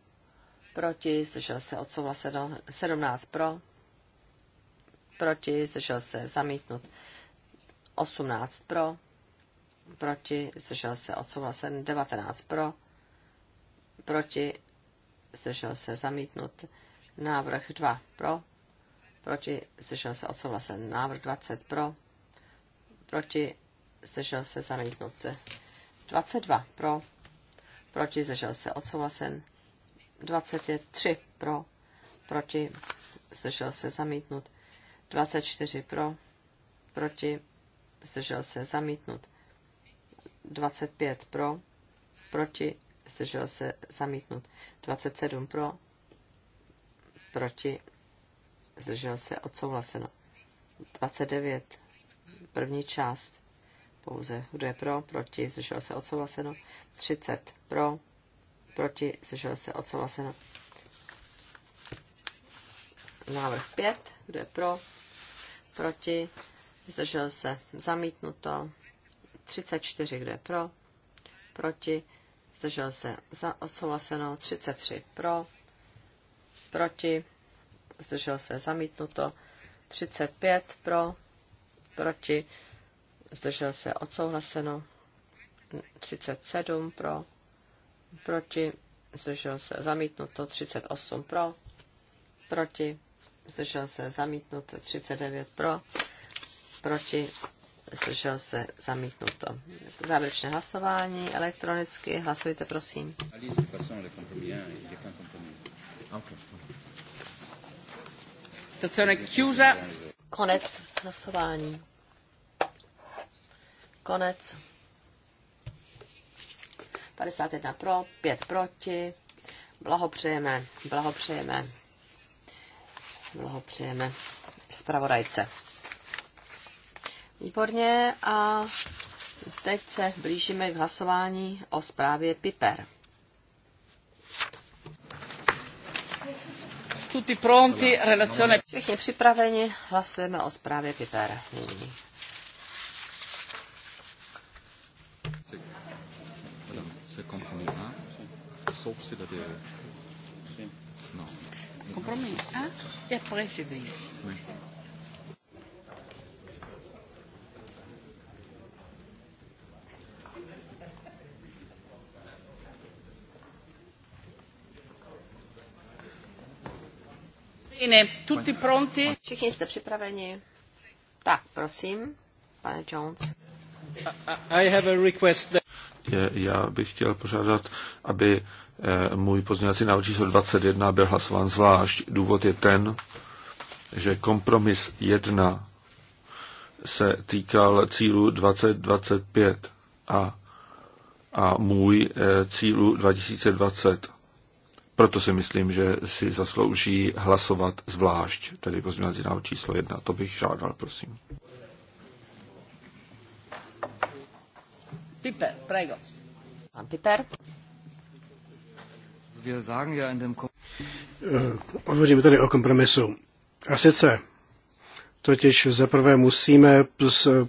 Proti, zdržel se, odsouhlaseno. 17 pro. Proti, zdržel se, zamítnut. 18 pro. Proti, zdržel se, odsouhlasen. 19 pro. Proti, zdržel se, zamítnut. Návrh 2 pro. Proti, zdržel se, odsouhlasen. Návrh 20 pro. Proti, zdržel se, zamítnut. 22 pro proti, zdržel se odsouhlasen. 23 pro, proti, zdržel se zamítnut. 24 pro, proti, zdržel se zamítnut. 25 pro, proti, zdržel se zamítnut. 27 pro, proti, zdržel se odsouhlaseno. 29 první část pouze. Kdo je pro, proti, zdržel se odsouhlaseno. 30 pro, proti, zdržel se odsouhlaseno. Návrh 5, kdo je pro, proti, zdržel se zamítnuto. 34, kdo je pro, proti, zdržel se za odsouhlaseno. 33 pro, proti, zdržel se zamítnuto. 35 pro, proti, zdržel se odsouhlaseno, 37 pro, proti, zdržel se zamítnuto, 38 pro, proti, zdržel se zamítnuto, 39 pro, proti, zdržel se zamítnuto. Závěrečné hlasování elektronicky, hlasujte prosím. Konec hlasování. Konec. 51 pro, 5 proti. Blahopřejeme, blahopřejeme, blahopřejeme zpravodajce. Výborně a teď se blížíme k hlasování o zprávě Piper. Tutti pronti, relazione. Všichni připraveni, hlasujeme o zprávě Piper nyní. Fox après je vais ici. Oui. tutti pronti? Všichni jste připraveni. Tak, prosím, pane Jones. I have a request. That... Já bych chtěl požádat, aby Eh, můj pozměňovací návrh číslo 21 byl hlasován zvlášť. Důvod je ten, že kompromis 1 se týkal cílu 2025 a, a můj eh, cílu 2020. Proto si myslím, že si zaslouží hlasovat zvlášť, tedy pozměňovací návrh číslo 1. To bych žádal, prosím. Piper, prego. Pan Piper. Eh, hovoříme tady o kompromisu. A sice, totiž zaprvé musíme eh,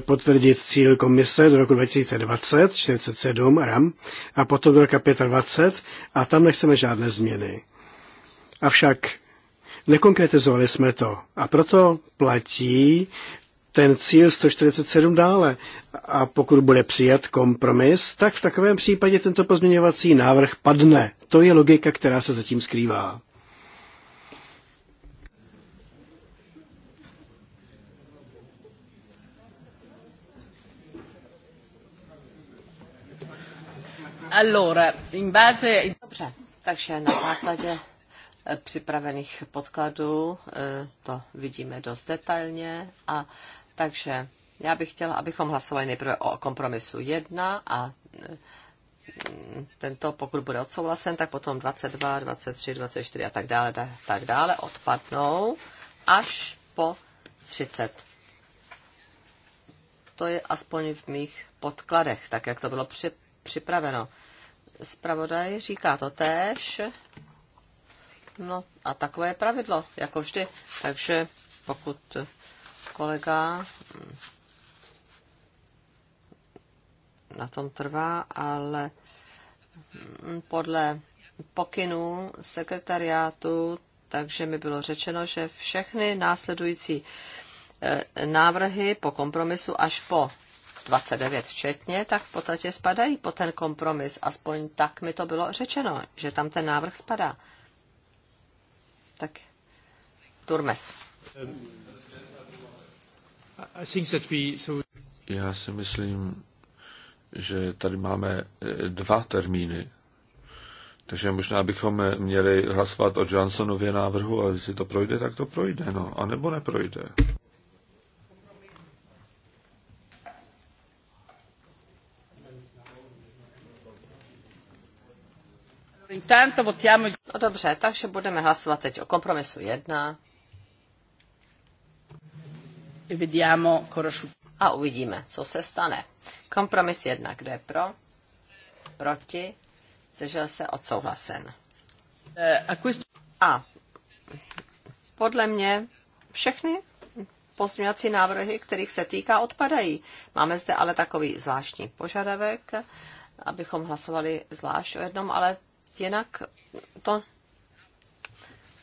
potvrdit cíl komise do roku 2020, 47 RAM, a potom do roku 25 a tam nechceme žádné změny. Avšak nekonkretizovali jsme to a proto platí, ten cíl 147 dále. A pokud bude přijat kompromis, tak v takovém případě tento pozměňovací návrh padne. To je logika, která se zatím skrývá. Allora, in base... Dobře, takže na základě eh, připravených podkladů eh, to vidíme dost detailně a takže já bych chtěla, abychom hlasovali nejprve o kompromisu 1 a mm, tento, pokud bude odsouhlasen, tak potom 22, 23, 24 a tak dále, tak, dále odpadnou až po 30. To je aspoň v mých podkladech, tak jak to bylo při, připraveno. Spravodaj říká to též. No a takové je pravidlo, jako vždy. Takže pokud kolega na tom trvá, ale podle pokynů sekretariátu, takže mi bylo řečeno, že všechny následující eh, návrhy po kompromisu až po 29 včetně, tak v podstatě spadají po ten kompromis. Aspoň tak mi to bylo řečeno, že tam ten návrh spadá. Tak Turmes. Eh, já si myslím, že tady máme eh, dva termíny. Takže možná bychom eh, měli hlasovat o Johnsonově návrhu, ale jestli to projde, tak to projde, no, a nebo neprojde. No dobře, takže budeme hlasovat teď o kompromisu 1 vediamo A uvidíme, co se stane. Kompromis jedna, kdo je pro, proti, zdržel se odsouhlasen. Eh, a podle mě všechny pozměňovací návrhy, kterých se týká, odpadají. Máme zde ale takový zvláštní požadavek, abychom hlasovali zvlášť o jednom, ale jinak to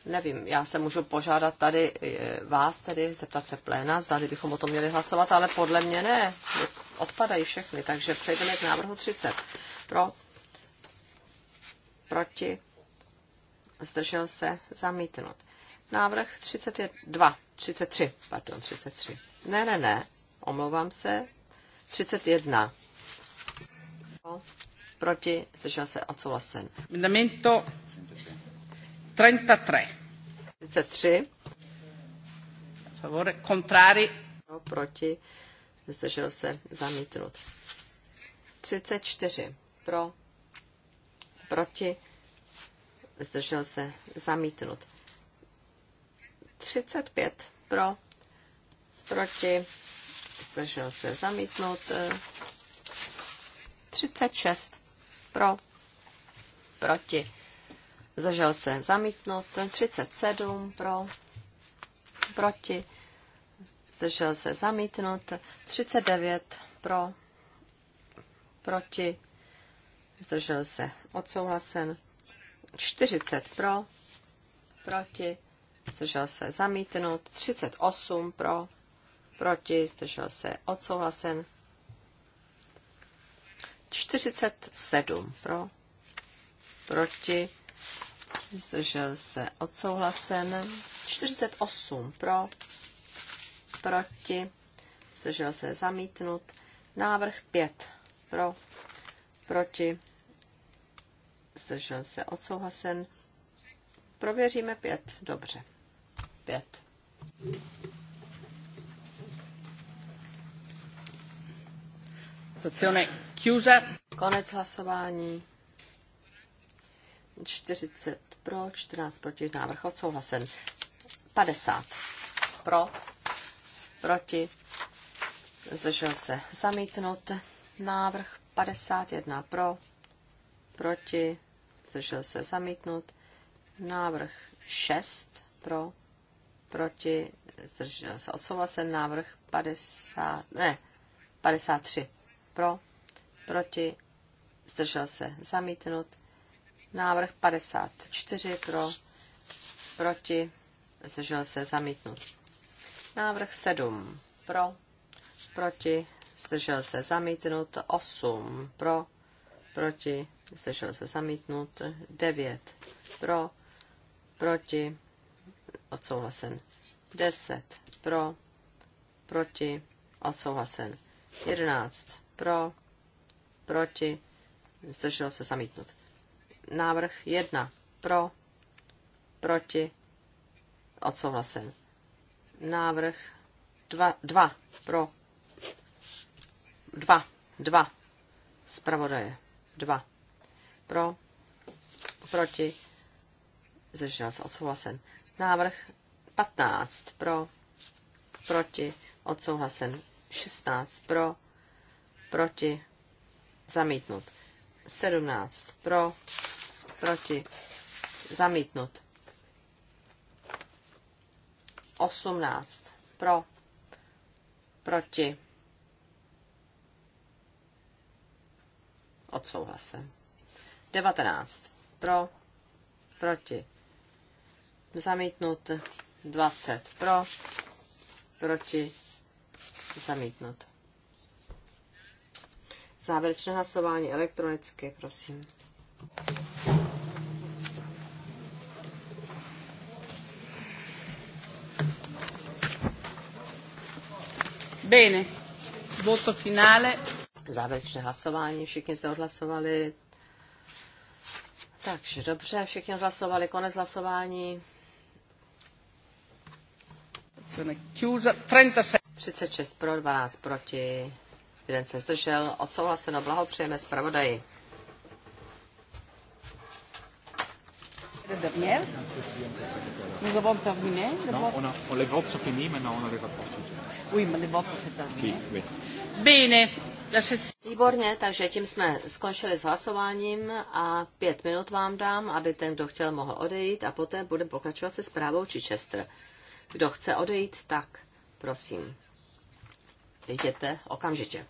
Nevím, já se můžu požádat tady eh, vás, tedy zeptat se pléna, zda bychom o tom měli hlasovat, ale podle mě ne. Odpadají všechny, takže přejdeme k návrhu 30. Pro, proti, zdržel se, zamítnut. Návrh 32, 33, pardon, 33. Ne, ne, ne, omlouvám se. 31. Pro, proti, zdržel se, odsouhlasen. Mendamento 33. 33. Favore, No, proti, zdržel se, zamítnut. 34. Pro, proti, zdržel se, zamítnut. 35. Pro, proti, zdržel se, zamítnut. 36. Pro, proti zdržel se zamítnut, 37 pro, proti, zdržel se zamítnut, 39 pro, proti, zdržel se odsouhlasen, 40 pro, proti, zdržel se zamítnut, 38 pro, proti, zdržel se odsouhlasen, 47 pro, proti, zdržel se odsouhlasen. 48 pro, proti, zdržel se zamítnut. Návrh 5 pro, proti, zdržel se odsouhlasen. Prověříme 5, dobře. 5. Konec hlasování. 40 pro, 14 proti, návrh odsouhlasen. 50 pro, proti, zdržel se zamítnut. Návrh 51 pro, proti, zdržel se zamítnut. Návrh 6 pro, proti, zdržel se odsouhlasen. Návrh 50, ne, 53 pro, proti, zdržel se zamítnut. Návrh 54 pro, proti, zdržel se zamítnut. Návrh 7 pro, proti, zdržel se zamítnut. 8 pro, proti, zdržel se zamítnut. 9 pro, proti, odsouhlasen. 10 pro, proti, odsouhlasen. 11 pro, proti, zdržel se zamítnut. Návrh 1 pro, proti, odsouhlasen. Návrh 2, 2 pro, 2, 2, zpravodaje, 2 pro, proti, zdržel se, odsouhlasen. Návrh 15 pro, proti, odsouhlasen. 16 pro, proti, zamítnut. 17 pro, proti, zamítnut. 18 pro, proti, odsouhlasen. 19 pro, proti, zamítnut. 20 pro, proti, zamítnut. Závěrečné hlasování elektronicky, prosím. Bene. Voto finale. Závěrečné hlasování, všichni jste odhlasovali. Takže dobře, všichni odhlasovali, konec hlasování. 36 pro, 12 proti, jeden se zdržel, odsouhlaseno, blahopřejeme zpravodaji. Nous avons terminé. Non, on, a, on les votes sont finis, maintenant on a les rapports. Výborně, takže tím jsme skončili s hlasováním a pět minut vám dám, aby ten, kdo chtěl, mohl odejít a poté budeme pokračovat se zprávou Chichester. Kdo chce odejít, tak prosím, jděte okamžitě.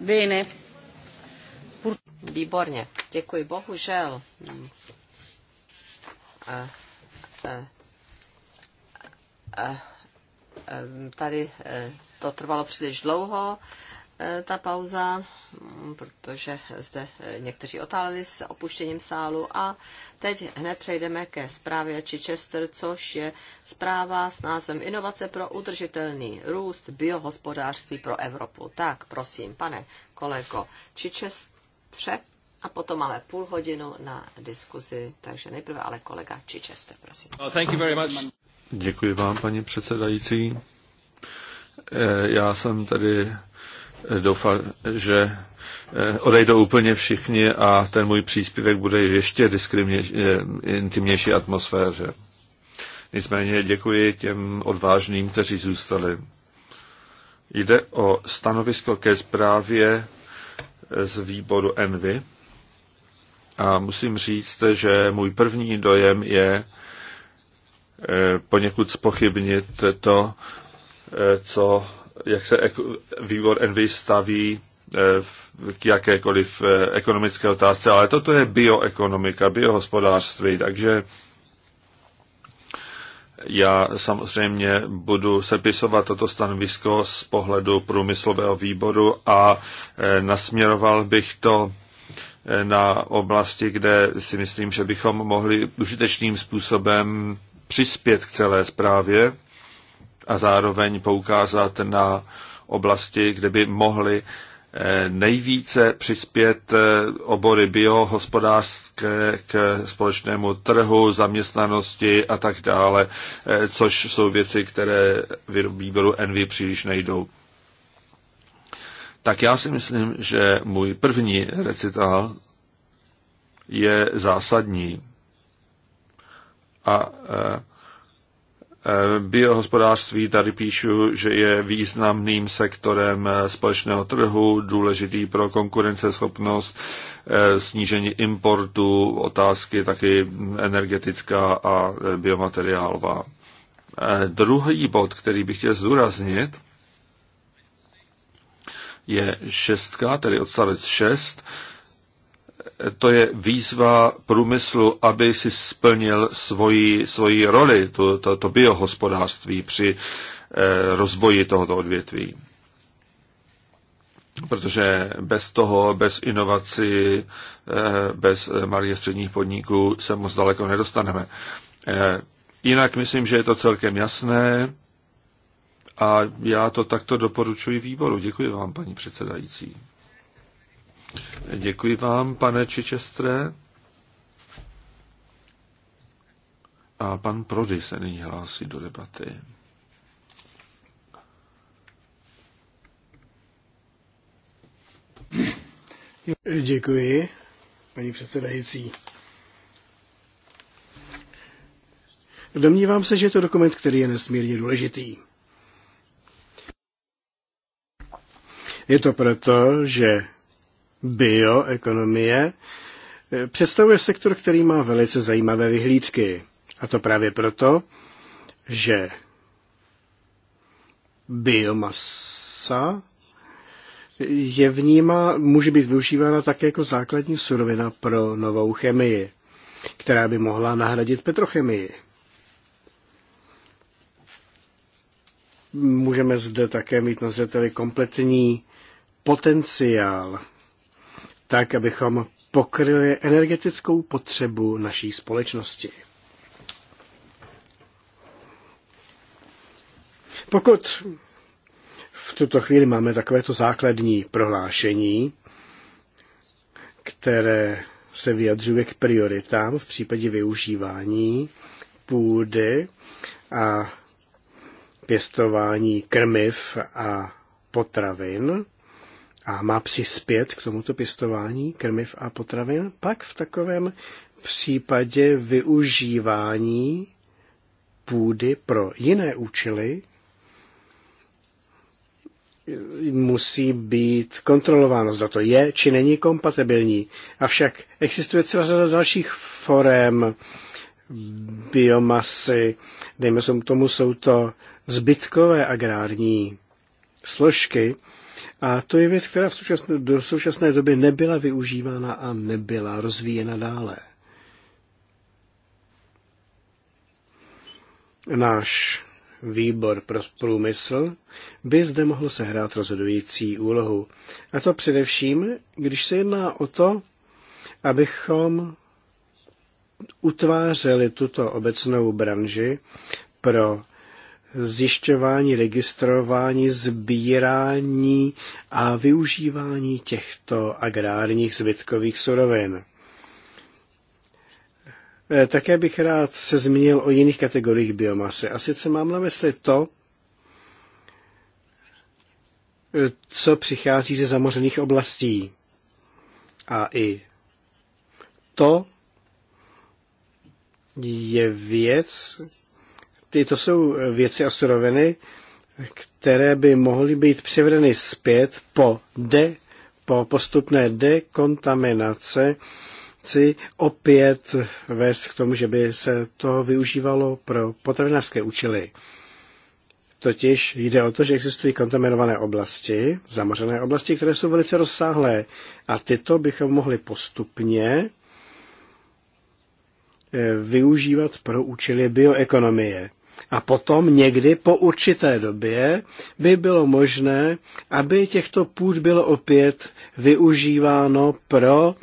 Bene. Výborně, děkuji. Bohužel. Hmm. A, a, a, tady eh, to trvalo příliš dlouho, eh, ta pauza protože zde eh, někteří otáleli s opuštěním sálu a teď hned přejdeme ke zprávě Chichester, což je zpráva s názvem Inovace pro udržitelný růst biohospodářství pro Evropu. Tak, prosím, pane kolego Chichester a potom máme půl hodinu na diskuzi, takže nejprve ale kolega Chichester, prosím. thank you very much. Děkuji vám, paní předsedající. Eh, já jsem tady eh, doufal, že Eh, odejdou úplně všichni a ten můj příspěvek bude ještě eh, intimnější atmosféře. Nicméně děkuji těm odvážným, kteří zůstali. Jde o stanovisko ke zprávě eh, z výboru Envy. A musím říct, že můj první dojem je poněkud spochybnit to, co, jak se výbor Envy staví Eh, k jakékoliv eh, ekonomické otázce, ale toto je bioekonomika, biohospodářství, takže já samozřejmě budu sepisovat toto stanovisko z pohledu průmyslového výboru a eh, nasměroval bych to na oblasti, kde si myslím, že bychom mohli užitečným způsobem přispět k celé zprávě a zároveň poukázat na oblasti, kde by mohly nejvíce přispět eh, obory biohospodářské k společnému trhu, zaměstnanosti a tak dále, eh, což jsou věci, které výboru Envy příliš nejdou. Tak já si myslím, že můj první recital je zásadní. A eh, Biohospodářství tady píšu, že je významným sektorem eh, společného trhu, důležitý pro konkurenceschopnost, eh, snížení importu, otázky taky energetická a eh, biomateriálová. Druhý bod, který bych chtěl zdůraznit, je šestka, tedy odstavec šest to je výzva průmyslu, aby si splnil svoji, svoji roli, to, to, to biohospodářství při eh, rozvoji tohoto odvětví. Protože bez toho, bez inovací, eh, bez malých středních podniků se moc daleko nedostaneme. Eh, jinak myslím, že je to celkem jasné a já to takto doporučuji výboru. Děkuji vám, paní předsedající. Děkuji vám, pane Čičestre. A pan Prody se nyní hlásí do debaty. Děkuji, paní předsedající. Domnívám se, že je to dokument, který je nesmírně důležitý. Je to proto, že bioekonomie představuje sektor, který má velice zajímavé vyhlídky. A to právě proto, že biomasa je v má, může být využívána také jako základní surovina pro novou chemii, která by mohla nahradit petrochemii. Můžeme zde také mít na zřeteli kompletní potenciál tak abychom pokryli energetickou potřebu naší společnosti. Pokud v tuto chvíli máme takovéto základní prohlášení, které se vyjadřuje k prioritám v případě využívání půdy a pěstování krmiv a potravin, a má přispět k tomuto pěstování krmiv a potravin, pak v takovém případě využívání půdy pro jiné účely musí být kontrolováno, zda to je či není kompatibilní. Avšak existuje celá řada dalších forem biomasy, dejme tomu, jsou to zbytkové agrární složky, a to je věc, která v současné, do současné doby nebyla využívána a nebyla rozvíjena dále. Náš výbor pro průmysl by zde mohl sehrát rozhodující úlohu. A to především, když se jedná o to, abychom utvářeli tuto obecnou branži pro zjišťování, registrování, sbírání a využívání těchto agrárních zbytkových surovin. E, také bych rád se zmínil o jiných kategoriích biomasy. A sice mám na mysli to, e, co přichází ze zamořených oblastí. A i to je věc, ty, to jsou věci a suroviny, které by mohly být převedeny zpět po, de, po postupné dekontaminace, si opět vést k tomu, že by se to využívalo pro potravinářské účely. Totiž jde o to, že existují kontaminované oblasti, zamořené oblasti, které jsou velice rozsáhlé. A tyto bychom mohli postupně eh, využívat pro účely bioekonomie. A potom někdy po určité době by bylo možné, aby těchto půd bylo opět využíváno pro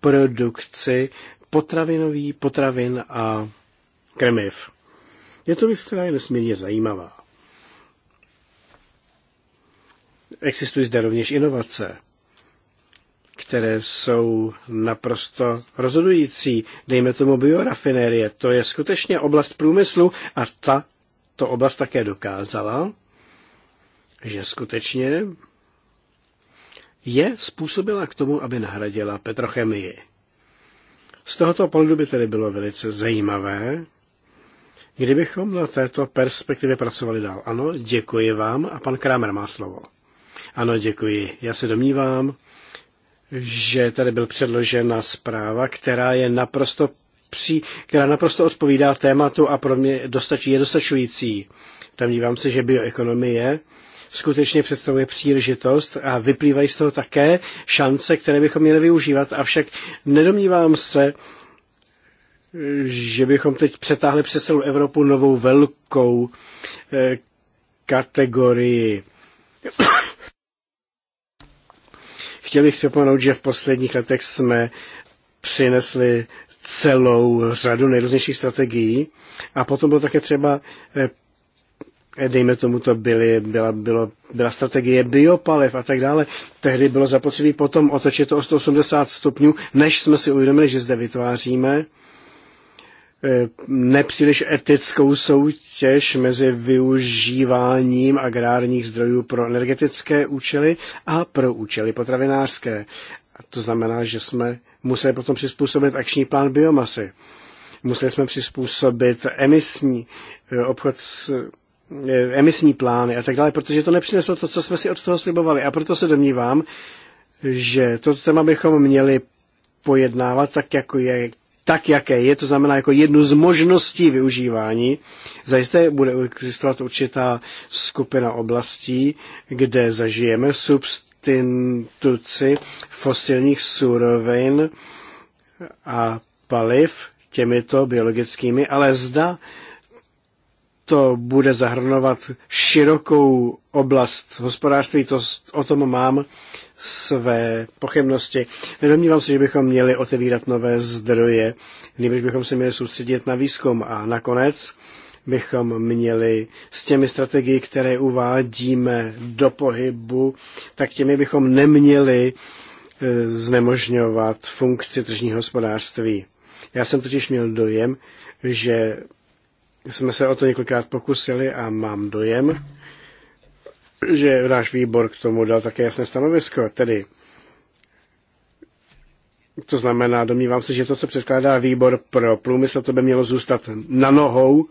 produkci potravinový, potravin a krmiv. Je to věc, která je nesmírně zajímavá. Existují zde rovněž inovace které jsou naprosto rozhodující. Dejme tomu biorafinérie. To je skutečně oblast průmyslu a ta to oblast také dokázala, že skutečně je způsobila k tomu, aby nahradila petrochemii. Z tohoto pohledu by tedy bylo velice zajímavé, kdybychom na této perspektivě pracovali dál. Ano, děkuji vám a pan Kramer má slovo. Ano, děkuji. Já se domnívám, že tady byl předložena zpráva, která je naprosto při, která naprosto odpovídá tématu a pro mě dostačí, je dostačující. dívám se, že bioekonomie skutečně představuje příležitost a vyplývají z toho také šance, které bychom měli využívat. Avšak nedomnívám se, že bychom teď přetáhli přes celou Evropu novou velkou eh, kategorii Chtěl bych připomenout, že v posledních letech jsme přinesli celou řadu nejrůznějších strategií a potom bylo také třeba eh, dejme tomu to byly, byla, bylo, byla strategie biopaliv a tak dále. Tehdy bylo zapotřebí potom otočit to o 180 stupňů, než jsme si uvědomili, že zde vytváříme E, nepříliš etickou soutěž mezi využíváním agrárních zdrojů pro energetické účely a pro účely potravinářské. A to znamená, že jsme museli potom přizpůsobit akční plán biomasy. Museli jsme přizpůsobit emisní e, obchod s e, emisní plány a tak dále, protože to nepřineslo to, co jsme si od toho slibovali. A proto se domnívám, že toto téma bychom měli pojednávat tak, jako je tak, jaké je, to znamená jako jednu z možností využívání. Zajisté bude existovat určitá skupina oblastí, kde zažijeme substituci fosilních surovin a paliv těmito biologickými, ale zda to bude zahrnovat širokou oblast hospodářství, to, o tom mám své pochybnosti. Nedomnívám se, že bychom měli otevírat nové zdroje, nebož bychom se měli soustředit na výzkum a nakonec bychom měli s těmi strategií, které uvádíme do pohybu, tak těmi bychom neměli e, znemožňovat funkci tržního hospodářství. Já jsem totiž měl dojem, že jsme se o to několikrát pokusili a mám dojem, že náš výbor k tomu dal také jasné stanovisko, tedy to znamená, domnívám se, že to, co předkládá výbor pro průmysl, to by mělo zůstat na nohou,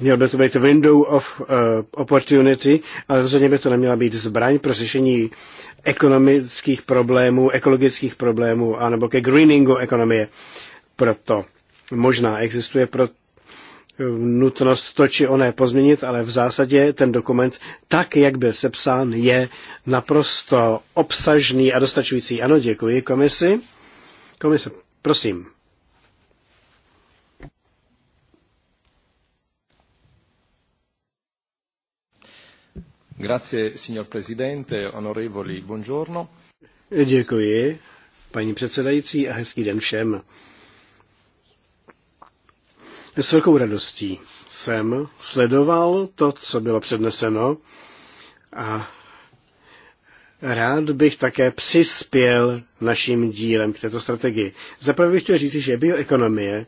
mělo by to být window of uh, opportunity, ale rozhodně by to neměla být zbraň pro řešení ekonomických problémů, ekologických problémů, anebo ke greeningu ekonomie. Proto možná existuje pro nutnost to či oné pozměnit, ale v zásadě ten dokument, tak jak byl sepsán, je naprosto obsažný a dostačující. Ano, děkuji komisi. Komise, prosím. Grazie, signor Presidente, onorevoli, buongiorno. Děkuji, paní předsedající, a hezký den všem. S velkou radostí jsem sledoval to, co bylo předneseno a rád bych také přispěl naším dílem k této strategii. Zaprvé bych chtěl říct, že bioekonomie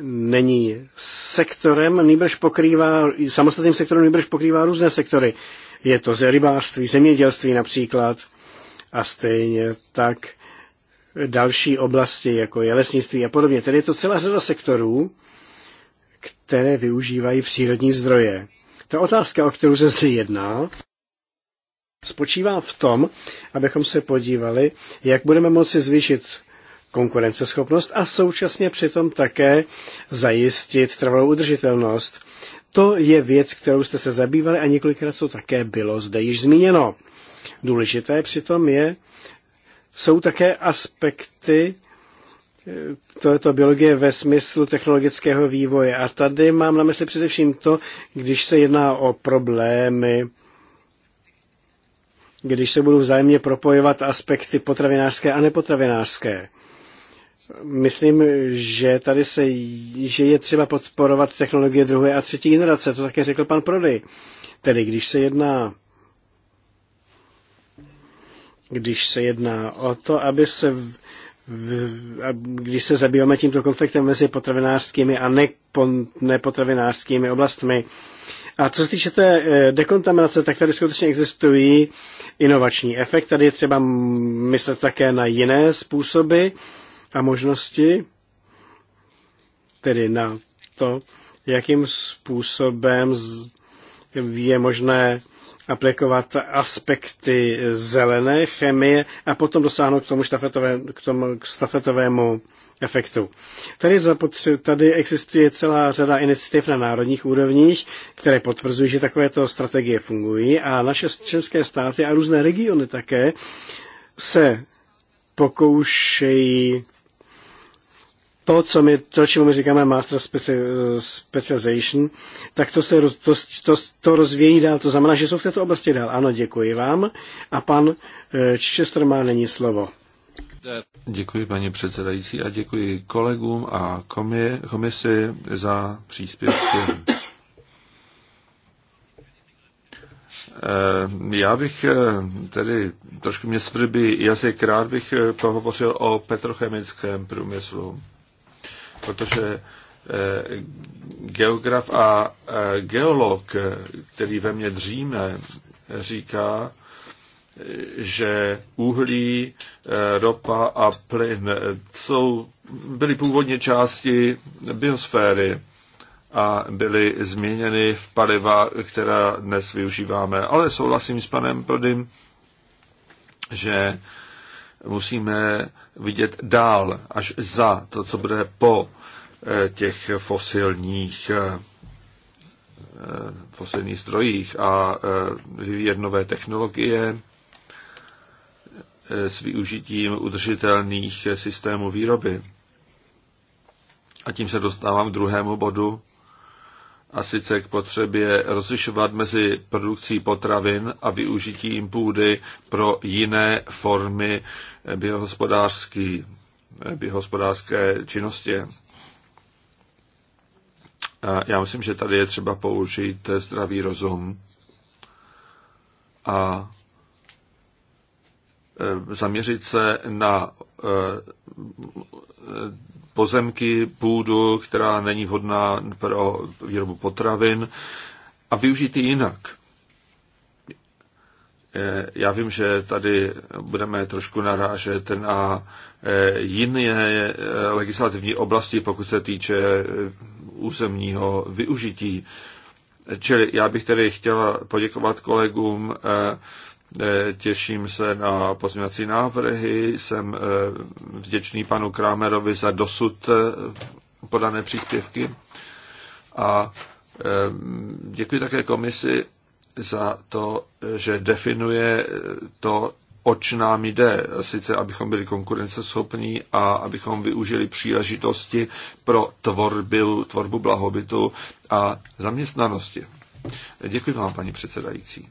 není sektorem, nejbrž pokrývá, samostatným sektorem nejbrž pokrývá různé sektory. Je to ze rybářství, zemědělství například a stejně tak další oblasti, jako je lesnictví a podobně. Tedy je to celá řada sektorů, které využívají přírodní zdroje. Ta otázka, o kterou se zde jedná, spočívá v tom, abychom se podívali, jak budeme moci zvýšit konkurenceschopnost a současně přitom také zajistit trvalou udržitelnost. To je věc, kterou jste se zabývali a několikrát to také bylo zde již zmíněno. Důležité přitom je jsou také aspekty eh, tohoto biologie ve smyslu technologického vývoje. A tady mám na mysli především to, když se jedná o problémy, když se budou vzájemně propojovat aspekty potravinářské a nepotravinářské. Myslím, že tady se, že je třeba podporovat technologie druhé a třetí generace, to také řekl pan Prody. Tedy když se jedná když se jedná o to, aby se v, v, když se zabýváme tímto konfliktem mezi potravinářskými a nepon, nepotravinářskými oblastmi. A co se týče té eh, dekontaminace, tak tady skutečně existují inovační efekt. Tady je třeba myslet také na jiné způsoby a možnosti, tedy na to, jakým způsobem je možné aplikovat aspekty zelené chemie a potom dosáhnout k tomu, štafetové, k tomu k stafetovému efektu. Tady, zapotře- tady existuje celá řada iniciativ na národních úrovních, které potvrzují, že takovéto strategie fungují a naše české státy a různé regiony také se pokoušejí to, co my, to, čemu my říkáme Master Specialization, tak to, se, to, to, to rozvíjí dál. To znamená, že jsou v této oblasti dál. Ano, děkuji vám. A pan eh, Čestr má není slovo. Děkuji paní předsedající a děkuji kolegům a komisi za příspěvky. Eh, já bych eh, tedy, trošku mě svrbí jazyk, rád bych pohovořil o petrochemickém průmyslu protože eh, geograf a eh, geolog, který ve mně dříme, říká, že uhlí, eh, ropa a plyn jsou, byly původně části biosféry a byly změněny v paliva, která dnes využíváme. Ale souhlasím s panem Prodym, že musíme vidět dál, až za to, co bude po eh, těch fosilních eh, eh, fosilních zdrojích a vyvíjet nové technologie s využitím udržitelných systémů výroby. A tím se dostávám k druhému bodu, a sice k potřebě rozlišovat mezi produkcí potravin a využitím půdy pro jiné formy biohospodářské, činnosti. A já myslím, že tady je třeba použít zdravý rozum a e, zaměřit se na e, pozemky, půdu, která není vhodná pro výrobu potravin a využít ji jinak. Eh, já vím, že tady budeme trošku narážet na eh, jiné eh, legislativní oblasti, pokud se týče územního využití. Čili já bych tedy chtěla poděkovat kolegům E, těším se na pozměňovací návrhy. Jsem e, vděčný panu Krámerovi za dosud e, podané příspěvky. A děkuji také komisi za to, že definuje to, oč nám jde, sice abychom byli konkurenceschopní a abychom využili příležitosti pro tvorbu, tvorbu blahobytu a zaměstnanosti. Děkuji vám, paní předsedající.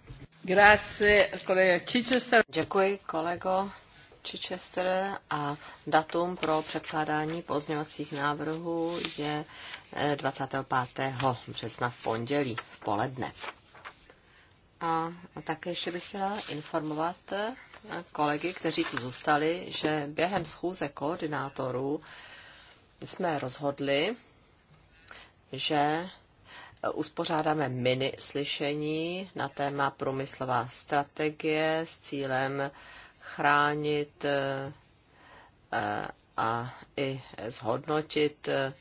Děkuji, kolego Chichester. A datum pro překládání pozměňovacích návrhů je 25. Eh, března v pondělí v poledne. A také ještě bych chtěla informovat eh, kolegy, kteří tu zůstali, že během schůze koordinátorů jsme rozhodli, že uspořádáme mini slyšení na téma průmyslová strategie s cílem chránit eh, eh, a i zhodnotit eh,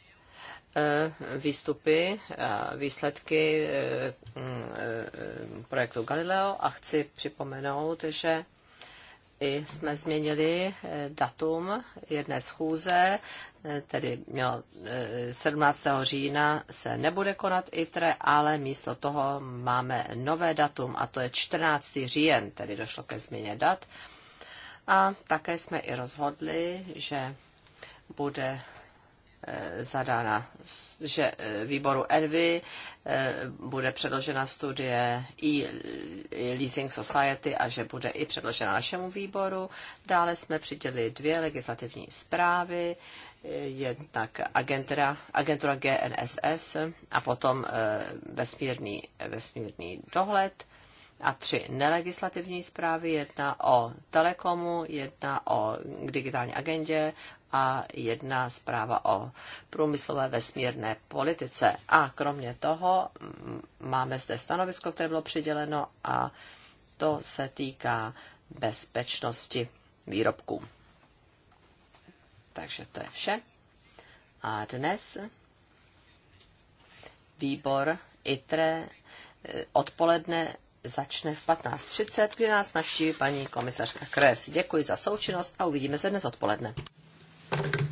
výstupy, výsledky mm, projektu Galileo a chci připomenout, že i jsme změnili eh, datum jedné schůze, eh, tedy měl 17. Eh, října se nebude konat ITRE, ale místo toho máme nové datum a to je 14. říjen, tedy došlo ke změně dat. A také jsme i rozhodli, že bude zadána, že eh, výboru Envy eh, bude předložena studie i Leasing Society a že bude i předložena našemu výboru. Dále jsme přidělili dvě legislativní zprávy, eh, jednak agentura, agentura GNSS a potom vesmírný, vesmírný dohled a tři nelegislativní zprávy, jedna o telekomu, jedna o digitální agendě a jedna zpráva o průmyslové vesmírné politice. A kromě toho mm, máme zde stanovisko, které bylo přiděleno a to se týká bezpečnosti výrobků. Takže to je vše. A dnes výbor ITRE eh, odpoledne začne v 15.30, kdy nás navštíví paní komisařka Kres. Děkuji za součinnost a uvidíme se dnes odpoledne. Thank you.